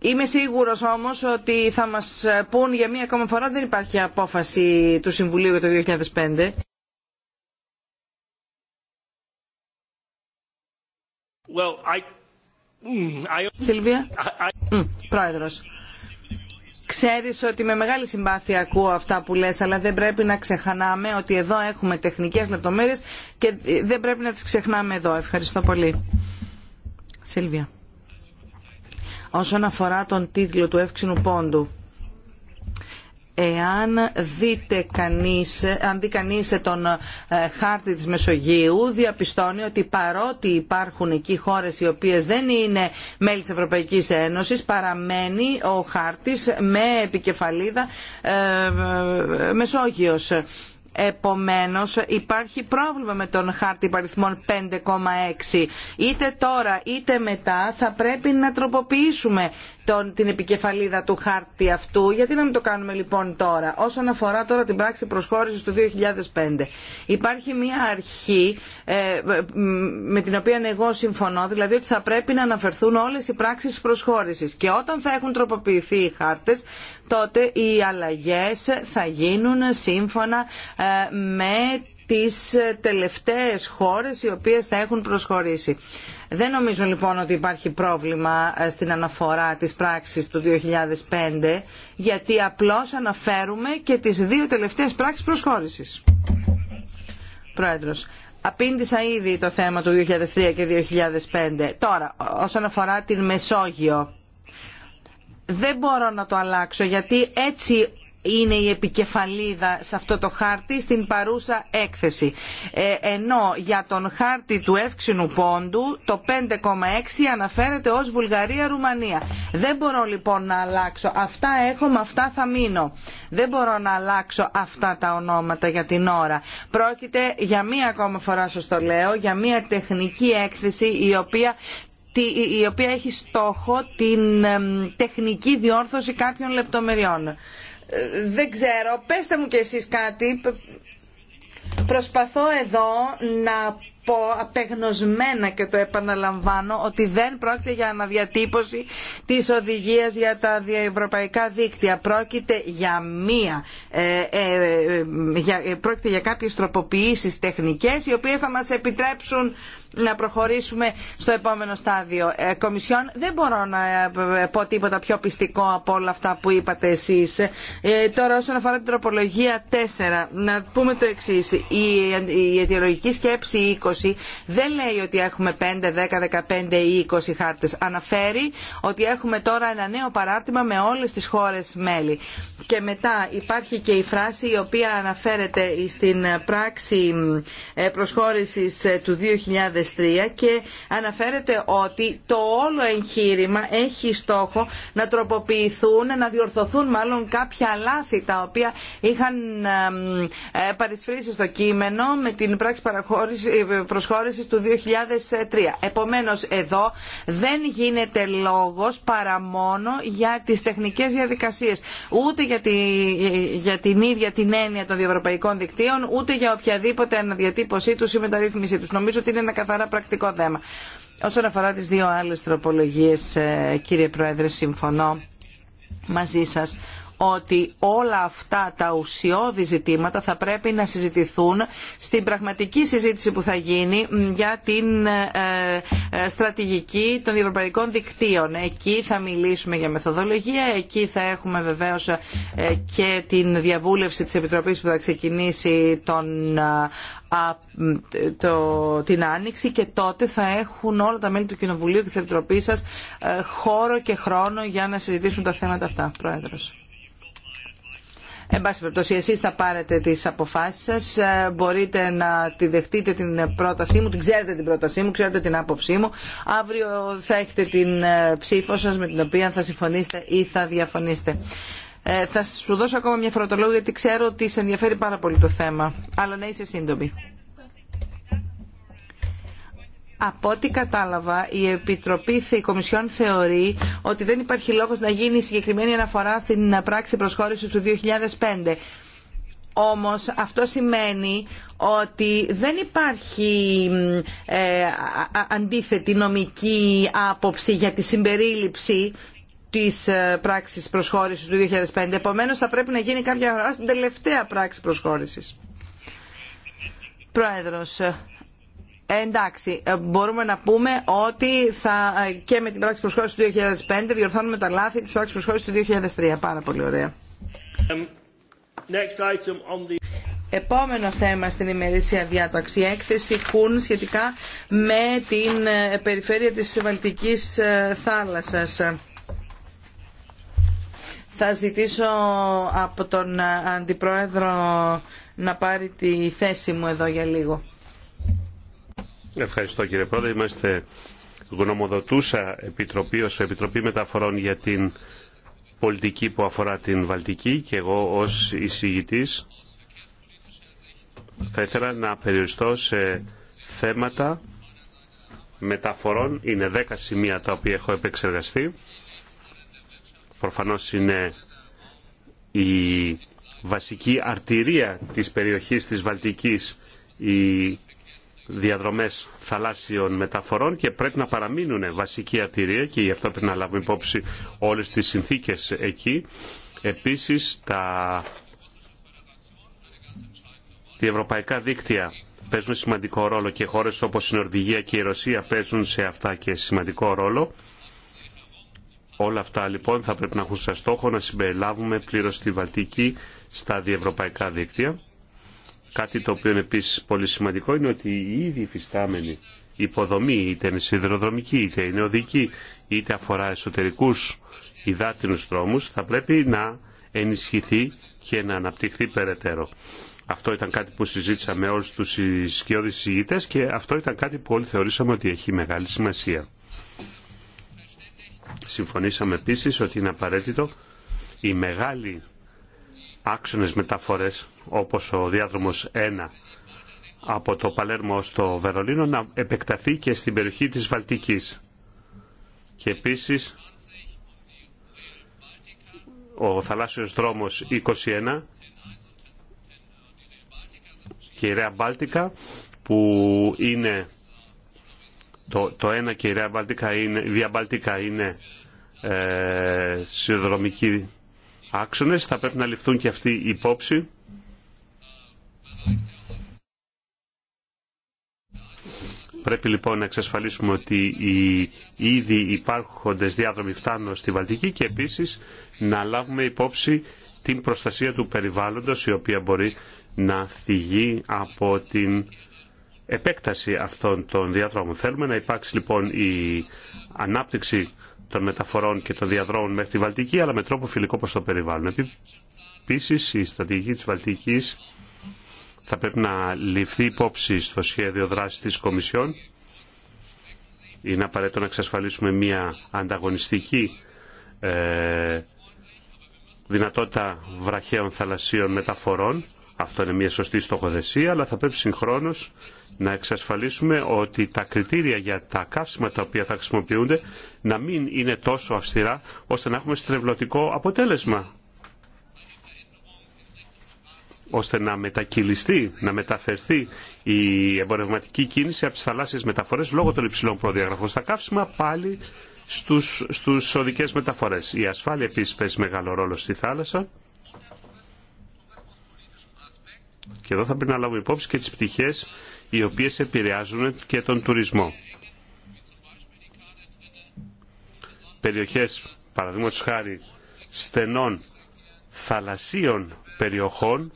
Είμαι σίγουρος όμως ότι θα μας πούν για μία ακόμα φορά δεν υπάρχει απόφαση του Συμβουλίου για το 2005. Mm, Σίλβια, πρόεδρος. Ξέρεις ότι με μεγάλη συμπάθεια ακούω αυτά που λες, αλλά δεν πρέπει να ξεχανάμε ότι εδώ έχουμε τεχνικές λεπτομέρειες και δεν πρέπει να τις ξεχνάμε εδώ. Ευχαριστώ πολύ. Σίλβια όσον αφορά τον τίτλο του εύξηνου πόντου. Εάν δείτε αν δει κανείς τον ε, χάρτη της Μεσογείου, διαπιστώνει ότι παρότι υπάρχουν εκεί χώρες οι οποίες δεν είναι μέλη της Ευρωπαϊκής Ένωσης, παραμένει ο χάρτης με επικεφαλίδα ε, ε Μεσόγειος Επομένως υπάρχει πρόβλημα με τον χάρτη παριθμών 5,6. Είτε τώρα είτε μετά θα πρέπει να τροποποιήσουμε τον, την επικεφαλίδα του χάρτη αυτού. Γιατί να μην το κάνουμε λοιπόν τώρα. Όσον αφορά τώρα την πράξη προσχώρησης του 2005. Υπάρχει μια αρχή ε, με την οποία εγώ συμφωνώ, δηλαδή ότι θα πρέπει να αναφερθούν όλες οι πράξεις προσχώρησης. Και όταν θα έχουν τροποποιηθεί οι χάρτες, τότε οι αλλαγές θα γίνουν σύμφωνα ε, με τις ε, τελευταίες χώρες οι οποίες θα έχουν προσχωρήσει. Δεν νομίζω λοιπόν ότι υπάρχει πρόβλημα ε, στην αναφορά της πράξης του 2005, γιατί απλώς αναφέρουμε και τις δύο τελευταίες πράξεις προσχώρησης. Πρόεδρος, απήντησα ήδη το θέμα του 2003 και 2005. Τώρα, όσον αφορά την Μεσόγειο, δεν μπορώ να το αλλάξω γιατί έτσι είναι η επικεφαλίδα σε αυτό το χάρτη στην παρούσα έκθεση. Ε, ενώ για τον χάρτη του εύξηνου πόντου το 5,6 αναφέρεται ως Βουλγαρία-Ρουμανία. Δεν μπορώ λοιπόν να αλλάξω. Αυτά έχω, με αυτά θα μείνω. Δεν μπορώ να αλλάξω αυτά τα ονόματα για την ώρα. Πρόκειται για μία ακόμα φορά σας το λέω, για μία τεχνική έκθεση η οποία η οποία έχει στόχο την τεχνική διόρθωση κάποιων λεπτομεριών δεν ξέρω, πέστε μου κι εσείς κάτι. Προσπαθώ εδώ να πω απεγνωσμένα και το επαναλαμβάνω ότι δεν πρόκειται για αναδιατύπωση της οδηγίας για τα διευρωπαϊκά δίκτυα. Πρόκειται για μία, ε, ε, ε, για, πρόκειται για κάποιες τροποποιήσεις τεχνικές οι οποίες θα μας επιτρέψουν να προχωρήσουμε στο επόμενο στάδιο. Ε, Κομισιόν, δεν μπορώ να ε, πω τίποτα πιο πιστικό από όλα αυτά που είπατε εσείς. Ε, τώρα όσον αφορά την τροπολογία 4, να πούμε το εξή. Η, η αιτιολογική σκέψη 20 δεν λέει ότι έχουμε 5, 10, 15 ή 20 χάρτες. Αναφέρει ότι έχουμε τώρα ένα νέο παράρτημα με όλες τις χώρες μέλη. Και μετά υπάρχει και η φράση η οποία αναφέρεται στην πράξη ε, προσχώρησης ε, του 2000 και αναφέρεται ότι το όλο εγχείρημα έχει στόχο να τροποποιηθούν, να διορθωθούν μάλλον κάποια λάθη τα οποία είχαν ε, παρισφρήσει στο κείμενο με την πράξη ε, προσχώρησης του 2003. Επομένως εδώ δεν γίνεται λόγος παρά μόνο για τις τεχνικές διαδικασίες, ούτε για, την ίδια την έννοια των διευρωπαϊκών δικτύων, ούτε για οποιαδήποτε αναδιατύπωσή τους ή μεταρρύθμιση τους. Νομίζω ότι είναι ένα καθαρά πρακτικό θέμα. Όσον αφορά τις δύο άλλες τροπολογίες, ε, κύριε Πρόεδρε, συμφωνώ μαζί σας ότι όλα αυτά τα ουσιώδη ζητήματα θα πρέπει να συζητηθούν στην πραγματική συζήτηση που θα γίνει για την ε, ε, στρατηγική των ευρωπαϊκών δικτύων. Εκεί θα μιλήσουμε για μεθοδολογία, εκεί θα έχουμε βεβαίως ε, και την διαβούλευση της Επιτροπής που θα ξεκινήσει τον την Άνοιξη και τότε θα έχουν όλα τα μέλη του Κοινοβουλίου και της Επιτροπής σας χώρο και χρόνο για να συζητήσουν τα θέματα αυτά. Πρόεδρος. Εν πάση περιπτώσει, εσεί θα πάρετε τις αποφάσεις σας, ε, μπορείτε να τη δεχτείτε την πρότασή μου, την ξέρετε την πρότασή μου, ξέρετε την άποψή μου. Αύριο θα έχετε την ε, ψήφο σας με την οποία θα συμφωνήσετε ή θα διαφωνήσετε. Ε, θα σου δώσω ακόμα μια λόγο γιατί ξέρω ότι σε ενδιαφέρει πάρα πολύ το θέμα, αλλά να είσαι σύντομη. Από ό,τι κατάλαβα, η Επιτροπή η Κομισιόν θεωρεί ότι δεν υπάρχει λόγος να γίνει συγκεκριμένη αναφορά στην πράξη προσχώρησης του 2005. Όμως αυτό σημαίνει ότι δεν υπάρχει ε, αντίθετη νομική άποψη για τη συμπερίληψη της ε, πράξης προσχώρησης του 2005. Επομένως θα πρέπει να γίνει κάποια αναφορά στην τελευταία πράξη προσχώρησης. Πρόεδρος, ε, εντάξει, ε, μπορούμε να πούμε ότι θα, ε, και με την πράξη προσχώρηση του 2005 διορθώνουμε τα λάθη της πράξης προσχώρησης του 2003. Πάρα πολύ ωραία. Um, Επόμενο θέμα στην ημερήσια διάταξη, έκθεση Κούν σχετικά με την περιφέρεια της Βαλτικής θάλασσας. Θα ζητήσω από τον Αντιπρόεδρο να πάρει τη θέση μου εδώ για λίγο. Ευχαριστώ κύριε Πρόεδρε. Είμαστε γνωμοδοτούσα επιτροπή ως Επιτροπή Μεταφορών για την πολιτική που αφορά την Βαλτική και εγώ ως εισηγητής θα ήθελα να περιοριστώ σε θέματα μεταφορών. Είναι δέκα σημεία τα οποία έχω επεξεργαστεί. Προφανώς είναι η βασική αρτηρία της περιοχής της Βαλτικής η διαδρομές θαλάσσιων μεταφορών και πρέπει να παραμείνουν βασική αρτηρία και γι' αυτό πρέπει να λάβουμε υπόψη όλες τις συνθήκες εκεί. Επίσης τα οι ευρωπαϊκά δίκτυα παίζουν σημαντικό ρόλο και χώρες όπως η Νορβηγία και η Ρωσία παίζουν σε αυτά και σημαντικό ρόλο. Όλα αυτά λοιπόν θα πρέπει να έχουν σαν στόχο να συμπεριλάβουμε πλήρως τη Βαλτική στα διευρωπαϊκά δίκτυα. Κάτι το οποίο είναι επίσης πολύ σημαντικό είναι ότι η ήδη υφιστάμενη υποδομή, είτε είναι σιδηροδρομική, είτε είναι οδική, είτε αφορά εσωτερικούς υδάτινου δρόμους, θα πρέπει να ενισχυθεί και να αναπτυχθεί περαιτέρω. Αυτό ήταν κάτι που συζήτησαμε όλου όλους τους συζητητέ και αυτό ήταν κάτι που όλοι θεωρήσαμε ότι έχει μεγάλη σημασία. Συμφωνήσαμε επίση ότι είναι απαραίτητο η μεγάλη άξονες μεταφορές όπως ο διάδρομος 1 από το Παλέρμο στο Βερολίνο να επεκταθεί και στην περιοχή της Βαλτικής. Και επίσης ο θαλάσσιος δρόμος 21 και η Ρέα Μπάλτικα που είναι το, το ένα και η Ρέα Μπάλτικα είναι, η είναι ε, συνδρομική άξονες. Θα πρέπει να ληφθούν και αυτοί οι υπόψη. Πρέπει λοιπόν να εξασφαλίσουμε ότι οι ήδη υπάρχοντες διάδρομοι φτάνουν στη Βαλτική και επίσης να λάβουμε υπόψη την προστασία του περιβάλλοντος η οποία μπορεί να θυγεί από την επέκταση αυτών των διαδρόμων. Θέλουμε να υπάρξει λοιπόν η ανάπτυξη των μεταφορών και των διαδρόμων μέχρι τη Βαλτική, αλλά με τρόπο φιλικό προς το περιβάλλον. Επίση, η στρατηγική της Βαλτικής θα πρέπει να ληφθεί υπόψη στο σχέδιο δράσης της Κομισιόν. Είναι απαραίτητο να εξασφαλίσουμε μια ανταγωνιστική ε, δυνατότητα βραχαίων θαλασσίων μεταφορών αυτό είναι μια σωστή στοχοθεσία, αλλά θα πρέπει συγχρόνως να εξασφαλίσουμε ότι τα κριτήρια για τα καύσιμα τα οποία θα χρησιμοποιούνται να μην είναι τόσο αυστηρά ώστε να έχουμε στρεβλωτικό αποτέλεσμα ώστε να μετακυλιστεί, να μεταφερθεί η εμπορευματική κίνηση από τις θαλάσσιες μεταφορές λόγω των υψηλών προδιαγραφών στα καύσιμα πάλι στους, στους οδικές μεταφορές. Η ασφάλεια επίσης παίζει μεγάλο ρόλο στη θάλασσα και εδώ θα πρέπει να λάβουμε υπόψη και τις πτυχές οι οποίες επηρεάζουν και τον τουρισμό. Περιοχές, παραδείγματο χάρη, στενών θαλασσίων περιοχών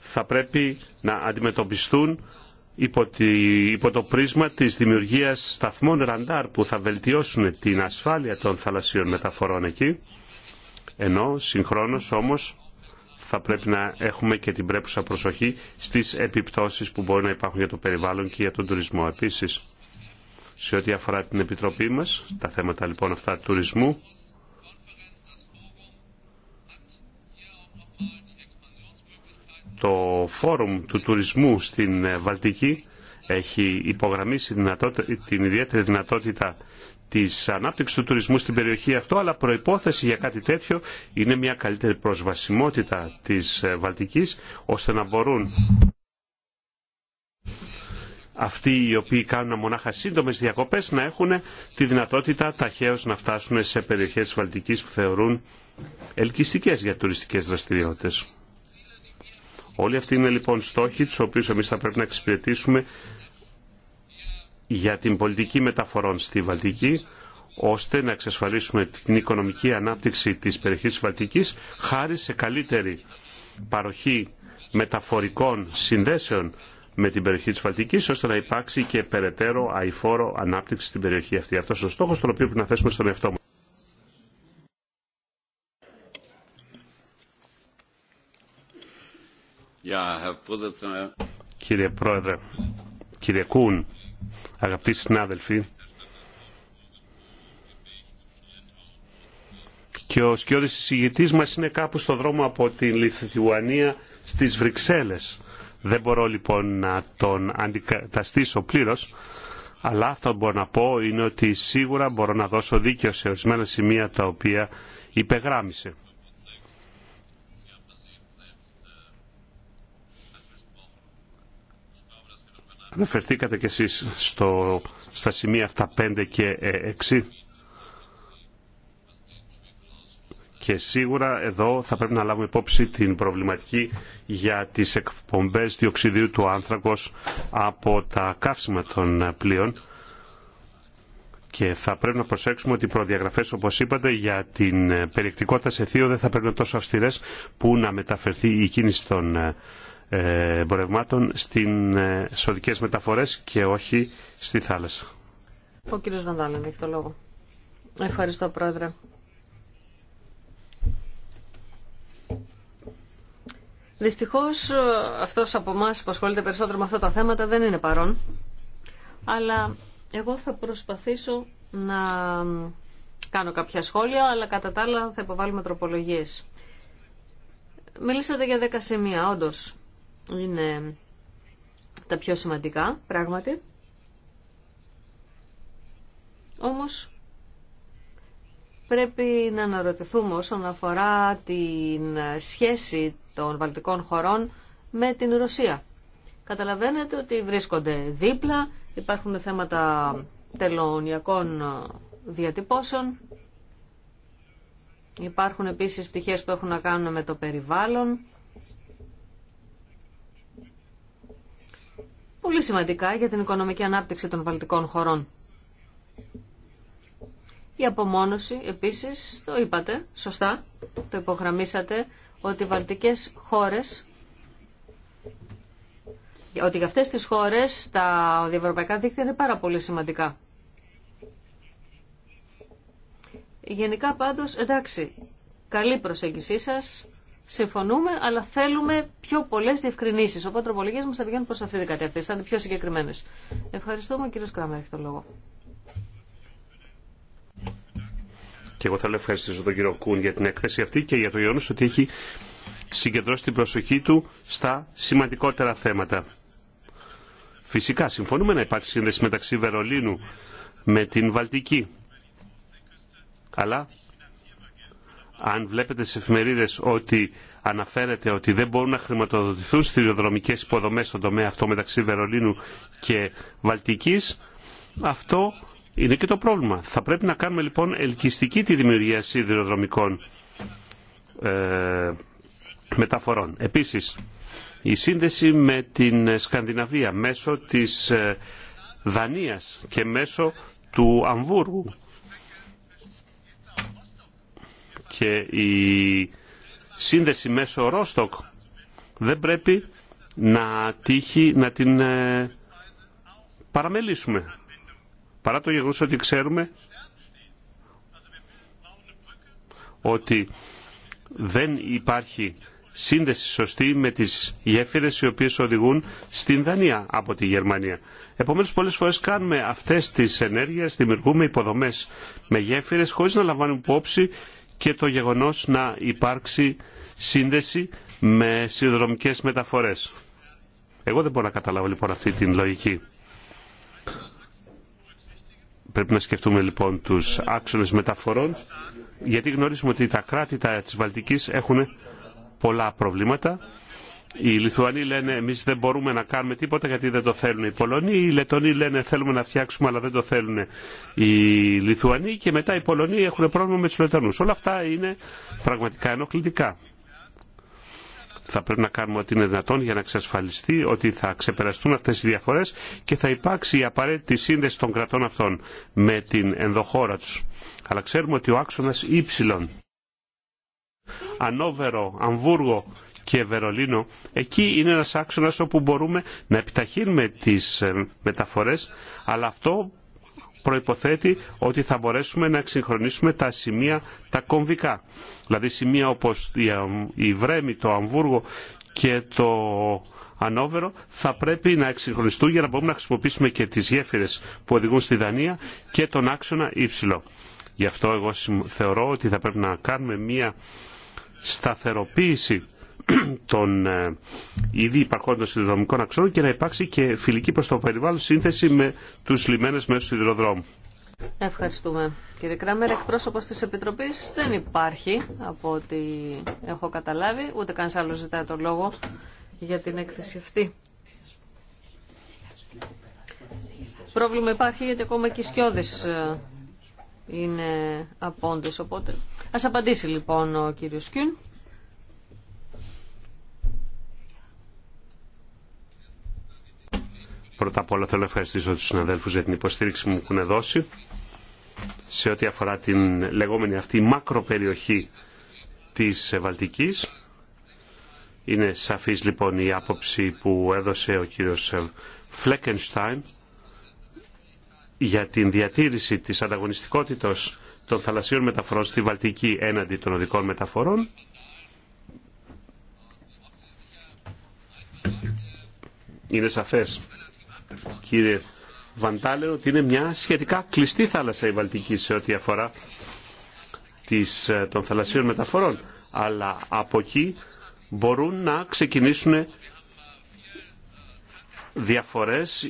θα πρέπει να αντιμετωπιστούν υπό, το πρίσμα της δημιουργίας σταθμών ραντάρ που θα βελτιώσουν την ασφάλεια των θαλασσίων μεταφορών εκεί ενώ συγχρόνως όμως θα πρέπει να έχουμε και την πρέπουσα προσοχή στις επιπτώσεις που μπορεί να υπάρχουν για το περιβάλλον και για τον τουρισμό. Επίσης, σε ό,τι αφορά την Επιτροπή μας, τα θέματα λοιπόν αυτά τουρισμού, το φόρουμ του τουρισμού στην Βαλτική έχει υπογραμμίσει την ιδιαίτερη δυνατότητα Τη ανάπτυξη του τουρισμού στην περιοχή αυτό, αλλά προϋπόθεση για κάτι τέτοιο είναι μια καλύτερη προσβασιμότητα της ε, Βαλτική, ώστε να μπορούν αυτοί οι οποίοι κάνουν μονάχα σύντομε διακοπέ να έχουν τη δυνατότητα ταχαίω να φτάσουν σε περιοχέ τη Βαλτική που θεωρούν ελκυστικέ για τουριστικέ δραστηριότητε. Όλοι αυτοί είναι λοιπόν στόχοι του οποίου εμεί θα πρέπει να εξυπηρετήσουμε για την πολιτική μεταφορών στη Βαλτική, ώστε να εξασφαλίσουμε την οικονομική ανάπτυξη της περιοχής της Βαλτικής χάρη σε καλύτερη παροχή μεταφορικών συνδέσεων με την περιοχή της Βαλτικής ώστε να υπάρξει και περαιτέρω αηφόρο ανάπτυξη στην περιοχή αυτή. Αυτός ο στόχος τον οποίο πρέπει να θέσουμε στον εαυτό μας. Κύριε Πρόεδρε, κύριε Κούν, Αγαπητοί συνάδελφοι, και ο σκιώδης εισηγητής μας είναι κάπου στο δρόμο από την Λιθουανία στις Βρυξέλλες. Δεν μπορώ λοιπόν να τον αντικαταστήσω πλήρως, αλλά αυτό που μπορώ να πω είναι ότι σίγουρα μπορώ να δώσω δίκαιο σε ορισμένα σημεία τα οποία υπεγράμισε. Αναφερθήκατε κι εσείς στο, στα σημεία αυτά 5 και 6 ε, και σίγουρα εδώ θα πρέπει να λάβουμε υπόψη την προβληματική για τις εκπομπές διοξιδίου του άνθρακος από τα καύσιμα των ε, πλοίων και θα πρέπει να προσέξουμε ότι οι προδιαγραφές όπως είπατε για την ε, περιεκτικότητα σε θείο δεν θα πρέπει να είναι τόσο αυστηρές που να μεταφερθεί η κίνηση των ε, εμπορευμάτων στην, ε, στις μεταφορέ μεταφορές και όχι στη θάλασσα. Ο κύριος Βανδάλεν έχει το λόγο. Ευχαριστώ πρόεδρε. Δυστυχώς ε, αυτός από εμά που ασχολείται περισσότερο με αυτά τα θέματα δεν είναι παρόν. Αλλά εγώ θα προσπαθήσω να κάνω κάποια σχόλια, αλλά κατά τα άλλα θα υποβάλουμε τροπολογίες. Μιλήσατε για 10 σημεία, όντως είναι τα πιο σημαντικά, πράγματι. Όμως, πρέπει να αναρωτηθούμε όσον αφορά την σχέση των βαλτικών χωρών με την Ρωσία. Καταλαβαίνετε ότι βρίσκονται δίπλα, υπάρχουν θέματα τελωνιακών διατυπώσεων, υπάρχουν επίσης πτυχές που έχουν να κάνουν με το περιβάλλον, πολύ σημαντικά για την οικονομική ανάπτυξη των βαλτικών χωρών. Η απομόνωση, επίσης, το είπατε σωστά, το υπογραμμίσατε, ότι οι βαλτικές χώρες, ότι για αυτές τις χώρες τα διευρωπαϊκά δίκτυα είναι πάρα πολύ σημαντικά. Γενικά πάντως, εντάξει, καλή προσέγγισή σας, συμφωνούμε, αλλά θέλουμε πιο πολλέ διευκρινήσει. Οπότε οι τροπολογίε μα θα πηγαίνουν προ αυτή την κατεύθυνση, θα είναι πιο συγκεκριμένε. Ευχαριστούμε, κύριο Κράμερ, έχει τον λόγο. Και εγώ θέλω να ευχαριστήσω τον κύριο Κούν για την έκθεση αυτή και για το γεγονό ότι έχει συγκεντρώσει την προσοχή του στα σημαντικότερα θέματα. Φυσικά, συμφωνούμε να υπάρχει σύνδεση μεταξύ Βερολίνου με την Βαλτική. Αλλά αν βλέπετε σε εφημερίδες ότι αναφέρεται ότι δεν μπορούν να χρηματοδοτηθούν στηριοδρομικές υποδομές στον τομέα αυτό μεταξύ Βερολίνου και Βαλτικής, αυτό είναι και το πρόβλημα. Θα πρέπει να κάνουμε λοιπόν ελκυστική τη δημιουργία σιδηροδρομικών ε, μεταφορών. Επίσης, η σύνδεση με την Σκανδιναβία μέσω της ε, Δανίας και μέσω του Αμβούργου και η σύνδεση μέσω Ρόστοκ δεν πρέπει να τύχει να την ε, παραμελήσουμε. Παρά το γεγονός ότι ξέρουμε ότι δεν υπάρχει σύνδεση σωστή με τις γέφυρες οι οποίες οδηγούν στην Δανία από τη Γερμανία. Επομένως πολλές φορές κάνουμε αυτές τις ενέργειες, δημιουργούμε υποδομές με γέφυρες χωρίς να λαμβάνουμε υπόψη και το γεγονός να υπάρξει σύνδεση με συνδρομικές μεταφορές. Εγώ δεν μπορώ να καταλάβω λοιπόν αυτή την λογική. Πρέπει να σκεφτούμε λοιπόν τους άξονες μεταφορών, γιατί γνωρίζουμε ότι τα κράτη της Βαλτικής έχουν πολλά προβλήματα οι Λιθουανοί λένε εμείς δεν μπορούμε να κάνουμε τίποτα γιατί δεν το θέλουν οι Πολωνοί. Οι Λετονοί λένε θέλουμε να φτιάξουμε αλλά δεν το θέλουν οι Λιθουανοί και μετά οι Πολωνοί έχουν πρόβλημα με τους Λετωνούς. Όλα αυτά είναι πραγματικά ενοχλητικά. Θα πρέπει να κάνουμε ό,τι είναι δυνατόν για να εξασφαλιστεί ότι θα ξεπεραστούν αυτές οι διαφορές και θα υπάρξει η απαραίτητη σύνδεση των κρατών αυτών με την ενδοχώρα τους. Αλλά ξέρουμε ότι ο άξονας Υ, Ανόβερο, Αμβούργο, και Βερολίνο, εκεί είναι ένας άξονας όπου μπορούμε να επιταχύνουμε τις ε, μεταφορές, αλλά αυτό προϋποθέτει ότι θα μπορέσουμε να εξυγχρονίσουμε τα σημεία τα κομβικά. Δηλαδή σημεία όπως ε, η Βρέμη, το Αμβούργο και το Ανόβερο θα πρέπει να εξυγχρονιστούν για να μπορούμε να χρησιμοποιήσουμε και τις γέφυρες που οδηγούν στη Δανία και τον άξονα Υψηλό. Γι' αυτό εγώ θεωρώ ότι θα πρέπει να κάνουμε μία σταθεροποίηση *clears throat* των ε, ήδη υπαρχόντων σιδηροδρομικών αξιών και να υπάρξει και φιλική προς το περιβάλλον σύνθεση με τους λιμένες μέσω σιδηροδρόμου. Ευχαριστούμε. Κύριε Κράμερ, εκπρόσωπος της Επιτροπής δεν υπάρχει από ό,τι έχω καταλάβει, ούτε καν άλλο ζητάει το λόγο για την έκθεση αυτή. Πρόβλημα υπάρχει γιατί ακόμα και οι σκιώδε ε, είναι απόντες, οπότε ας απαντήσει λοιπόν ο κύριος Κιούν. Πρώτα απ' όλα θέλω να ευχαριστήσω τους συναδέλφους για την υποστήριξη που μου έχουν δώσει σε ό,τι αφορά την λεγόμενη αυτή μακροπεριοχή της Βαλτικής. Είναι σαφής λοιπόν η άποψη που έδωσε ο κύριος Φλέκενστάιν για την διατήρηση της ανταγωνιστικότητας των θαλασσίων μεταφορών στη Βαλτική έναντι των οδικών μεταφορών. Είναι σαφές κύριε Βαντάλε ότι είναι μια σχετικά κλειστή θάλασσα η Βαλτική σε ό,τι αφορά τις ε, των θαλασσίων μεταφορών. Αλλά από εκεί μπορούν να ξεκινήσουν διαφορές,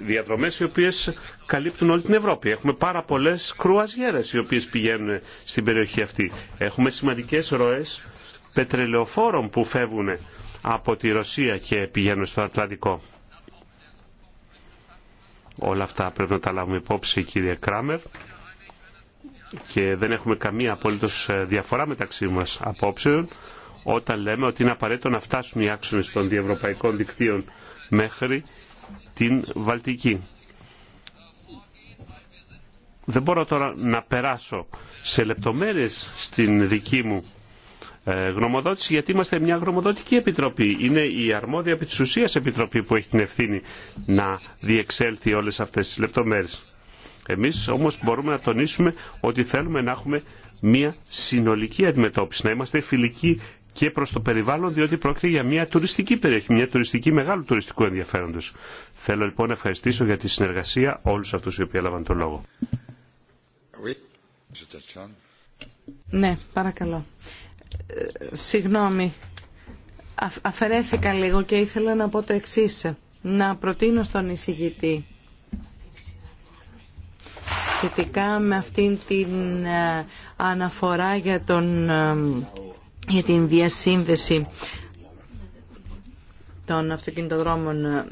διαδρομές οι οποίες καλύπτουν όλη την Ευρώπη. Έχουμε πάρα πολλές κρουαζιέρες οι οποίες πηγαίνουν στην περιοχή αυτή. Έχουμε σημαντικές ροές πετρελαιοφόρων που φεύγουν από τη Ρωσία και πηγαίνουν στο Ατλαντικό. Όλα αυτά πρέπει να τα λάβουμε υπόψη κύριε Κράμερ και δεν έχουμε καμία απολύτως ε, διαφορά μεταξύ μας απόψεων όταν λέμε ότι είναι απαραίτητο να φτάσουν οι άξονες των διευρωπαϊκών δικτύων μέχρι την Βαλτική. Δεν μπορώ τώρα να περάσω σε λεπτομέρειες στην δική μου ε, γνωμοδότηση γιατί είμαστε μια γνωμοδοτική επιτροπή. Είναι η αρμόδια επί της ουσίας επιτροπή που έχει την ευθύνη να διεξέλθει όλες αυτές τις λεπτομέρειες. Εμείς όμως μπορούμε να τονίσουμε ότι θέλουμε να έχουμε μια συνολική αντιμετώπιση, να είμαστε φιλικοί και προς το περιβάλλον διότι πρόκειται για μια τουριστική περιοχή, μια τουριστική μεγάλου τουριστικού ενδιαφέροντος. Θέλω λοιπόν να ευχαριστήσω για τη συνεργασία όλους αυτούς οι οποίοι έλαβαν τον λόγο. Ναι, παρακαλώ. Συγγνώμη, αφαιρέθηκα λίγο και ήθελα να πω το εξής. Να προτείνω στον εισηγητή σχετικά με αυτήν την ε, αναφορά για, τον, ε, για την διασύνδεση των αυτοκινητοδρόμων ε,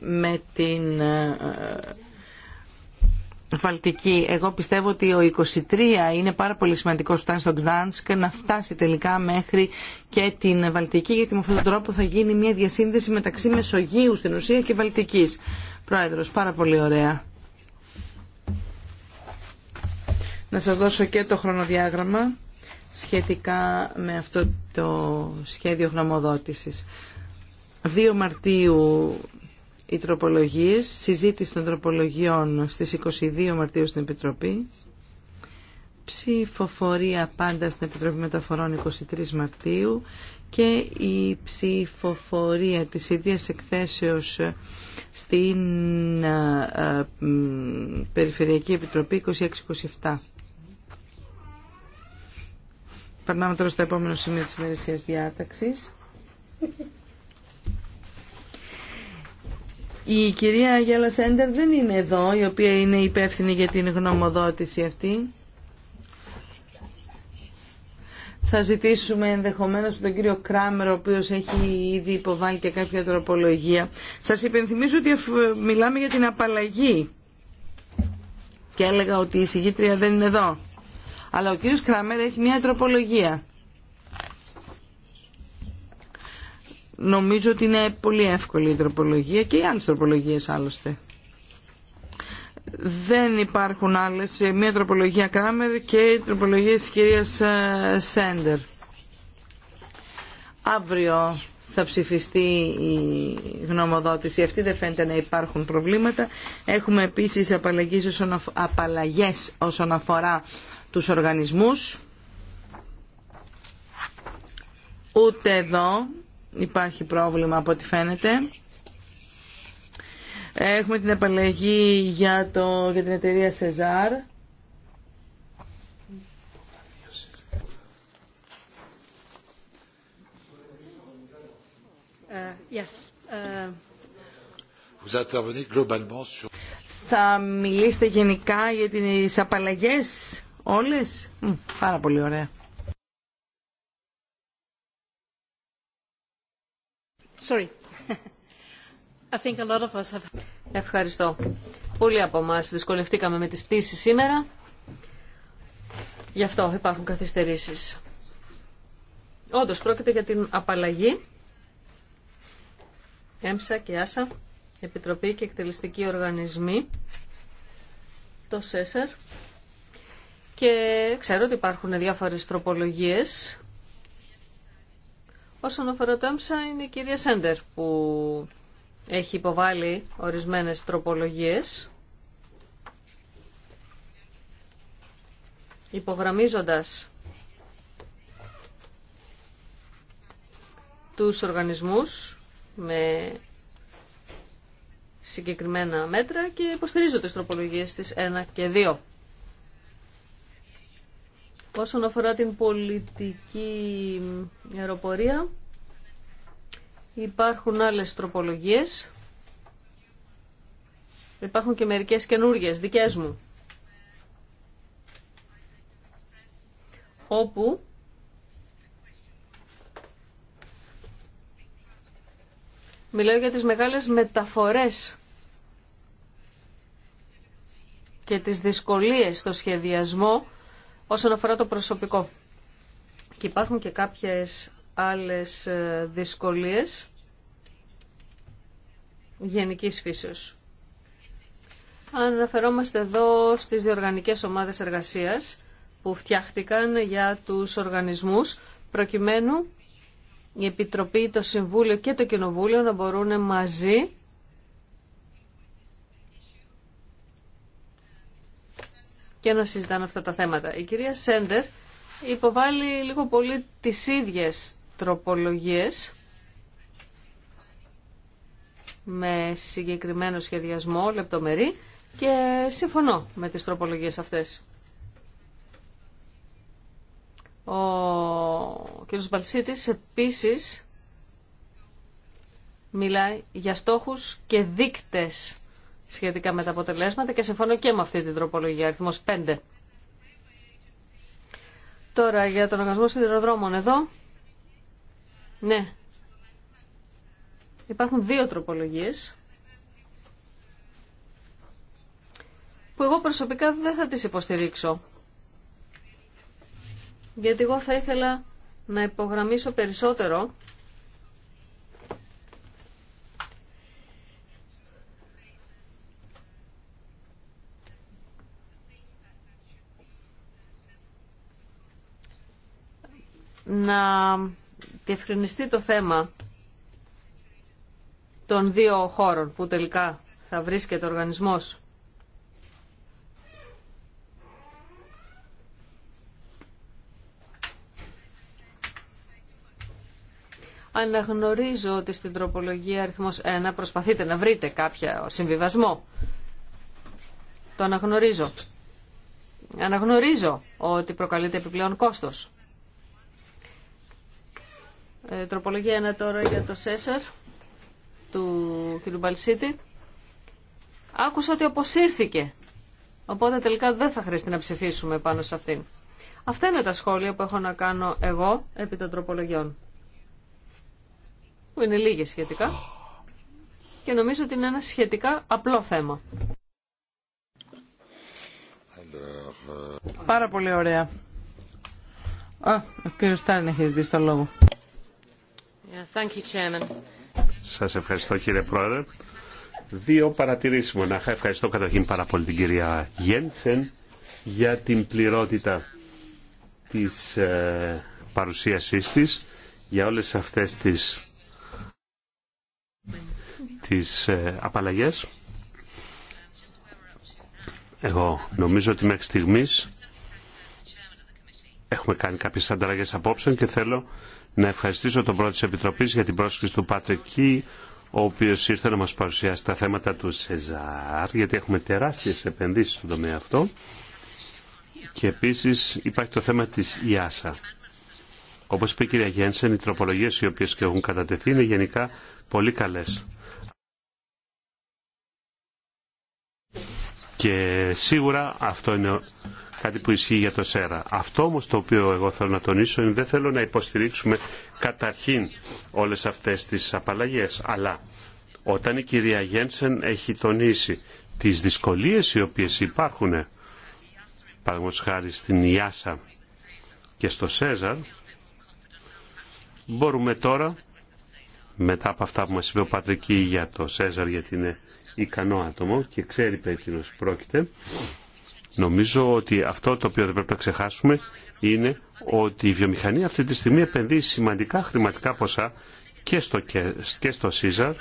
με την Βαλτική. Εγώ πιστεύω ότι ο 23 είναι πάρα πολύ σημαντικό που φτάνει στο Ξδάνσκ να φτάσει τελικά μέχρι και την Βαλτική, γιατί με αυτόν τον τρόπο θα γίνει μια διασύνδεση μεταξύ Μεσογείου στην ουσία και Βαλτική. Προέδρο, πάρα πολύ ωραία. Να σας δώσω και το χρονοδιάγραμμα σχετικά με αυτό το σχέδιο γνωμοδότησης. 2 Μαρτίου οι τροπολογίες, συζήτηση των τροπολογιών στις 22 Μαρτίου στην Επιτροπή, ψηφοφορία πάντα στην Επιτροπή Μεταφορών 23 Μαρτίου και η ψηφοφορία της ίδιας εκθέσεως στην ε, ε, Περιφερειακή Επιτροπή 26-27. Περνάμε τώρα στο επόμενο σημείο της ημερησίας διάταξης. Η κυρία Αγέλα Σέντερ δεν είναι εδώ, η οποία είναι υπεύθυνη για την γνωμοδότηση αυτή. Θα ζητήσουμε ενδεχομένως τον κύριο Κράμερ, ο οποίος έχει ήδη υποβάλει και κάποια τροπολογία. Σας υπενθυμίζω ότι μιλάμε για την απαλλαγή. Και έλεγα ότι η συγγήτρια δεν είναι εδώ. Αλλά ο κύριος Κράμερ έχει μια τροπολογία. Νομίζω ότι είναι πολύ εύκολη η τροπολογία και οι άλλες τροπολογίες άλλωστε. Δεν υπάρχουν άλλες. Ε, μία τροπολογία Κράμερ και η τροπολογία της κυρίας ε, Σέντερ. Αύριο θα ψηφιστεί η γνωμοδότηση. Αυτή δεν φαίνεται να υπάρχουν προβλήματα. Έχουμε επίσης απαλλαγές όσον, απαλλαγές όσον αφορά τους οργανισμούς. Ούτε εδώ υπάρχει πρόβλημα από ό,τι φαίνεται. Έχουμε την επαλλαγή για, το, για την εταιρεία Σεζάρ. Yes. Ε. Θα μιλήσετε γενικά για τις απαλλαγές όλες. πάρα πολύ ωραία. *laughs* Ευχαριστώ. Πολλοί από εμά δυσκολευτήκαμε με τις πτήσεις σήμερα. Γι' αυτό υπάρχουν καθυστερήσεις. Όντως, πρόκειται για την απαλλαγή. ΕΜΣΑ και ΆΣΑ, Επιτροπή και Εκτελεστικοί Οργανισμοί, το ΣΕΣΕΡ. Και ξέρω ότι υπάρχουν διάφορες τροπολογίες Όσον αφορά το έμψα είναι η κυρία Σέντερ που έχει υποβάλει ορισμένες τροπολογίες υπογραμμίζοντας τους οργανισμούς με συγκεκριμένα μέτρα και υποστηρίζω τις τροπολογίες της 1 και 2. Όσον αφορά την πολιτική αεροπορία, υπάρχουν άλλες τροπολογίες. Υπάρχουν και μερικές καινούργιες δικές μου. Όπου μιλάω για τις μεγάλες μεταφορές και τις δυσκολίες στο σχεδιασμό όσον αφορά το προσωπικό. Και υπάρχουν και κάποιες άλλες ε, δυσκολίες γενικής φύσεως. Αναφερόμαστε εδώ στις διοργανικές ομάδες εργασίας που φτιάχτηκαν για τους οργανισμούς προκειμένου η Επιτροπή, το Συμβούλιο και το Κοινοβούλιο να μπορούν μαζί και να συζητάνε αυτά τα θέματα. Η κυρία Σέντερ υποβάλλει λίγο πολύ τις ίδιες τροπολογίες με συγκεκριμένο σχεδιασμό, λεπτομερή και συμφωνώ με τις τροπολογίες αυτές. Ο κ. Μπαλσίτης επίσης μιλάει για στόχους και δίκτες σχετικά με τα αποτελέσματα και συμφωνώ και με αυτή την τροπολογία, αριθμός 5. Τώρα για τον οργανισμό σιδηροδρόμων εδώ. Ναι. Υπάρχουν δύο τροπολογίες που εγώ προσωπικά δεν θα τις υποστηρίξω. Γιατί εγώ θα ήθελα να υπογραμμίσω περισσότερο να διευκρινιστεί το θέμα των δύο χώρων που τελικά θα βρίσκεται ο οργανισμός. Αναγνωρίζω ότι στην τροπολογία αριθμός 1 προσπαθείτε να βρείτε κάποια συμβιβασμό. Το αναγνωρίζω. Αναγνωρίζω ότι προκαλείται επιπλέον κόστος. Ε, τροπολογία είναι τώρα για το ΣΕΣΑΡ του κ. Μπαλσίτη. Άκουσα ότι αποσύρθηκε. Οπότε τελικά δεν θα χρειαστεί να ψηφίσουμε πάνω σε αυτήν. Αυτά είναι τα σχόλια που έχω να κάνω εγώ επί των τροπολογιών. Που είναι λίγες σχετικά. Και νομίζω ότι είναι ένα σχετικά απλό θέμα. Πάρα πολύ ωραία. Α, ο κύριος Στάλιν έχει δει στο λόγο. Σας ευχαριστώ κύριε Πρόεδρε. Δύο παρατηρήσεις μονάχα. Ευχαριστώ καταρχήν πάρα πολύ την κυρία Γένθεν για την πληρότητα της ε, παρουσίασής της για όλες αυτές τις, τις ε, απαλλαγές. Εγώ νομίζω ότι μέχρι στιγμής έχουμε κάνει κάποιες ανταλλαγές απόψεων και θέλω να ευχαριστήσω τον πρόεδρο της Επιτροπής για την πρόσκληση του Πατρική, ο οποίος ήρθε να μας παρουσιάσει τα θέματα του ΣΕΖΑΡ, γιατί έχουμε τεράστιες επενδύσεις στον τομέα αυτό. Και επίσης υπάρχει το θέμα της ΙΑΣΑ. Όπως είπε η κυρία Γένσεν, οι τροπολογίες οι οποίες και έχουν κατατεθεί είναι γενικά πολύ καλές. Και σίγουρα αυτό είναι κάτι που ισχύει για το ΣΕΡΑ. Αυτό όμως το οποίο εγώ θέλω να τονίσω είναι δεν θέλω να υποστηρίξουμε καταρχήν όλες αυτές τις απαλλαγές. Αλλά όταν η κυρία Γένσεν έχει τονίσει τις δυσκολίες οι οποίες υπάρχουν, παραδείγματος χάρη στην Ιάσα και στο Σέζαρ, μπορούμε τώρα μετά από αυτά που μας είπε ο Πατρική για το Σέζαρ γιατί είναι ικανό άτομο και ξέρει περί τίνο πρόκειται. Νομίζω ότι αυτό το οποίο δεν πρέπει να ξεχάσουμε είναι ότι η βιομηχανία αυτή τη στιγμή επενδύει σημαντικά χρηματικά ποσά και στο, και στο ΣΥΖΑ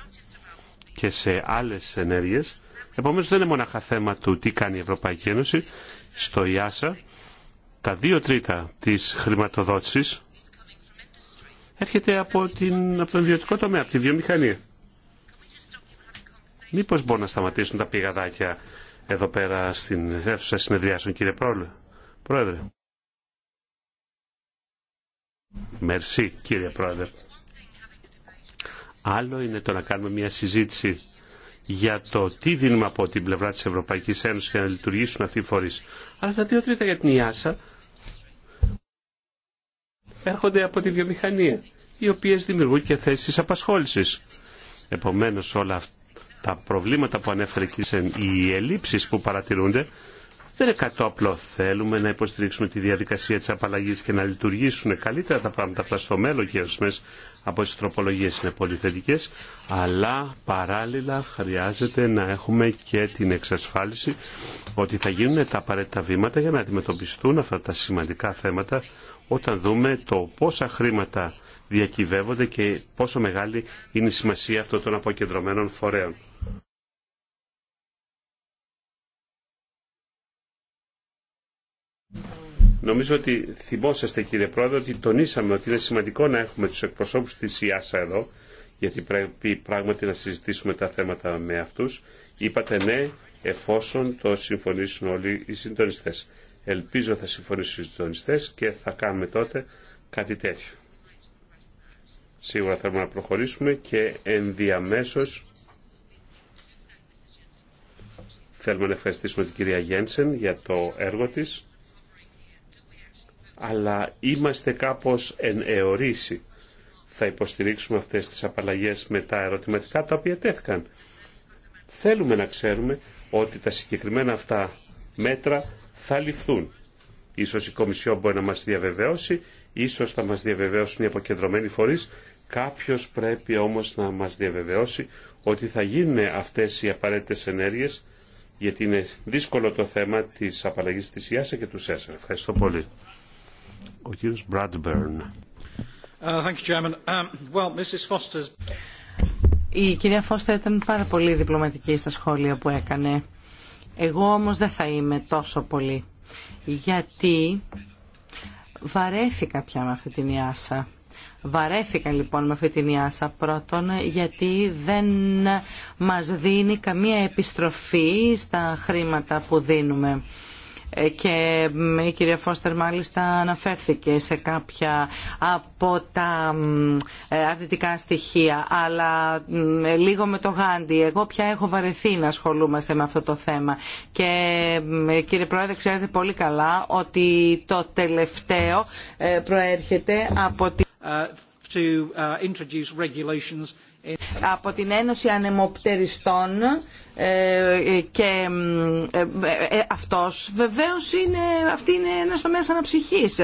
και σε άλλες ενέργειες. Επομένως δεν είναι μοναχα θέμα του τι κάνει η Ευρωπαϊκή Ένωση. Στο ΙΑΣΑ τα δύο τρίτα της χρηματοδότηση έρχεται από, την, από τον ιδιωτικό τομέα, από τη βιομηχανία. Μήπω μπορούν να σταματήσουν τα πηγαδάκια εδώ πέρα στην αίθουσα συνεδριάσεων, κύριε Πρόεδρε. Πρόεδρε. Μερσή, κύριε Πρόεδρε. Άλλο είναι το να κάνουμε μια συζήτηση για το τι δίνουμε από την πλευρά της Ευρωπαϊκής Ένωσης για να λειτουργήσουν αυτοί οι φορείς. Αλλά τα δύο τρίτα για την ΙΑΣΑ έρχονται από τη βιομηχανία, οι οποίες δημιουργούν και θέσεις απασχόλησης. Επομένως όλα αυτά τα προβλήματα που ανέφερε και οι ελλείψεις που παρατηρούνται δεν είναι κάτι Θέλουμε να υποστηρίξουμε τη διαδικασία της απαλλαγής και να λειτουργήσουν καλύτερα τα πράγματα αυτά στο μέλλον και ορισμένε από τις τροπολογίες είναι πολύ θετικέ, αλλά παράλληλα χρειάζεται να έχουμε και την εξασφάλιση ότι θα γίνουν τα απαραίτητα βήματα για να αντιμετωπιστούν αυτά τα σημαντικά θέματα όταν δούμε το πόσα χρήματα διακυβεύονται και πόσο μεγάλη είναι η σημασία αυτών των αποκεντρωμένων φορέων. Νομίζω ότι θυμόσαστε κύριε Πρόεδρε ότι τονίσαμε ότι είναι σημαντικό να έχουμε τους εκπροσώπους της ΙΑΣΑ εδώ γιατί πρέπει πράγματι να συζητήσουμε τα θέματα με αυτούς. Είπατε ναι εφόσον το συμφωνήσουν όλοι οι συντονιστές. Ελπίζω θα συμφωνήσουν οι συντονιστές και θα κάνουμε τότε κάτι τέτοιο. Σίγουρα θέλουμε να προχωρήσουμε και ενδιαμέσως θέλουμε να ευχαριστήσουμε την κυρία Γέντσεν για το έργο της αλλά είμαστε κάπως εν Θα υποστηρίξουμε αυτές τις απαλλαγές με τα ερωτηματικά τα οποία τέθηκαν. Θέλουμε να ξέρουμε ότι τα συγκεκριμένα αυτά μέτρα θα ληφθούν. Ίσως η Κομισιόν μπορεί να μας διαβεβαιώσει, ίσως θα μας διαβεβαιώσουν οι αποκεντρωμένοι φορείς. Κάποιος πρέπει όμως να μας διαβεβαιώσει ότι θα γίνουν αυτές οι απαραίτητες ενέργειες γιατί είναι δύσκολο το θέμα της απαλλαγής της ΙΑΣΑ και του ΣΕΣΑ. Ευχαριστώ πολύ. Η κυρία Φώστερ ήταν πάρα πολύ διπλωματική στα σχόλια που έκανε. Εγώ όμως δεν θα είμαι τόσο πολύ. Γιατί βαρέθηκα πια με αυτή την Ιάσα. Βαρέθηκα λοιπόν με αυτή την Ιάσα πρώτον γιατί δεν μας δίνει καμία επιστροφή στα χρήματα που δίνουμε. Ε, και η κυρία Φώστερ μάλιστα αναφέρθηκε σε κάποια από τα ε, αρνητικά στοιχεία αλλά ε, λίγο με το γάντι εγώ πια έχω βαρεθεί να ασχολούμαστε με αυτό το θέμα και κύριε Πρόεδρε ξέρετε πολύ καλά ότι το τελευταίο προέρχεται από τη... από την Ένωση Ανεμοπτεριστών ε, και ε, ε, αυτός βεβαίως είναι, αυτή είναι ένας τομέας αναψυχής.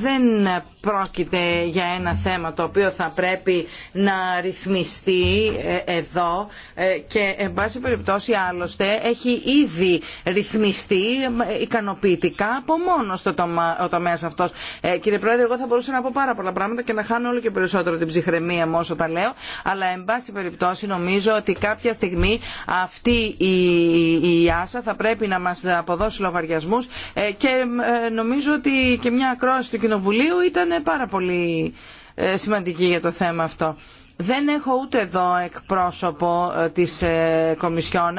δεν πρόκειται για ένα θέμα το οποίο θα πρέπει να ρυθμιστεί εδώ και εν πάση περιπτώσει άλλωστε έχει ήδη ρυθμιστεί ικανοποιητικά από μόνο το τομα, τομέας αυτός. κύριε Πρόεδρε, εγώ θα μπορούσα να πω πάρα πολλά πράγματα και να χάνω όλο και περισσότερο την ψυχραιμία μου όσο τα λέω, αλλά εν πάση περιπτώσει νομίζω ότι κάποια στιγμή αυτή η Άσα θα πρέπει να μας αποδώσει λογαριασμούς ε, και ε, νομίζω ότι και μια ακρόαση του Κοινοβουλίου ήταν πάρα πολύ ε, σημαντική για το θέμα αυτό. Δεν έχω ούτε εδώ εκπρόσωπο της Κομισιόν.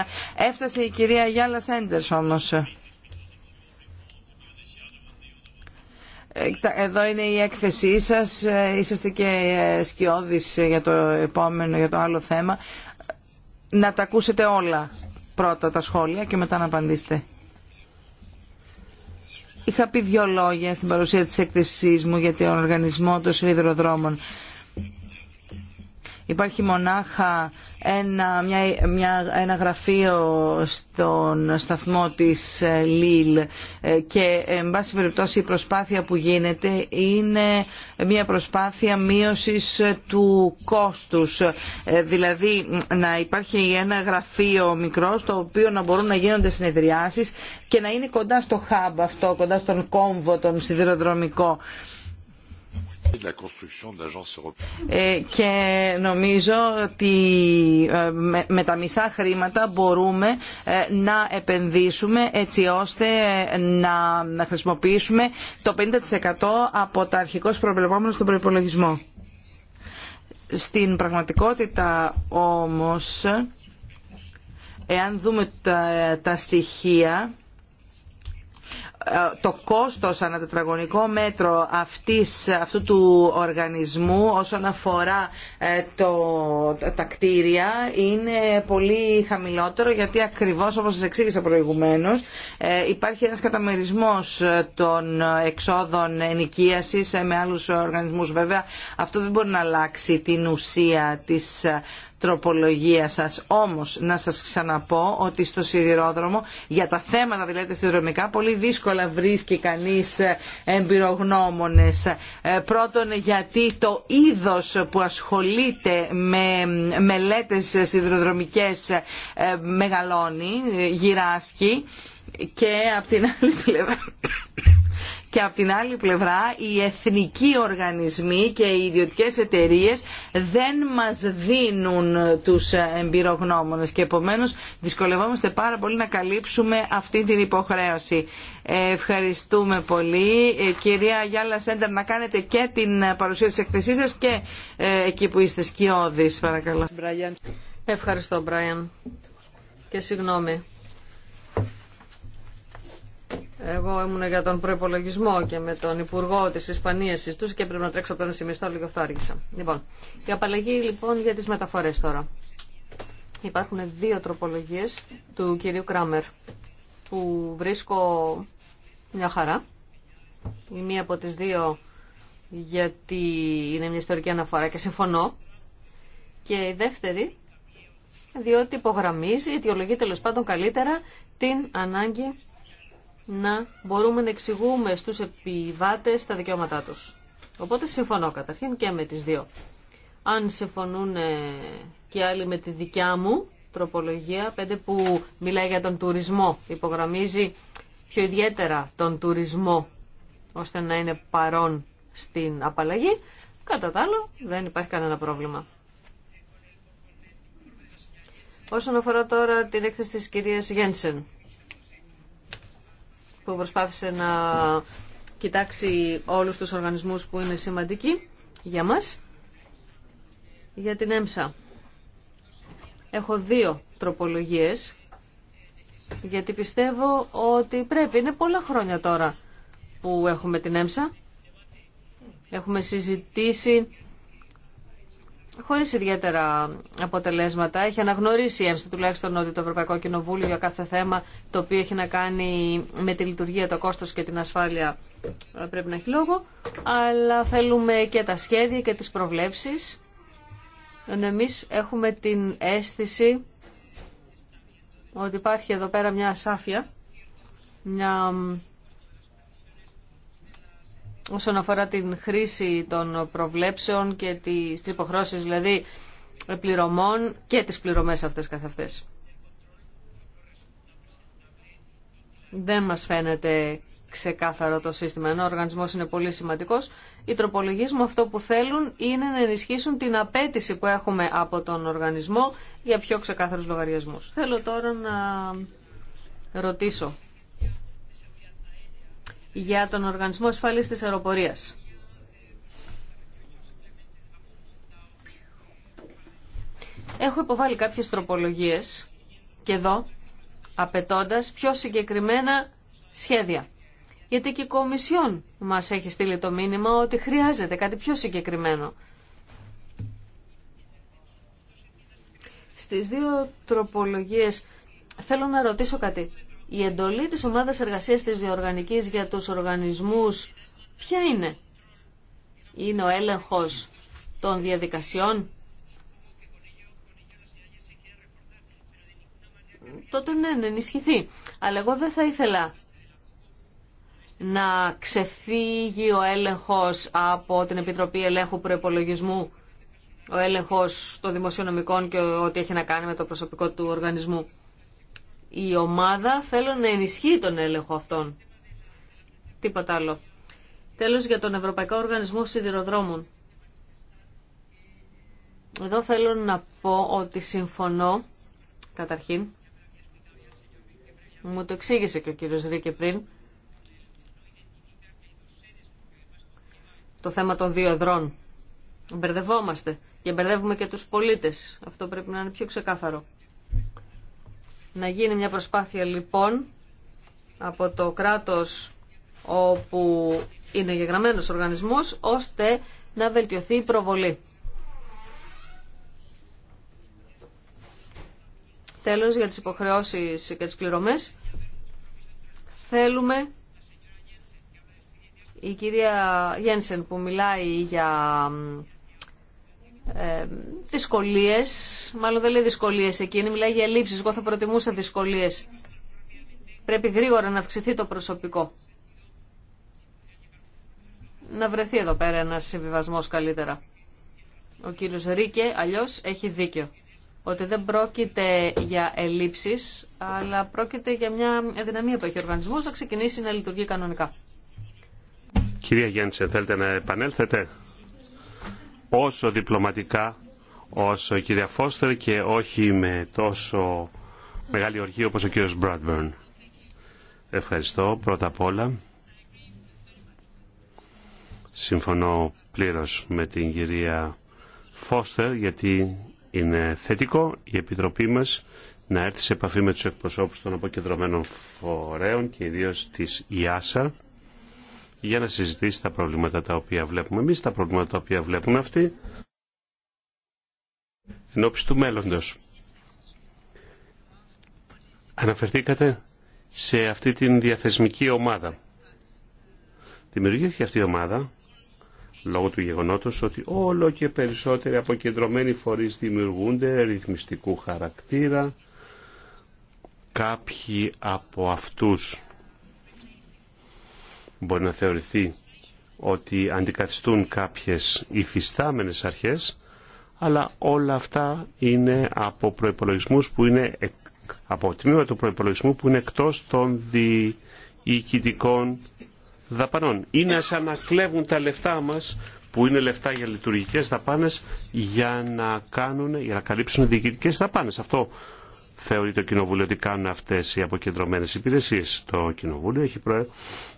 Έφτασε η κυρία Γιάλα Σέντερς όμως. Εδώ είναι η έκθεσή σας, είσαστε και σκιώδης για το επόμενο, για το άλλο θέμα να τα ακούσετε όλα πρώτα τα σχόλια και μετά να απαντήσετε. Είχα πει δύο λόγια στην παρουσία της έκθεσής μου για τον οργανισμό των σιδηροδρόμων. Υπάρχει μονάχα ένα, μια, μια, ένα γραφείο στον σταθμό της ε, ΛΙΛ ε, και εν πάση περιπτώσει η προσπάθεια που γίνεται είναι μια προσπάθεια μείωσης του κόστους. Ε, δηλαδή να υπάρχει ένα γραφείο μικρό στο οποίο να μπορούν να γίνονται συνεδριάσεις και να είναι κοντά στο hub αυτό, κοντά στον κόμβο, τον σιδηροδρομικό. Ε, και νομίζω ότι ε, με τα μισά χρήματα μπορούμε ε, να επενδύσουμε έτσι ώστε να χρησιμοποιήσουμε το 50% από τα αρχικώς προβλεπόμενα στον προπολογισμό. Στην πραγματικότητα όμως, εάν δούμε τα, τα στοιχεία ε, το κόστος ανά τετραγωνικό μέτρο αυτού του οργανισμού όσον αφορά ε, το, τα κτίρια είναι πολύ χαμηλότερο γιατί ακριβώς όπως σας εξήγησα προηγουμένως ε, υπάρχει ένας καταμερισμός των εξόδων ενοικίασης με άλλους οργανισμούς βέβαια αυτό δεν μπορεί να αλλάξει την ουσία της τροπολογία σας. Όμως να σας ξαναπώ ότι στο σιδηρόδρομο για τα θέματα δηλαδή σιδηροδρομικά πολύ δύσκολα βρίσκει κανείς ε, εμπειρογνώμονες. Ε, πρώτον γιατί το είδος που ασχολείται με μελέτες σιδηροδρομικές ε, μεγαλώνει, γυράσκει και από την άλλη πλευρά και από την άλλη πλευρά οι εθνικοί οργανισμοί και οι ιδιωτικές εταιρείες δεν μας δίνουν τους εμπειρογνώμονες και επομένως δυσκολευόμαστε πάρα πολύ να καλύψουμε αυτή την υποχρέωση. Ε, ευχαριστούμε πολύ. Ε, κυρία Γιάλα Σέντερ, να κάνετε και την παρουσία της εκθεσής σας και ε, εκεί που είστε σκιώδης, παρακαλώ. Ευχαριστώ, Μπράιαν. Και συγγνώμη εγώ ήμουν για τον προπολογισμό και με τον Υπουργό τη Ισπανία συζητούσα και πρέπει να τρέξω από ένα σημείο, λίγο αυτό άργησα. Λοιπόν, η απαλλαγή λοιπόν για τι μεταφορέ τώρα. Υπάρχουν δύο τροπολογίε του κυρίου Κράμερ που βρίσκω μια χαρά. Η μία από τις δύο γιατί είναι μια ιστορική αναφορά και συμφωνώ. Και η δεύτερη διότι υπογραμμίζει, αιτιολογεί τέλο πάντων καλύτερα την ανάγκη να μπορούμε να εξηγούμε στους επιβάτες τα δικαιώματά τους. Οπότε συμφωνώ καταρχήν και με τις δύο. Αν συμφωνούν ε, και άλλοι με τη δικιά μου τροπολογία, πέντε που μιλάει για τον τουρισμό, υπογραμμίζει πιο ιδιαίτερα τον τουρισμό, ώστε να είναι παρόν στην απαλλαγή, κατά τα άλλο δεν υπάρχει κανένα πρόβλημα. Όσον αφορά τώρα την έκθεση της κυρίας Γένσεν, που προσπάθησε να κοιτάξει όλους τους οργανισμούς που είναι σημαντικοί για μας. Για την ΕΜΣΑ έχω δύο τροπολογίες γιατί πιστεύω ότι πρέπει, είναι πολλά χρόνια τώρα που έχουμε την ΕΜΣΑ. Έχουμε συζητήσει χωρίς ιδιαίτερα αποτελέσματα. Έχει αναγνωρίσει η τουλάχιστον ότι το Ευρωπαϊκό Κοινοβούλιο για κάθε θέμα το οποίο έχει να κάνει με τη λειτουργία, το κόστος και την ασφάλεια ε, πρέπει να έχει λόγο. Αλλά θέλουμε και τα σχέδια και τις προβλέψεις. Ε, ναι, εμείς έχουμε την αίσθηση ότι υπάρχει εδώ πέρα μια ασάφεια, όσον αφορά την χρήση των προβλέψεων και τις υποχρώσεις δηλαδή πληρωμών και τις πληρωμές αυτές καθ' αυτές. Δεν μας φαίνεται ξεκάθαρο το σύστημα, ενώ ο οργανισμός είναι πολύ σημαντικός. Οι τροπολογίες μου αυτό που θέλουν είναι να ενισχύσουν την απέτηση που έχουμε από τον οργανισμό για πιο ξεκάθαρους λογαριασμούς. Θέλω τώρα να ρωτήσω για τον Οργανισμό Ασφαλής της Αεροπορίας. Έχω υποβάλει κάποιες τροπολογίες και εδώ απαιτώντα πιο συγκεκριμένα σχέδια. Γιατί και η Κομισιόν μας έχει στείλει το μήνυμα ότι χρειάζεται κάτι πιο συγκεκριμένο. Στις δύο τροπολογίες θέλω να ρωτήσω κάτι. Η εντολή της ομάδας εργασίας της διοργανικής για τους οργανισμούς ποια είναι. Είναι ο έλεγχος των διαδικασιών. Τότε ναι, να ενισχυθεί. Αλλά εγώ δεν θα ήθελα να ξεφύγει ο έλεγχος από την Επιτροπή Ελέγχου Προεπολογισμού, ο έλεγχος των δημοσιονομικών και ό,τι έχει να κάνει με το προσωπικό του οργανισμού η ομάδα θέλω να ενισχύει τον έλεγχο αυτών. Τίποτα άλλο. Τέλος για τον Ευρωπαϊκό Οργανισμό Σιδηροδρόμων. Εδώ θέλω να πω ότι συμφωνώ, καταρχήν, μου το εξήγησε και ο κύριος Ρίκε πριν, το θέμα των δύο εδρών. Μπερδευόμαστε και μπερδεύουμε και τους πολίτες. Αυτό πρέπει να είναι πιο ξεκάθαρο. Να γίνει μια προσπάθεια λοιπόν από το κράτος όπου είναι γεγραμμένος οργανισμός, ώστε να βελτιωθεί η προβολή. Τέλος, για τις υποχρεώσεις και τις πληρωμές, θέλουμε η κυρία Γένσεν που μιλάει για ε, δυσκολίες, μάλλον δεν λέει δυσκολίες εκείνη, μιλάει για ελλείψεις, εγώ θα προτιμούσα δυσκολίες. Πρέπει γρήγορα να αυξηθεί το προσωπικό. Να βρεθεί εδώ πέρα ένας συμβιβασμός καλύτερα. Ο κύριος Ρίκε αλλιώς έχει δίκιο ότι δεν πρόκειται για ελλείψεις, αλλά πρόκειται για μια αδυναμία που έχει ο οργανισμός να ξεκινήσει να λειτουργεί κανονικά. Κυρία Γέννησε, θέλετε να επανέλθετε όσο διπλωματικά όσο η κυρία Φώστερ και όχι με τόσο μεγάλη οργή όπως ο κύριος Μπράτβερν. Ευχαριστώ πρώτα απ' όλα. Συμφωνώ πλήρως με την κυρία Φώστερ γιατί είναι θετικό η Επιτροπή μας να έρθει σε επαφή με τους εκπροσώπους των αποκεντρωμένων φορέων και ιδίως της ΙΑΣΑ για να συζητήσει τα προβλήματα τα οποία βλέπουμε εμείς, τα προβλήματα τα οποία βλέπουν αυτοί, ενώπιση του μέλλοντος. Αναφερθήκατε σε αυτή την διαθεσμική ομάδα. Δημιουργήθηκε αυτή η ομάδα λόγω του γεγονότος ότι όλο και περισσότεροι αποκεντρωμένοι φορείς δημιουργούνται ρυθμιστικού χαρακτήρα. Κάποιοι από αυτούς μπορεί να θεωρηθεί ότι αντικαθιστούν κάποιες υφιστάμενες αρχές, αλλά όλα αυτά είναι από προϋπολογισμούς που είναι από τμήμα του προϋπολογισμού που είναι εκτός των διοικητικών δαπανών. Είναι σαν να κλέβουν τα λεφτά μας που είναι λεφτά για λειτουργικές δαπάνες για να, κάνουν, για να καλύψουν διοικητικές δαπάνες. Αυτό θεωρεί το Κοινοβούλιο ότι κάνουν αυτές οι αποκεντρωμένες υπηρεσίες. Το Κοινοβούλιο έχει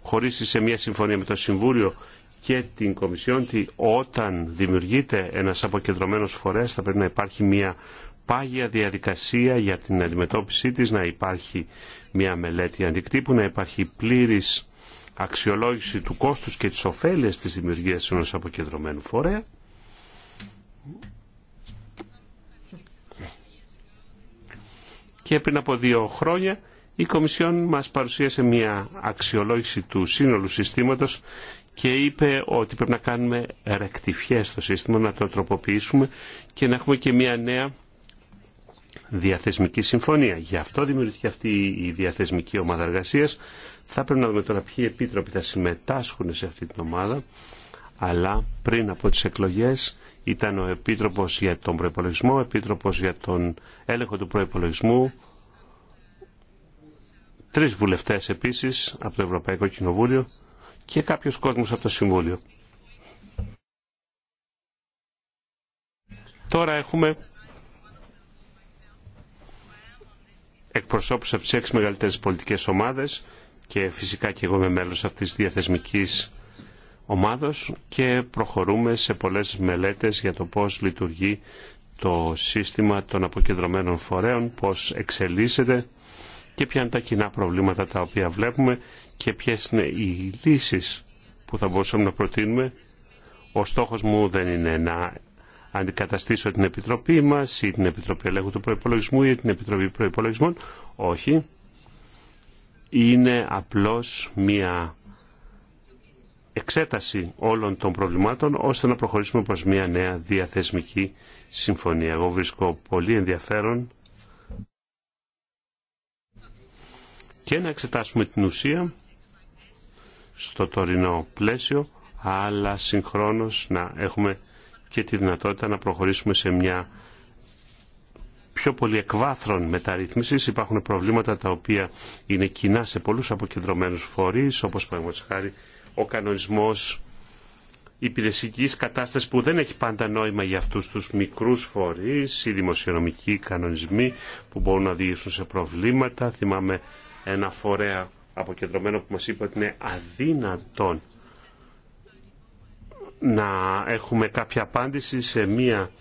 χωρίσει σε μια συμφωνία με το Συμβούλιο και την Κομισιόν ότι όταν δημιουργείται ένας αποκεντρωμένος φορέας θα πρέπει να υπάρχει μια πάγια διαδικασία για την αντιμετώπιση της, να υπάρχει μια μελέτη αντικτύπου, να υπάρχει πλήρης αξιολόγηση του κόστους και της ωφέλειας της δημιουργίας ενός αποκεντρωμένου φορέα και πριν από δύο χρόνια η Κομισιόν μας παρουσίασε μια αξιολόγηση του σύνολου συστήματος και είπε ότι πρέπει να κάνουμε ρεκτιφιές στο σύστημα, να το τροποποιήσουμε και να έχουμε και μια νέα διαθεσμική συμφωνία. Γι' αυτό δημιουργήθηκε αυτή η διαθεσμική ομάδα εργασίας. Θα πρέπει να δούμε τώρα ποιοι επίτροποι θα συμμετάσχουν σε αυτή την ομάδα, αλλά πριν από τις εκλογές ήταν ο Επίτροπος για τον Προϋπολογισμό, ο Επίτροπος για τον Έλεγχο του Προϋπολογισμού, τρεις βουλευτές επίσης από το Ευρωπαϊκό Κοινοβούλιο και κάποιος κόσμος από το Συμβούλιο. Τώρα έχουμε εκπροσώπους από τις έξι μεγαλύτερες πολιτικές ομάδες και φυσικά και εγώ είμαι μέλος αυτής της διαθεσμικής ομάδος και προχωρούμε σε πολλές μελέτες για το πώς λειτουργεί το σύστημα των αποκεντρωμένων φορέων, πώς εξελίσσεται και ποια είναι τα κοινά προβλήματα τα οποία βλέπουμε και ποιες είναι οι λύσεις που θα μπορούσαμε να προτείνουμε. Ο στόχος μου δεν είναι να αντικαταστήσω την Επιτροπή μας ή την Επιτροπή Ελέγχου του Προϋπολογισμού ή την Επιτροπή Προϋπολογισμών. Όχι. Είναι απλώς μία εξέταση όλων των προβλημάτων ώστε να προχωρήσουμε προς μια νέα διαθεσμική συμφωνία. Εγώ βρίσκω πολύ ενδιαφέρον και να εξετάσουμε την ουσία στο τωρινό πλαίσιο αλλά συγχρόνως να έχουμε και τη δυνατότητα να προχωρήσουμε σε μια πιο πολύ εκβάθρων μεταρρύθμισης. Υπάρχουν προβλήματα τα οποία είναι κοινά σε πολλούς αποκεντρωμένους φορείς, όπως παραδείγματος χάρη ο κανονισμός υπηρεσικής κατάστασης που δεν έχει πάντα νόημα για αυτούς τους μικρούς φορείς, οι δημοσιονομικοί κανονισμοί που μπορούν να οδηγήσουν σε προβλήματα. Θυμάμαι ένα φορέα αποκεντρωμένο που μας είπε ότι είναι αδύνατον να έχουμε κάποια απάντηση σε μία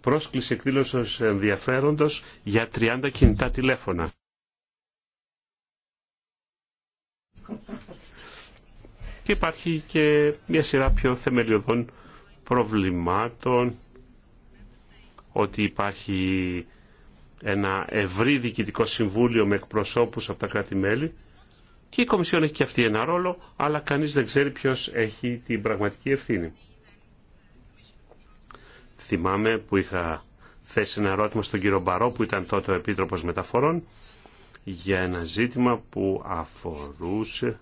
πρόσκληση εκδήλωσης ενδιαφέροντος για 30 κινητά τηλέφωνα υπάρχει και μια σειρά πιο θεμελιωδών προβλημάτων ότι υπάρχει ένα ευρύ διοικητικό συμβούλιο με εκπροσώπους από τα κράτη-μέλη και η Κομισιόν έχει και αυτή ένα ρόλο, αλλά κανείς δεν ξέρει ποιος έχει την πραγματική ευθύνη. Θυμάμαι που είχα θέσει ένα ερώτημα στον κύριο Μπαρό, που ήταν τότε ο Επίτροπος Μεταφορών, για ένα ζήτημα που αφορούσε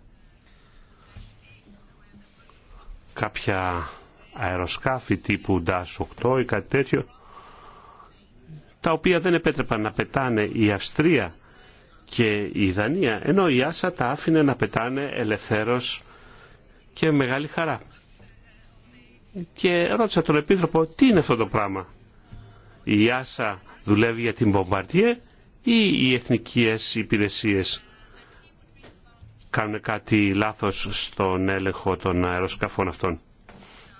κάποια αεροσκάφη τύπου DAS 8 ή κάτι τέτοιο, τα οποία δεν επέτρεπαν να πετάνε η Αυστρία και η Δανία, ενώ η Άσα τα άφηνε να πετάνε ελευθέρως και μεγάλη χαρά. Και ρώτησα τον Επίτροπο τι είναι αυτό το πράγμα. Η Άσα δουλεύει για την Μπομπαρτιέ ή οι εθνικές υπηρεσίες κάνουν κάτι λάθος στον έλεγχο των αεροσκαφών αυτών.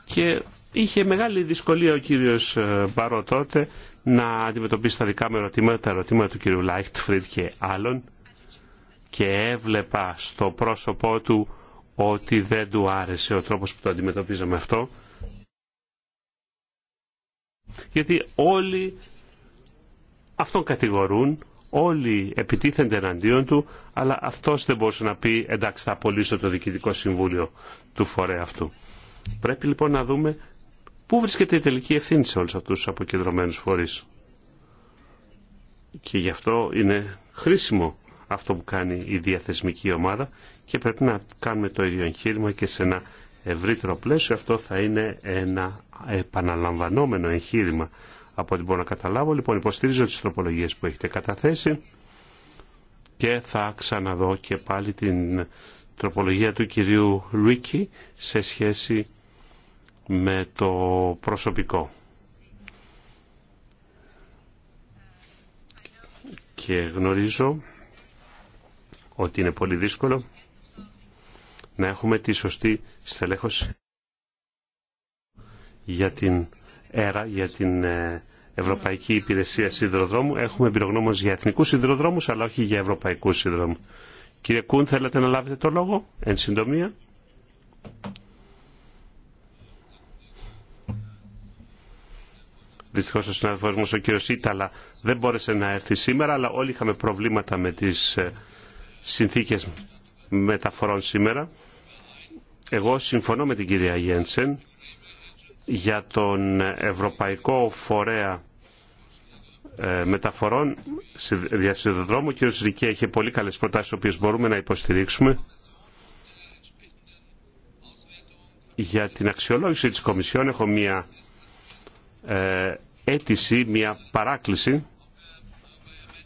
Και είχε μεγάλη δυσκολία ο κύριος ε, Μπαρό τότε να αντιμετωπίσει τα δικά μου ερωτήματα, τα ερωτήματα του κύριου Λάιχτφριντ και άλλων και έβλεπα στο πρόσωπό του ότι δεν του άρεσε ο τρόπος που το αντιμετωπίζαμε αυτό γιατί όλοι αυτόν κατηγορούν Όλοι επιτίθενται εναντίον του, αλλά αυτός δεν μπορούσε να πει εντάξει θα απολύσω το Διοικητικό Συμβούλιο του φορέα αυτού. Πρέπει λοιπόν να δούμε πού βρίσκεται η τελική ευθύνη σε όλους αυτούς τους αποκεντρωμένους φορείς. Και γι' αυτό είναι χρήσιμο αυτό που κάνει η διαθεσμική ομάδα και πρέπει να κάνουμε το ίδιο εγχείρημα και σε ένα ευρύτερο πλαίσιο. Αυτό θα είναι ένα επαναλαμβανόμενο εγχείρημα από ό,τι μπορώ να καταλάβω. Λοιπόν, υποστήριζω τις τροπολογίες που έχετε καταθέσει και θα ξαναδώ και πάλι την τροπολογία του κυρίου Λουίκη σε σχέση με το προσωπικό. Και γνωρίζω ότι είναι πολύ δύσκολο να έχουμε τη σωστή στελέχωση για την ΕΡΑ για την ε, Ευρωπαϊκή Υπηρεσία Σιδηροδρόμου. Έχουμε εμπειρογνώμονε για εθνικού σιδηροδρόμου, αλλά όχι για Ευρωπαϊκού σύνδρομου. Κύριε Κούν, θέλετε να λάβετε το λόγο, εν συντομία. Δυστυχώ ο συνάδελφό μα ο κύριο Ήταλα, δεν μπόρεσε να έρθει σήμερα, αλλά όλοι είχαμε προβλήματα με τι ε, συνθήκε μεταφορών σήμερα. Εγώ συμφωνώ με την κυρία Γένσεν για τον Ευρωπαϊκό Φορέα ε, Μεταφορών Διασυνδρόμου. Ο κ. Ρικέ έχει πολύ καλές προτάσεις, οποίες μπορούμε να υποστηρίξουμε για την αξιολόγηση της Κομισιόν έχω μία ε, αίτηση, μία παράκληση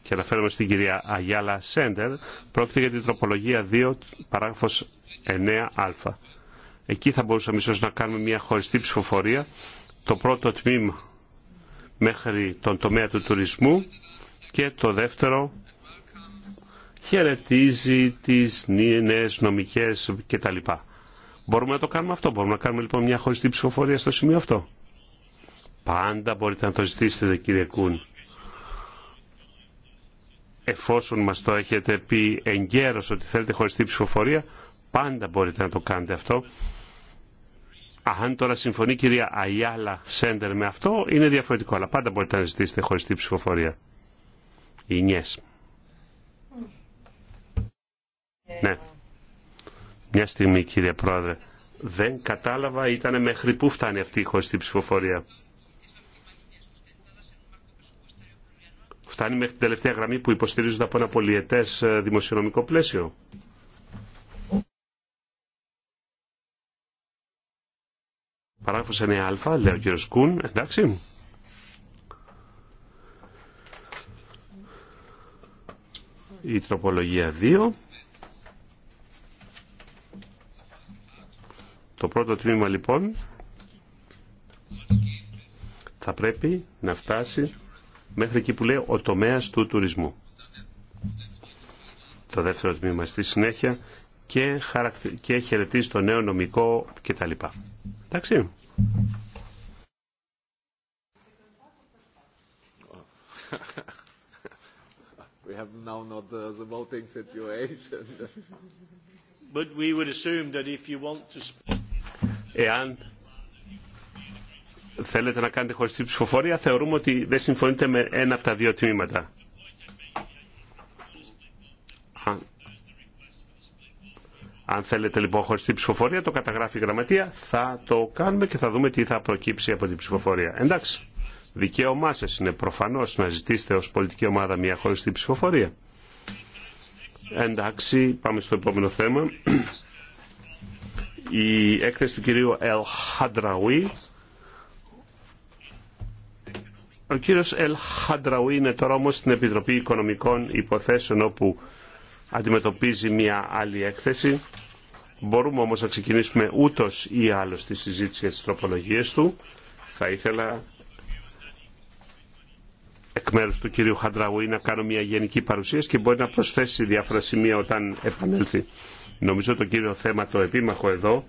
και αναφέρομαι στην κυρία Αγιάλα Σέντερ, πρόκειται για την τροπολογία 2, παράγραφος 9α. Εκεί θα μπορούσαμε ίσως να κάνουμε μια χωριστή ψηφοφορία. Το πρώτο τμήμα μέχρι τον τομέα του τουρισμού και το δεύτερο χαιρετίζει τις νέες νομικές κτλ. Μπορούμε να το κάνουμε αυτό. Μπορούμε να κάνουμε λοιπόν μια χωριστή ψηφοφορία στο σημείο αυτό. Πάντα μπορείτε να το ζητήσετε κύριε Κούν. Εφόσον μας το έχετε πει εγκαίρως ότι θέλετε χωριστή ψηφοφορία, Πάντα μπορείτε να το κάνετε αυτό. Αν τώρα συμφωνεί η κυρία Αιάλα Σέντερ με αυτό, είναι διαφορετικό. Αλλά πάντα μπορείτε να ζητήσετε χωριστή ψηφοφορία. Ινιές. Ναι. Μια στιγμή κύριε Πρόεδρε. Δεν κατάλαβα ήταν μέχρι πού φτάνει αυτή η χωριστή ψηφοφορία. Φτάνει μέχρι την τελευταία γραμμή που υποστηρίζονται από ένα πολιετές ε, δημοσιονομικό πλαίσιο. Παράγραφος 9α, λέει ο κύριο Κούν, εντάξει. Η τροπολογία 2. Το πρώτο τμήμα λοιπόν θα πρέπει να φτάσει μέχρι εκεί που λέει ο τομέας του τουρισμού. Το δεύτερο τμήμα στη συνέχεια και, χαρακτη... και χαιρετίζει το νέο νομικό κτλ. Εντάξει. We have now not uh, the voting situation. But we would assume that if you want to Εάν θέλετε να κάνετε χωριστή ψηφοφορία, θεωρούμε ότι δεν συμφωνείτε με ένα από τα δύο τμήματα. Αν θέλετε λοιπόν χωριστή ψηφοφορία, το καταγράφει η γραμματεία, θα το κάνουμε και θα δούμε τι θα προκύψει από την ψηφοφορία. Εντάξει, δικαίωμά σα είναι προφανώ να ζητήσετε ω πολιτική ομάδα μια χωριστή ψηφοφορία. Εντάξει, πάμε στο επόμενο θέμα. Η έκθεση του κυρίου Ελ Χαντραουί. Ο κύριος Ελ Χαντραουί είναι τώρα όμως στην Επιτροπή Οικονομικών Υποθέσεων όπου αντιμετωπίζει μια άλλη έκθεση. Μπορούμε όμως να ξεκινήσουμε ούτως ή άλλως τη συζήτηση για τις του. Θα ήθελα εκ μέρους του κυρίου Χαντραουή να κάνω μια γενική παρουσίαση και μπορεί να προσθέσει διάφορα σημεία όταν επανέλθει. Νομίζω το κύριο θέμα το επίμαχο εδώ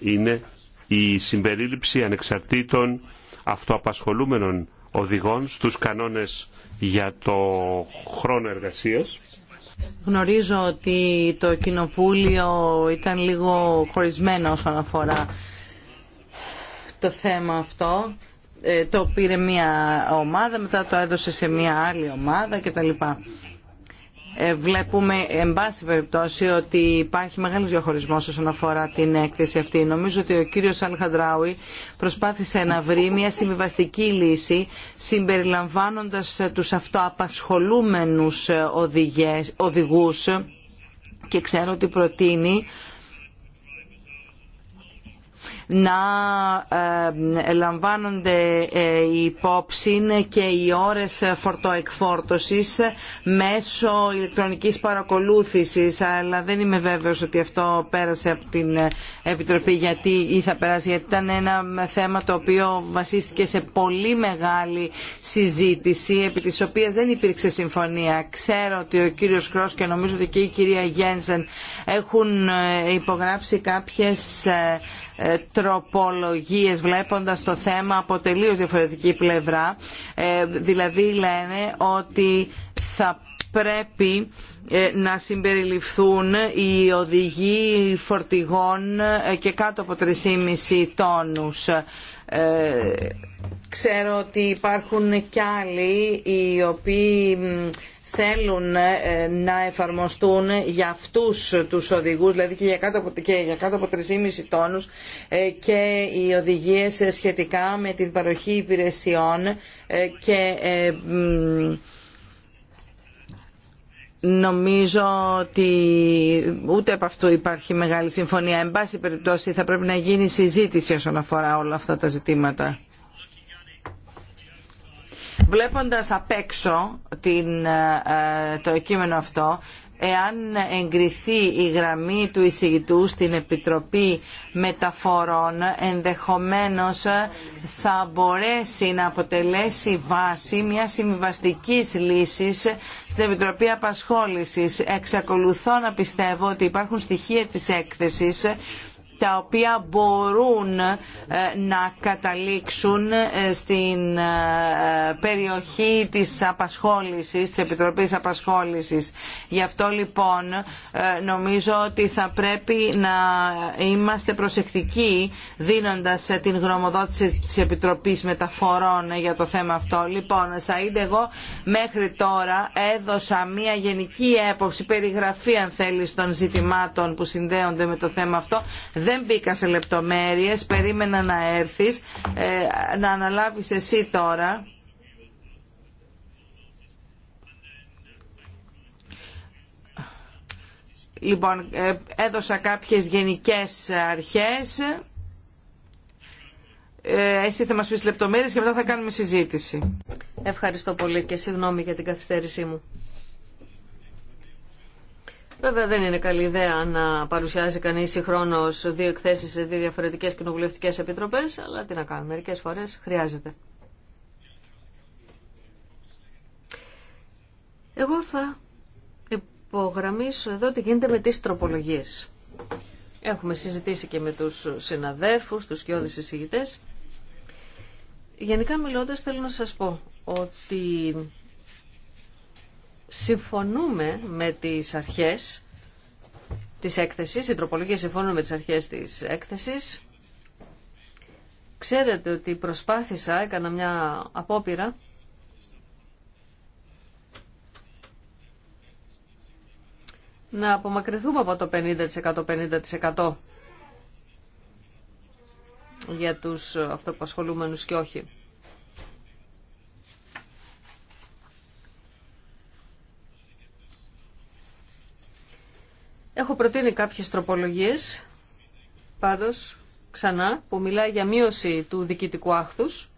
είναι η συμπερίληψη ανεξαρτήτων αυτοαπασχολούμενων οδηγών στους κανόνες για το χρόνο εργασίας Γνωρίζω ότι το Κοινοβούλιο ήταν λίγο χωρισμένο όσον αφορά το θέμα αυτό. Ε, το πήρε μία ομάδα, μετά το έδωσε σε μία άλλη ομάδα κτλ. Ε, βλέπουμε εν πάση περιπτώσει ότι υπάρχει μεγάλος διαχωρισμός όσον αφορά την έκθεση αυτή. Νομίζω ότι ο κύριος Αλχαντράουι προσπάθησε να βρει μια συμβιβαστική λύση συμπεριλαμβάνοντας ε, τους αυτοαπασχολούμενους ε, οδηγούς και ξέρω ότι προτείνει να ε, λαμβάνονται ε, υπόψη και οι ώρες φορτοεκφόρτωσης μέσω ηλεκτρονικής παρακολούθησης αλλά δεν είμαι βέβαιος ότι αυτό πέρασε από την Επιτροπή γιατί, ή θα περάσει γιατί ήταν ένα θέμα το οποίο βασίστηκε σε πολύ μεγάλη συζήτηση επί της οποίας δεν υπήρξε συμφωνία. Ξέρω ότι ο κύριος Κρός και νομίζω ότι και η κυρία Γένσεν έχουν ε, υπογράψει κάποιες τροπολογίες βλέποντας το θέμα από τελείως διαφορετική πλευρά. Ε, δηλαδή λένε ότι θα πρέπει ε, να συμπεριληφθούν οι οδηγοί φορτηγών ε, και κάτω από 3,5 τόνους. Ξέρω ότι υπάρχουν κι άλλοι οι οποίοι θέλουν ε, να εφαρμοστούν για αυτούς τους οδηγούς, δηλαδή και για κάτω από, 3,5 τόνους ε, και οι οδηγίες σχετικά με την παροχή υπηρεσιών ε, και Νομίζω ότι ούτε από αυτού υπάρχει μεγάλη συμφωνία. Εν πάση περιπτώσει θα πρέπει να γίνει συζήτηση όσον αφορά όλα αυτά τα ζητήματα. Βλέποντας απ' έξω ε, ε, το κείμενο αυτό, εάν εγκριθεί η γραμμή του εισηγητού στην Επιτροπή Μεταφορών, ενδεχομένως θα μπορέσει να αποτελέσει βάση μια συμβιβαστική λύσης στην Επιτροπή Απασχόλησης. Εξακολουθώ να πιστεύω ότι υπάρχουν στοιχεία της έκθεσης τα οποία μπορούν ε, να καταλήξουν ε, στην ε, περιοχή της απασχόλησης, της Επιτροπής Απασχόλησης. Γι' αυτό λοιπόν νομίζω ότι θα πρέπει να είμαστε προσεκτικοί δίνοντας την γνωμοδότηση της Επιτροπής Μεταφορών για το θέμα αυτό. Λοιπόν, Σαΐντ, εγώ μέχρι τώρα έδωσα μια γενική έποψη, περιγραφή αν θέλει των ζητημάτων που συνδέονται με το θέμα αυτό. Δεν μπήκα σε λεπτομέρειες, περίμενα να έρθεις, ε, να αναλάβεις εσύ τώρα. Λοιπόν, ε, έδωσα κάποιες γενικές αρχές. Ε, εσύ θα μας πεις λεπτομέρειες και μετά θα κάνουμε συζήτηση. Ευχαριστώ πολύ και συγγνώμη για την καθυστέρησή μου. Βέβαια δεν είναι καλή ιδέα να παρουσιάζει κανεί συγχρόνω δύο εκθέσει σε δύο διαφορετικέ κοινοβουλευτικέ επιτροπέ, αλλά τι να κάνουμε, μερικέ φορέ χρειάζεται. Εγώ θα υπογραμμίσω εδώ τι γίνεται με τις τροπολογίες. Έχουμε συζητήσει και με τους συναδέρφους, τους κοιόδης εισηγητές. Γενικά μιλώντας θέλω να σας πω ότι συμφωνούμε με τις αρχές της έκθεσης, οι τροπολογίες συμφωνούν με τις αρχές της έκθεσης. Ξέρετε ότι προσπάθησα, έκανα μια απόπειρα να απομακρυνθούμε από το 50%-50% για τους αυτοπασχολούμενους και όχι. Έχω προτείνει κάποιες τροπολογίες, πάντως ξανά, που μιλάει για μείωση του διοικητικού άχθους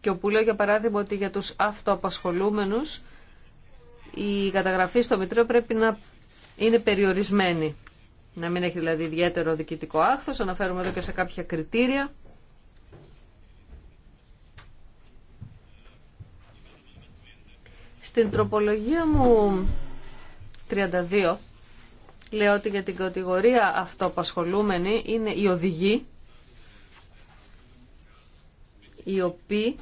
και όπου λέω για παράδειγμα ότι για τους αυτοαπασχολούμενους η καταγραφή στο Μητρό πρέπει να είναι περιορισμένη. Να μην έχει δηλαδή ιδιαίτερο διοικητικό άχθος, αναφέρομαι εδώ και σε κάποια κριτήρια. Στην τροπολογία μου 32 λέει ότι για την κατηγορία αυτοπασχολούμενη είναι οι οδηγοί οι οποίοι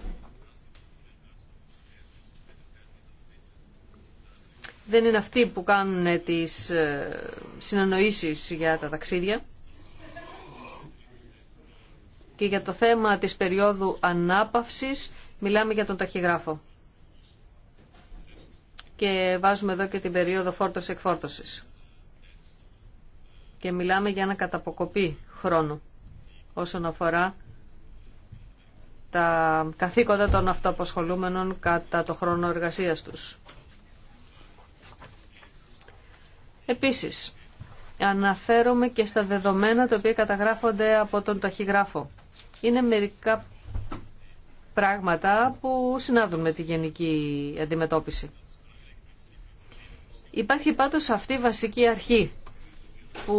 δεν είναι αυτοί που κάνουν τις ε, συνεννοήσεις για τα ταξίδια και για το θέμα της περίοδου ανάπαυσης μιλάμε για τον ταχυγράφο και βάζουμε εδώ και την περίοδο φόρτωση-εκφόρτωσης. Και μιλάμε για ένα καταποκοπή χρόνο όσον αφορά τα καθήκοντα των αυτοαποσχολούμενων κατά το χρόνο εργασίας τους. Επίσης, αναφέρομαι και στα δεδομένα τα οποία καταγράφονται από τον ταχυγράφο. Είναι μερικά πράγματα που συνάδουν με τη γενική αντιμετώπιση. Υπάρχει πάντως αυτή η βασική αρχή που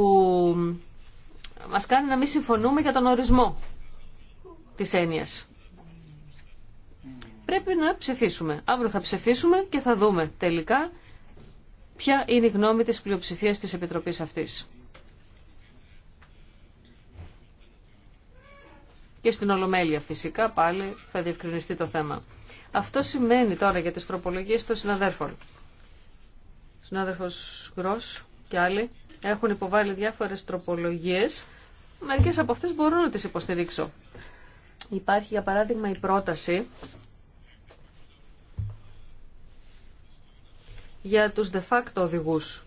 μας κάνει να μην συμφωνούμε για τον ορισμό της έννοιας. Πρέπει να ψηφίσουμε. Αύριο θα ψηφίσουμε και θα δούμε τελικά ποια είναι η γνώμη της πλειοψηφίας της Επιτροπής αυτής. Και στην Ολομέλεια φυσικά πάλι θα διευκρινιστεί το θέμα. Αυτό σημαίνει τώρα για τις τροπολογίες των συναδέρφων συνάδελφος Γκρό και άλλοι έχουν υποβάλει διάφορες τροπολογίες. Μερικές από αυτές μπορώ να τις υποστηρίξω. Υπάρχει για παράδειγμα η πρόταση για τους de facto οδηγούς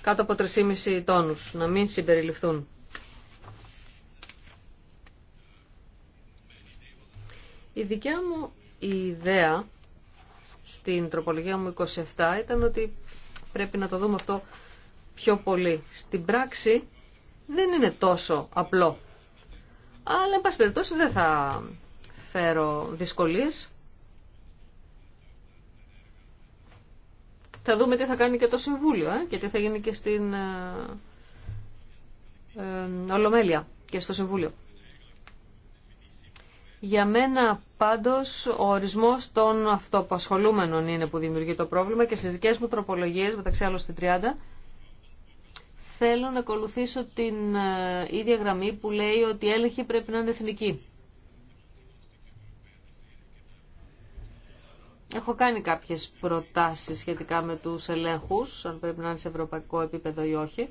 κάτω από 3,5 τόνους, να μην συμπεριληφθούν. Η δικιά μου ιδέα στην τροπολογία μου 27 ήταν ότι πρέπει να το δούμε αυτό πιο πολύ. Στην πράξη δεν είναι τόσο απλό. Αλλά, εν πάση περιπτώσει, δεν θα φέρω δυσκολίες. Θα δούμε τι θα κάνει και το Συμβούλιο ε, και τι θα γίνει και στην ε, ε, Ολομέλεια και στο Συμβούλιο. Για μένα πάντως ο ορισμός των αυτοπασχολούμενων είναι που δημιουργεί το πρόβλημα και στις δικές μου τροπολογίες, μεταξύ άλλων στη 30, θέλω να ακολουθήσω την ε, ίδια γραμμή που λέει ότι η έλεγχη πρέπει να είναι εθνική. Έχω κάνει κάποιες προτάσεις σχετικά με τους ελέγχους, αν πρέπει να είναι σε ευρωπαϊκό επίπεδο ή όχι.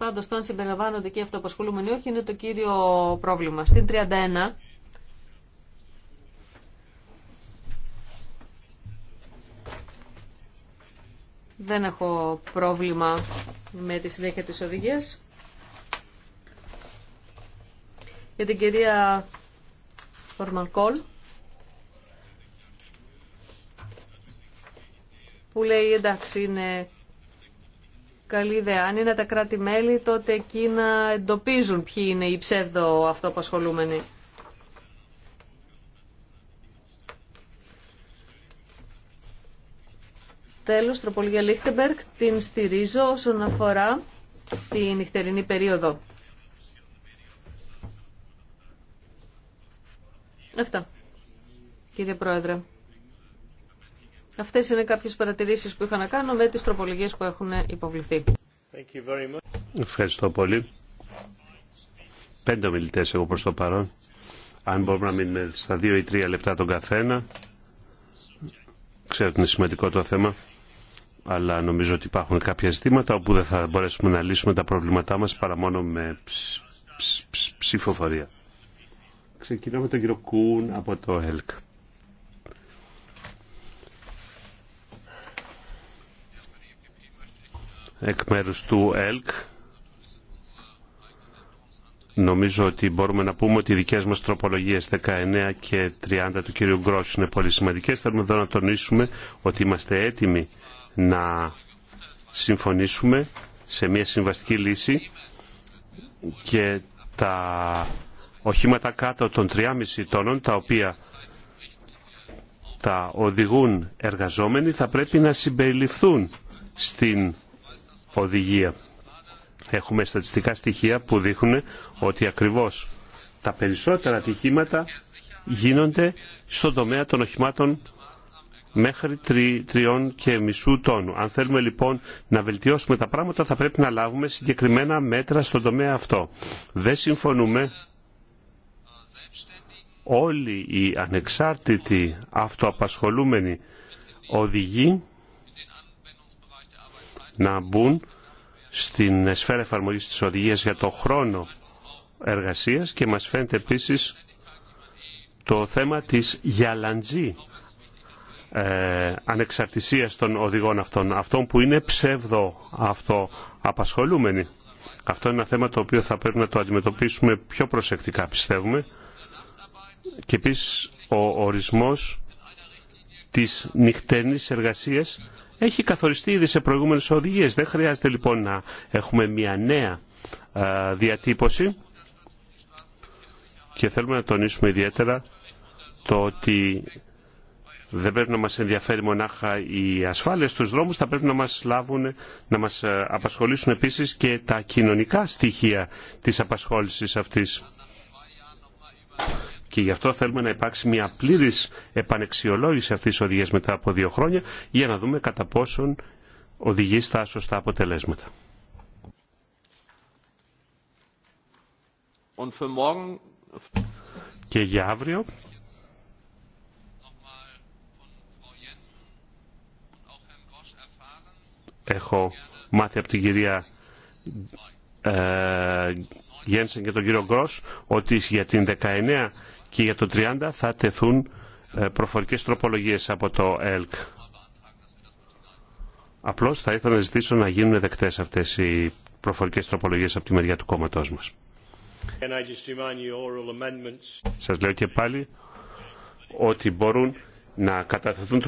Πάντως, το αν συμπεριλαμβάνονται και αυτοαπασχολούμενοι όχι είναι το κύριο πρόβλημα. Στην 31, δεν έχω πρόβλημα με τη συνέχεια της οδηγίας. Για την κυρία Φορμανκόλ, που λέει εντάξει είναι καλή ιδέα. Αν είναι τα κράτη-μέλη, τότε εκεί να εντοπίζουν ποιοι είναι οι ψεύδο αυτοαπασχολούμενοι. Τέλος, τροπολογία Λίχτεμπερκ. την στηρίζω όσον αφορά τη νυχτερινή περίοδο. Αυτά. Κύριε Πρόεδρε. Αυτές είναι κάποιες παρατηρήσεις που είχα να κάνω με τις τροπολογίες που έχουν υποβληθεί. Ευχαριστώ πολύ. Πέντε ομιλητές εγώ προς το παρόν. Αν μπορούμε να μείνουμε στα δύο ή τρία λεπτά τον καθένα. Ξέρω ότι είναι σημαντικό το θέμα αλλά νομίζω ότι υπάρχουν κάποια ζητήματα όπου δεν θα μπορέσουμε να λύσουμε τα προβλήματά μας παρά μόνο με ψηφοφορία. Ξεκινάμε τον κύριο Κούν από το ΕΛΚ. εκ μέρους του ΕΛΚ. Νομίζω ότι μπορούμε να πούμε ότι οι δικές μας τροπολογίες 19 και 30 του κύριου Γκρό είναι πολύ σημαντικές. Θέλουμε εδώ να τονίσουμε ότι είμαστε έτοιμοι να συμφωνήσουμε σε μια συμβαστική λύση και τα οχήματα κάτω των 3,5 τόνων τα οποία τα οδηγούν εργαζόμενοι θα πρέπει να συμπεριληφθούν στην οδηγία. Έχουμε στατιστικά στοιχεία που δείχνουν ότι ακριβώς τα περισσότερα ατυχήματα γίνονται στον τομέα των οχημάτων μέχρι τριών και μισού τόνου. Αν θέλουμε λοιπόν να βελτιώσουμε τα πράγματα θα πρέπει να λάβουμε συγκεκριμένα μέτρα στον τομέα αυτό. Δεν συμφωνούμε όλοι οι ανεξάρτητοι αυτοαπασχολούμενοι οδηγοί να μπουν στην σφαίρα εφαρμογής της οδηγίας για το χρόνο εργασίας και μας φαίνεται επίσης το θέμα της γιαλαντζή ε, ανεξαρτησίας των οδηγών αυτών, αυτών που είναι ψεύδο αυτό απασχολούμενοι. Αυτό είναι ένα θέμα το οποίο θα πρέπει να το αντιμετωπίσουμε πιο προσεκτικά πιστεύουμε και επίσης ο ορισμός της νυχτερινής εργασίας έχει καθοριστεί ήδη σε προηγούμενες οδηγίες. Δεν χρειάζεται λοιπόν να έχουμε μια νέα διατύπωση και θέλουμε να τονίσουμε ιδιαίτερα το ότι δεν πρέπει να μας ενδιαφέρει μονάχα οι ασφάλειες στους δρόμους, θα πρέπει να μας, να μας απασχολήσουν επίσης και τα κοινωνικά στοιχεία της απασχόλησης αυτής. Και γι' αυτό θέλουμε να υπάρξει μια πλήρης επανεξιολόγηση αυτής της οδηγίας μετά από δύο χρόνια για να δούμε κατά πόσον οδηγεί στα σωστά αποτελέσματα. Και για αύριο έχω μάθει από την κυρία ε, Γένσεν και τον κύριο Γκρός ότι για την 19 και για το 30 θα τεθούν ε, προφορικές τροπολογίες από το ΕΛΚ. Απλώς θα ήθελα να ζητήσω να γίνουν δεκτές αυτές οι προφορικές τροπολογίες από τη μεριά του κόμματός μας. Σας λέω και πάλι ότι μπορούν να καταθεθούν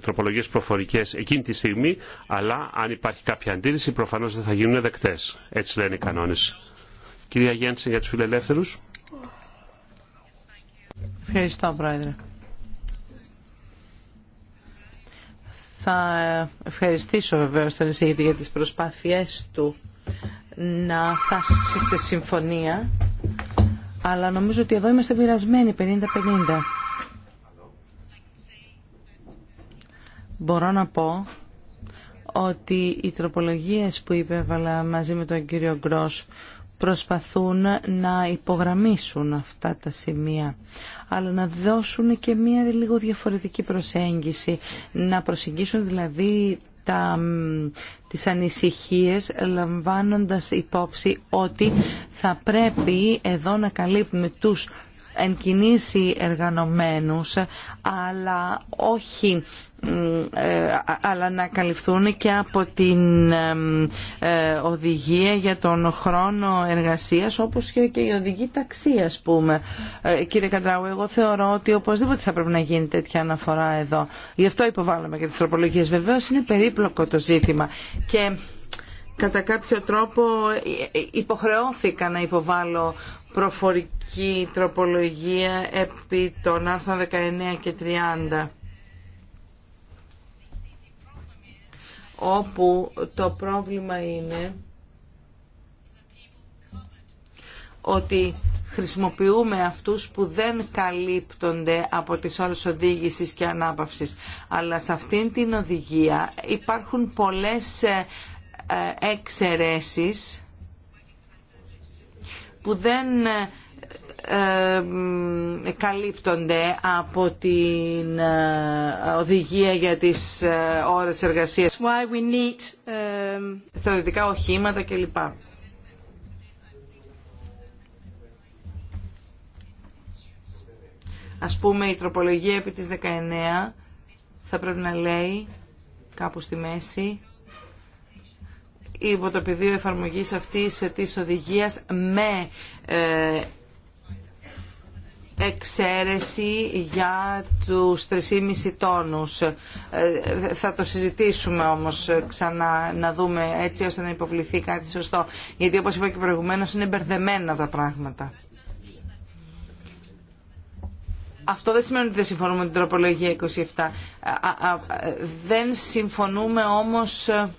τροπολογίες προφορικές εκείνη τη στιγμή, αλλά αν υπάρχει κάποια αντίρρηση προφανώς δεν θα γίνουν δεκτές. Έτσι λένε οι κανόνες. Κυρία Γέντσεν για τους φιλελεύθερους. Ευχαριστώ, Πρόεδρε. Θα ευχαριστήσω βεβαίως τον εισηγητή για τις προσπάθειές του να φτάσει σε συμφωνία, αλλά νομίζω ότι εδώ είμαστε πειρασμένοι 50-50. Μπορώ να πω ότι οι τροπολογίες που υπέβαλα μαζί με τον κύριο Γκρός προσπαθούν να υπογραμμίσουν αυτά τα σημεία, αλλά να δώσουν και μία λίγο διαφορετική προσέγγιση, να προσεγγίσουν δηλαδή τα, τις ανησυχίες λαμβάνοντας υπόψη ότι θα πρέπει εδώ να καλύπτουμε τους εν εργανομένους αλλά όχι ε, αλλά να καλυφθούν και από την ε, οδηγία για τον χρόνο εργασίας όπως και η οδηγή ταξί ας πούμε. Ε, κύριε Καντράου, εγώ θεωρώ ότι οπωσδήποτε θα πρέπει να γίνει τέτοια αναφορά εδώ. Γι' αυτό υποβάλλαμε και τις τροπολογίες. Βεβαίως είναι περίπλοκο το ζήτημα και κατά κάποιο τρόπο υποχρεώθηκα να υποβάλω προφορική τροπολογία επί των άρθρων 19 και 30 όπου το πρόβλημα είναι ότι χρησιμοποιούμε αυτούς που δεν καλύπτονται από τις όρες οδήγησης και ανάπαυσης. Αλλά σε αυτήν την οδηγία υπάρχουν πολλές ε, ε, εξαιρέσεις που δεν ε, ε, καλύπτονται από την ε, οδηγία για τις ε, ώρες εργασίας Why we need, στρατιωτικά οχήματα κλπ. Ας πούμε η τροπολογία επί της 19 θα πρέπει να λέει κάπου στη μέση υπό το πεδίο εφαρμογής αυτής της οδηγίας με ε, εξαίρεση για τους 3,5 τόνους. Ε, θα το συζητήσουμε όμως ξανά να δούμε έτσι ώστε να υποβληθεί κάτι σωστό. Γιατί όπως είπα και προηγουμένως είναι μπερδεμένα τα πράγματα. Αυτό δεν σημαίνει ότι δεν συμφωνούμε με την τροπολογία 27. Δεν συμφωνούμε όμως ε,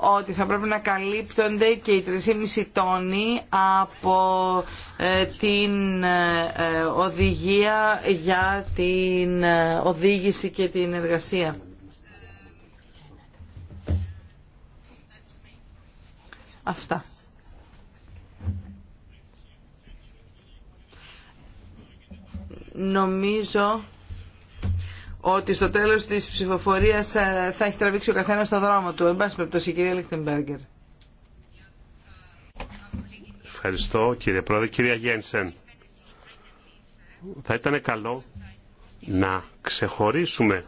ότι θα πρέπει να καλύπτονται και οι 3,5 τόνοι από ε, την ε, ε, οδηγία για την οδήγηση και την εργασία. Αυτά. Νομίζω ότι στο τέλος τη ψηφοφορία ε, θα έχει τραβήξει ο καθένα το δρόμο του. Εν πάση περιπτώσει, κυρία Λίχτεμπεργκερ. Ευχαριστώ κύριε Πρόεδρε. Κυρία Γένσεν, θα ήταν καλό να ξεχωρίσουμε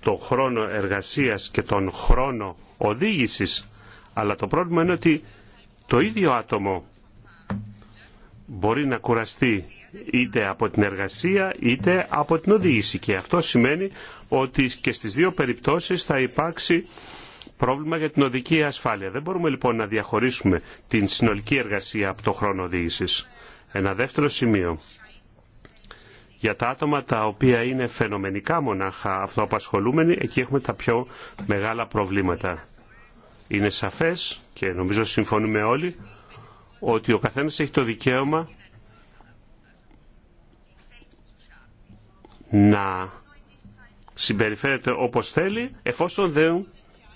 το χρόνο εργασίας και τον χρόνο οδήγησης. Αλλά το πρόβλημα είναι ότι το ίδιο άτομο μπορεί να κουραστεί είτε από την εργασία είτε από την οδήγηση. Και αυτό σημαίνει ότι και στις δύο περιπτώσεις θα υπάρξει πρόβλημα για την οδική ασφάλεια. Δεν μπορούμε λοιπόν να διαχωρίσουμε την συνολική εργασία από το χρόνο οδήγηση. Ένα δεύτερο σημείο. Για τα άτομα τα οποία είναι φαινομενικά μονάχα αυτοαπασχολούμενοι, εκεί έχουμε τα πιο μεγάλα προβλήματα. Είναι σαφές και νομίζω συμφωνούμε όλοι ότι ο καθένας έχει το δικαίωμα να συμπεριφέρεται όπως θέλει εφόσον δεν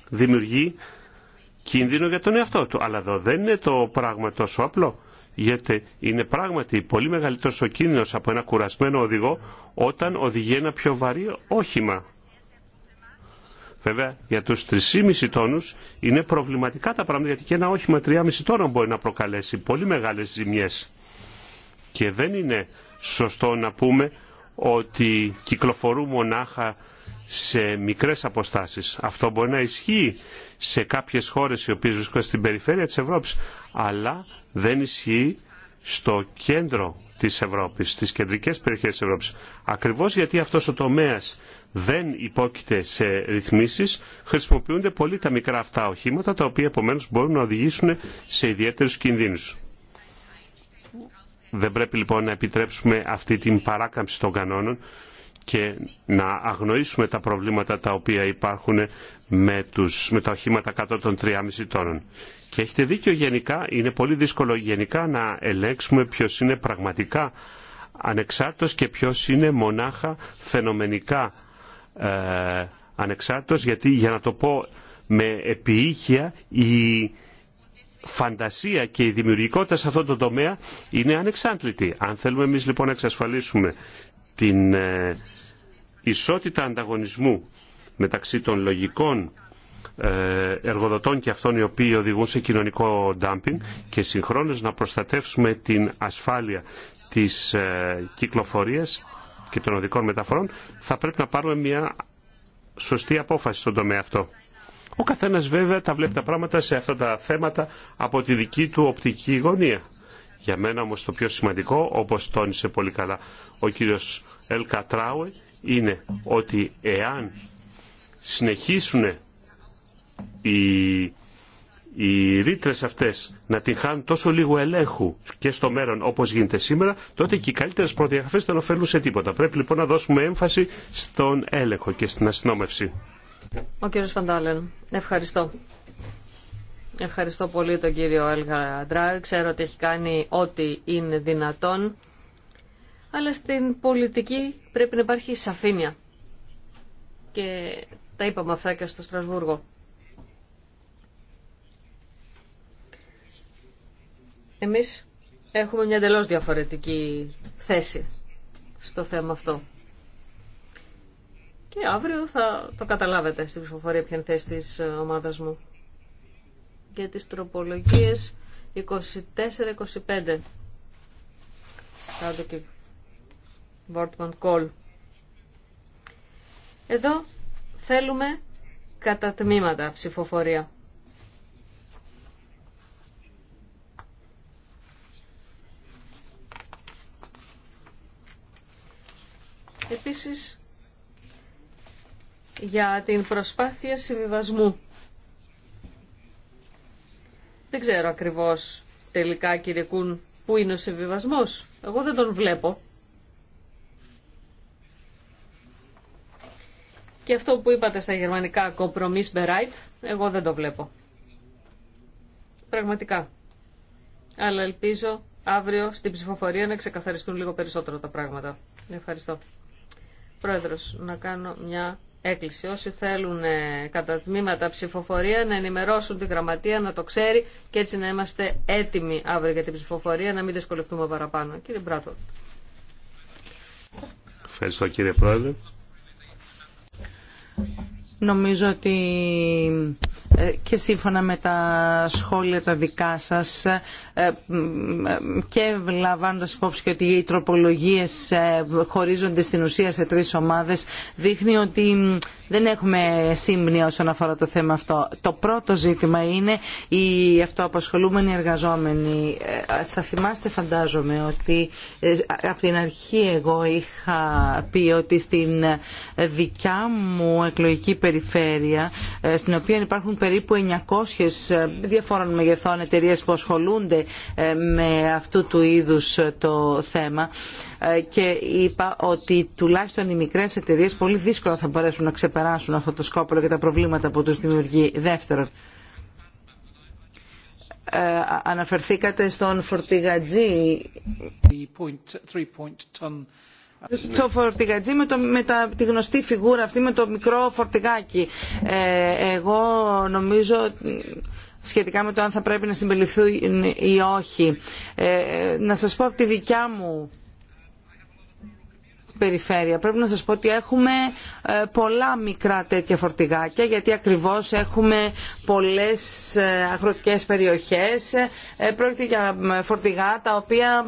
δημιουργεί κίνδυνο για τον εαυτό του. Αλλά εδώ δεν είναι το πράγμα τόσο απλό. Γιατί είναι πράγματι πολύ μεγαλύτερο ο κίνδυνο από ένα κουρασμένο οδηγό όταν οδηγεί ένα πιο βαρύ όχημα. Βέβαια για τους 3,5 τόνους είναι προβληματικά τα πράγματα γιατί και ένα όχημα 3,5 τόνων μπορεί να προκαλέσει πολύ μεγάλες ζημιές. Και δεν είναι σωστό να πούμε ότι κυκλοφορούν μονάχα σε μικρές αποστάσεις. Αυτό μπορεί να ισχύει σε κάποιες χώρες οι οποίες βρίσκονται στην περιφέρεια της Ευρώπης, αλλά δεν ισχύει στο κέντρο της Ευρώπης, στις κεντρικές περιοχές της Ευρώπης. Ακριβώς γιατί αυτός ο τομέας δεν υπόκειται σε ρυθμίσεις, χρησιμοποιούνται πολύ τα μικρά αυτά οχήματα, τα οποία επομένως μπορούν να οδηγήσουν σε ιδιαίτερους κινδύνους. Δεν πρέπει λοιπόν να επιτρέψουμε αυτή την παράκαμψη των κανόνων και να αγνοήσουμε τα προβλήματα τα οποία υπάρχουν με, τους, με τα οχήματα κάτω των 3,5 τόνων. Και έχετε δίκιο γενικά, είναι πολύ δύσκολο γενικά να ελέγξουμε ποιος είναι πραγματικά ανεξάρτητος και ποιος είναι μονάχα φαινομενικά ε, ανεξάρτητος, γιατί για να το πω με επιήχεια... η φαντασία και η δημιουργικότητα σε αυτό το τομέα είναι ανεξάντλητη. Αν θέλουμε εμείς λοιπόν να εξασφαλίσουμε την ε, ισότητα ανταγωνισμού μεταξύ των λογικών ε, εργοδοτών και αυτών οι οποίοι οδηγούν σε κοινωνικό ντάμπινγκ και συγχρόνως να προστατεύσουμε την ασφάλεια της ε, κυκλοφορίας και των οδικών μεταφορών θα πρέπει να πάρουμε μια σωστή απόφαση στον τομέα αυτό. Ο καθένα βέβαια τα βλέπει τα πράγματα σε αυτά τα θέματα από τη δική του οπτική γωνία. Για μένα όμω το πιο σημαντικό, όπως τόνισε πολύ καλά ο κύριος Ελκατράουε, είναι ότι εάν συνεχίσουν οι, οι ρήτρε αυτές να την χάνουν τόσο λίγο ελέγχου και στο μέλλον όπως γίνεται σήμερα, τότε και οι καλύτερε προδιαγραφέ δεν ωφέλουν σε τίποτα. Πρέπει λοιπόν να δώσουμε έμφαση στον έλεγχο και στην αστυνόμευση. Ο κύριος Φαντάλεν, ευχαριστώ. Ευχαριστώ πολύ τον κύριο Έλγα Αντρά. Ξέρω ότι έχει κάνει ό,τι είναι δυνατόν. Αλλά στην πολιτική πρέπει να υπάρχει σαφήνεια. Και τα είπαμε αυτά και στο Στρασβούργο. Εμείς έχουμε μια εντελώ διαφορετική θέση στο θέμα αυτό. Και αύριο θα το καταλάβετε στην ψηφοφορία ποια θέση της ε, ομάδας μου. Για τις τροπολογίες 24-25. Κάντε και Κόλ. Εδώ θέλουμε κατά τμήματα ψηφοφορία. Επίσης, για την προσπάθεια συμβιβασμού. Δεν ξέρω ακριβώς τελικά κύριε Κούν που είναι ο συμβιβασμός. Εγώ δεν τον βλέπω. Και αυτό που είπατε στα γερμανικά compromise bereit» εγώ δεν το βλέπω. Πραγματικά. Αλλά ελπίζω αύριο στην ψηφοφορία να ξεκαθαριστούν λίγο περισσότερο τα πράγματα. Ευχαριστώ. Πρόεδρος, να κάνω μια Όσοι θέλουν ε, κατά τμήματα ψηφοφορία να ενημερώσουν τη γραμματεία, να το ξέρει και έτσι να είμαστε έτοιμοι αύριο για την ψηφοφορία, να μην δυσκολευτούμε παραπάνω. Κύριε Μπράτο. Ευχαριστώ κύριε Πρόεδρε. Νομίζω ότι ε, και σύμφωνα με τα σχόλια τα δικά σας ε, ε, και λαμβάνοντας υπόψη και ότι οι τροπολογίες χωρίζονται στην ουσία σε τρεις ομάδες δείχνει ότι δεν έχουμε σύμπνοια όσον αφορά το θέμα αυτό. Το πρώτο ζήτημα είναι οι αυτοαπασχολούμενοι εργαζόμενοι. Θα θυμάστε φαντάζομαι ότι από την αρχή εγώ είχα πει ότι στην δικιά μου εκλογική περιφέρεια στην οποία υπάρχουν περίπου 900 ε, διαφόρων μεγεθών εταιρείες που ασχολούνται ε, με αυτού του είδους ε, το θέμα και είπα ότι τουλάχιστον οι μικρές εταιρείες πολύ δύσκολα θα μπορέσουν να ξεπεράσουν αυτό το σκόπελο και τα προβλήματα που τους δημιουργεί. Δεύτερον, ε, αναφερθήκατε στον φορτηγατζή το φορτηγατζί με, το, με τα, τη γνωστή φιγούρα αυτή με το μικρό φορτηγάκι. Ε, εγώ νομίζω σχετικά με το αν θα πρέπει να συμπεριληφθούν ή όχι. Ε, ε, να σας πω από τη δικιά μου περιφέρεια. Πρέπει να σας πω ότι έχουμε ε, πολλά μικρά τέτοια φορτηγάκια γιατί ακριβώς έχουμε πολλές ε, αγροτικές περιοχές. Ε, πρόκειται για φορτηγά τα οποία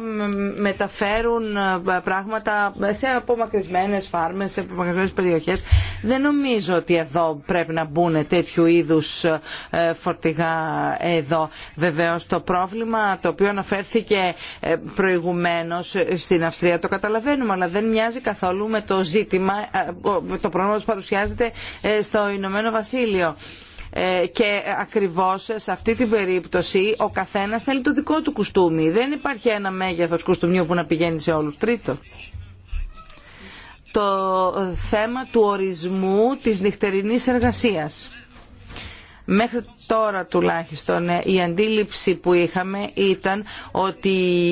μεταφέρουν πράγματα σε απομακρυσμένες φάρμες, σε απομακρυσμένες περιοχές. Δεν νομίζω ότι εδώ πρέπει να μπουν τέτοιου είδους φορτηγά εδώ. Βεβαίως το πρόβλημα το οποίο αναφέρθηκε προηγουμένως στην Αυστρία το καταλαβαίνουμε αλλά δεν μοιάζει ταιριάζει καθόλου με το ζήτημα, ε, το πρόγραμμα που παρουσιάζεται ε, στο Ηνωμένο Βασίλειο ε, και ακριβώς σε αυτή την περίπτωση ο καθένας θέλει το δικό του κουστούμι. Δεν υπάρχει ένα μέγεθος κουστούμιου που να πηγαίνει σε όλους. Τρίτο, το θέμα του ορισμού της νυχτερινής εργασίας. Μέχρι τώρα τουλάχιστον ε, η αντίληψη που είχαμε ήταν ότι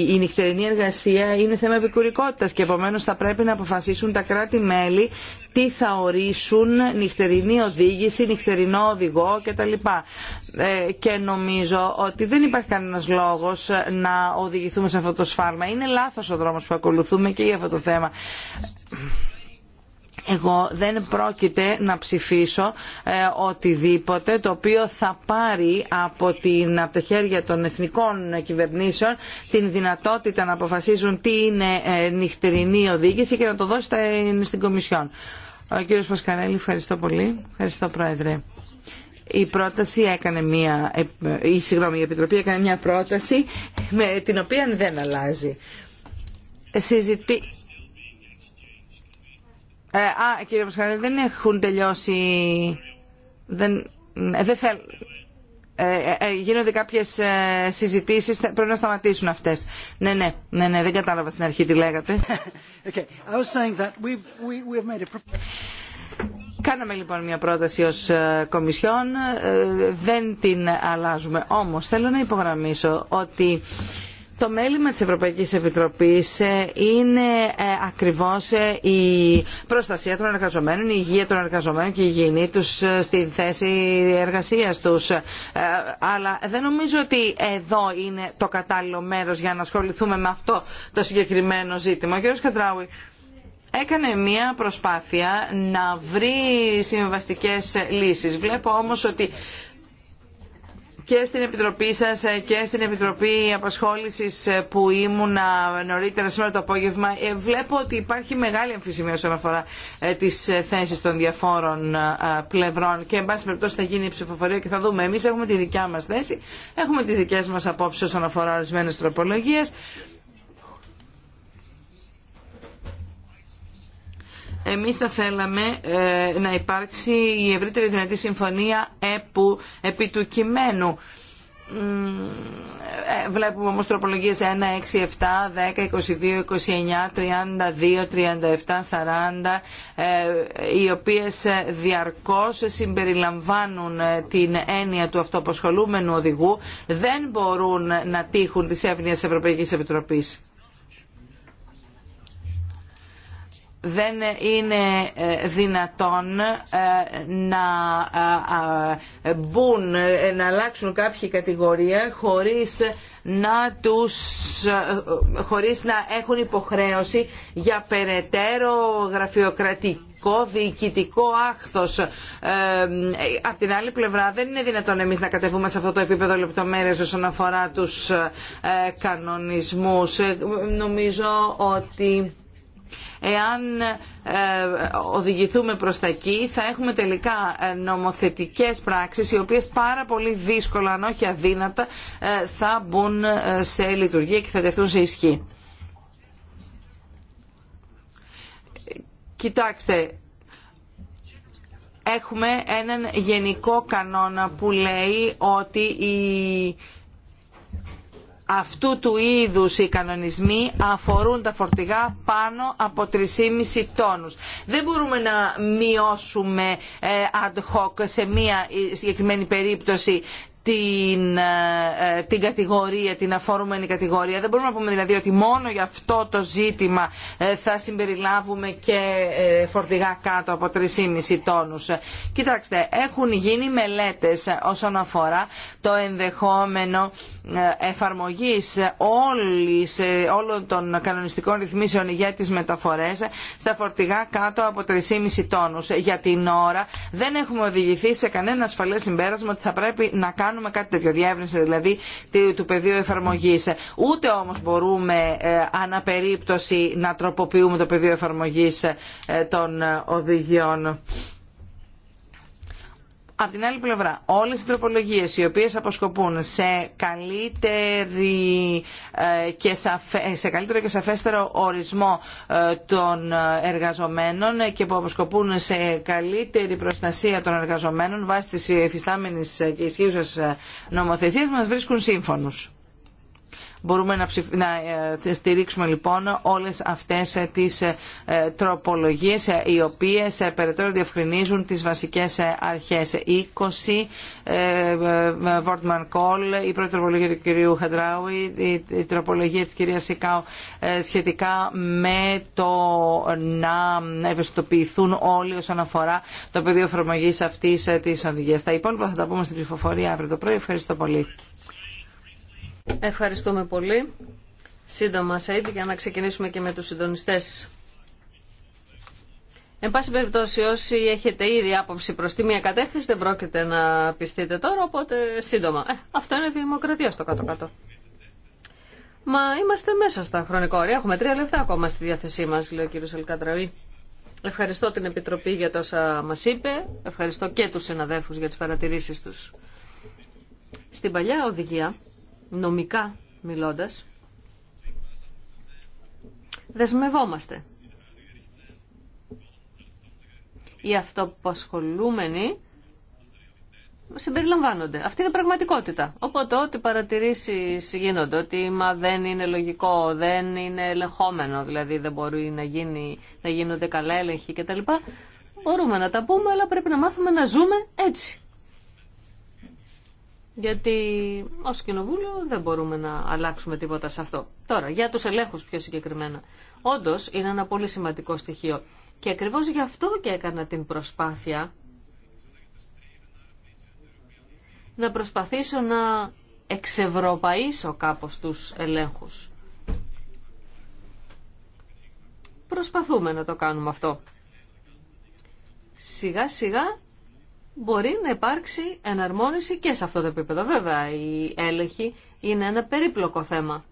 η νυχτερινή εργασία είναι θέμα επικουρικότητας και επομένως θα πρέπει να αποφασίσουν τα κράτη-μέλη τι θα ορίσουν νυχτερινή οδήγηση, νυχτερινό οδηγό κτλ. Ε, και νομίζω ότι δεν υπάρχει κανένας λόγος ε, να οδηγηθούμε σε αυτό το σφάλμα. Είναι λάθος ο δρόμος που ακολουθούμε και για αυτό το θέμα. Εγώ δεν πρόκειται να ψηφίσω ε, οτιδήποτε το οποίο θα πάρει από, την, από τα χέρια των εθνικών κυβερνήσεων την δυνατότητα να αποφασίζουν τι είναι ε, νυχτερινή οδήγηση και να το δώσει στην Κομισιόν. Ο κύριος Πασκαρέλη, ευχαριστώ πολύ. Ευχαριστώ, Πρόεδρε. Η πρόταση έκανε μια, ε, η, η Επιτροπή έκανε μια πρόταση με την οποία δεν αλλάζει. Ε, α, κύριε Πασχαρή, δεν έχουν τελειώσει... Δεν, ε, δεν θέλ, ε, γίνονται κάποιες συζητήσεις, πρέπει να σταματήσουν αυτές. Ναι, ναι, ναι, ναι δεν κατάλαβα στην αρχή τι λέγατε. Κάναμε λοιπόν μια πρόταση ως Κομισιόν, δεν την αλλάζουμε. Όμως θέλω να υπογραμμίσω ότι το μέλημα της Ευρωπαϊκής Επιτροπής ε, είναι ε, ακριβώς ε, η προστασία των εργαζομένων, η υγεία των εργαζομένων και η υγιεινή τους στη θέση εργασίας τους. Αλλά δεν νομίζω ότι εδώ είναι το κατάλληλο μέρος για να ασχοληθούμε με αυτό το συγκεκριμένο ζήτημα. Ο κ. Κατράουη έκανε μια προσπάθεια να βρει συμβαστικές λύσεις. Βλέπω όμως ότι και στην Επιτροπή σας ε, και στην Επιτροπή Απασχόλησης ε, που ήμουνα ε, νωρίτερα σήμερα το απόγευμα. Βλέπω ότι υπάρχει μεγάλη αμφισημία όσον αφορά τις θέσεις των διαφόρων πλευρών και εν πάση περιπτώσει θα γίνει η ψηφοφορία και θα δούμε. Εμείς έχουμε τη δικιά μας θέση, έχουμε τις δικές μας απόψεις όσον αφορά ορισμένε τροπολογίες εμείς θα θέλαμε ε, να υπάρξει η ευρύτερη δυνατή συμφωνία επου, επί του κειμένου. Ε, βλέπουμε όμως τροπολογίες 1, 6, 7, 10, 22, 29, 32, 37, 40 οι οποίες ε, διαρκώς συμπεριλαμβάνουν την έννοια του αυτοαποσχολούμενου οδηγού δεν μπορούν να τύχουν τις εύνοια της Ευρωπαϊκής Επιτροπής. δεν είναι ε, δυνατόν ε, να ε, μπουν, να αλλάξουν κάποια κατηγορία χωρίς να, τους, χωρίς να έχουν υποχρέωση για περαιτέρω γραφειοκρατικό διοικητικό άχθος. Ε, απ' την άλλη πλευρά δεν είναι δυνατόν εμείς να κατεβούμε σε αυτό το επίπεδο λεπτομέρειες όσον αφορά τους κανονισμούς. νομίζω ότι Εάν ε, οδηγηθούμε προς τα εκεί θα έχουμε τελικά ε, νομοθετικές πράξεις οι οποίες πάρα πολύ δύσκολα αν όχι αδύνατα ε, θα μπουν σε λειτουργία και θα τεθούν σε ισχύ. Κοιτάξτε, έχουμε έναν γενικό κανόνα που λέει ότι η αυτού του είδους οι κανονισμοί αφορούν τα φορτηγά πάνω από 3,5 τόνους. Δεν μπορούμε να μειώσουμε ε, ad hoc σε μία ε, συγκεκριμένη περίπτωση την, ε, ε, την κατηγορία, την αφορούμενη κατηγορία. Δεν μπορούμε να πούμε δηλαδή ότι μόνο για αυτό το ζήτημα ε, θα συμπεριλάβουμε και φορτηγά κάτω από 3,5 τόνους. Κοιτάξτε, έχουν γίνει μελέτες όσον αφορά το ενδεχόμενο εφαρμογής όλης, όλων των κανονιστικών ρυθμίσεων για τις μεταφορές στα φορτηγά κάτω από 3,5 τόνους. Για την ώρα δεν έχουμε οδηγηθεί σε κανένα ασφαλές συμπέρασμα ότι θα πρέπει να κάνουμε κάνουμε κάτι τέτοιο, διεύρυνση δηλαδή του πεδίου εφαρμογή. Ούτε όμως μπορούμε ε, αναπερίπτωση να τροποποιούμε το πεδίο εφαρμογήσε των ε, οδηγιών. Απ' την άλλη πλευρά, όλες οι τροπολογίε οι οποίες αποσκοπούν σε, καλύτερη ε, και σε καλύτερο και σαφέστερο ορισμό ε, των ε, εργαζομένων και που αποσκοπούν σε καλύτερη προστασία των εργαζομένων βάσει τη εφιστάμενης και ισχύουσα νομοθεσίας μας βρίσκουν σύμφωνους. Μπορούμε να, ψηφ... να ε, στηρίξουμε λοιπόν όλες αυτές ε, τις ε, τροπολογίες οι οποίες περαιτέρω διευκρινίζουν τις βασικές αρχές. 20, Βόρτμαν Κόλ, η πρώτη τροπολογία του κυρίου Χαντράουι, η τροπολογία της κυρίας Σικάου σχετικά με το να ευαισθητοποιηθούν όλοι όσον αφορά το πεδίο εφαρμογή αυτής της οδηγίας. Τα υπόλοιπα θα τα πούμε στην ψηφοφορία αύριο το πρωί. Ευχαριστώ πολύ. Ευχαριστούμε πολύ. Σύντομα, Σαΐντ, για να ξεκινήσουμε και με τους συντονιστές. Εν πάση περιπτώσει, όσοι έχετε ήδη άποψη προς τη μία κατεύθυνση, δεν πρόκειται να πιστείτε τώρα, οπότε σύντομα. Ε, αυτό είναι δημοκρατία στο κάτω-κάτω. Μα είμαστε μέσα στα χρονικά Έχουμε τρία λεπτά ακόμα στη διάθεσή μας, λέει ο κύριος Αλκατραουή. Ευχαριστώ την Επιτροπή για τόσα μας είπε. Ευχαριστώ και τους συναδέλφους για τις παρατηρήσεις τους. Στην παλιά οδηγία νομικά μιλώντας, δεσμευόμαστε. Οι αυτοπασχολούμενοι συμπεριλαμβάνονται. Αυτή είναι πραγματικότητα. Οπότε ό,τι παρατηρήσεις γίνονται, ότι μα δεν είναι λογικό, δεν είναι ελεγχόμενο, δηλαδή δεν μπορεί να, γίνει, να γίνονται καλά έλεγχοι κτλ. Μπορούμε να τα πούμε, αλλά πρέπει να μάθουμε να ζούμε έτσι γιατί ως κοινοβούλιο δεν μπορούμε να αλλάξουμε τίποτα σε αυτό. Τώρα, για τους ελέγχους πιο συγκεκριμένα. Όντως, είναι ένα πολύ σημαντικό στοιχείο. Και ακριβώ γι' αυτό και έκανα την προσπάθεια να προσπαθήσω να εξευρωπαίσω κάπως τους ελέγχους. Προσπαθούμε να το κάνουμε αυτό. Σιγά σιγά μπορεί να υπάρξει εναρμόνιση και σε αυτό το επίπεδο. Βέβαια, η έλεγχη είναι ένα περίπλοκο θέμα.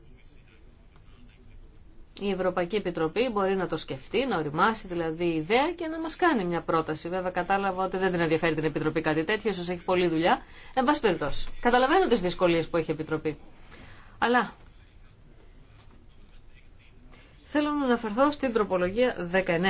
Η Ευρωπαϊκή Επιτροπή μπορεί να το σκεφτεί, να οριμάσει δηλαδή η ιδέα και να μας κάνει μια πρόταση. Βέβαια κατάλαβα ότι δεν την ενδιαφέρει την Επιτροπή κάτι τέτοιο, ίσως έχει πολλή δουλειά. Εν πάση περιπτώσει, καταλαβαίνω τις δυσκολίες που έχει η Επιτροπή. Αλλά θέλω να αναφερθώ στην τροπολογία 19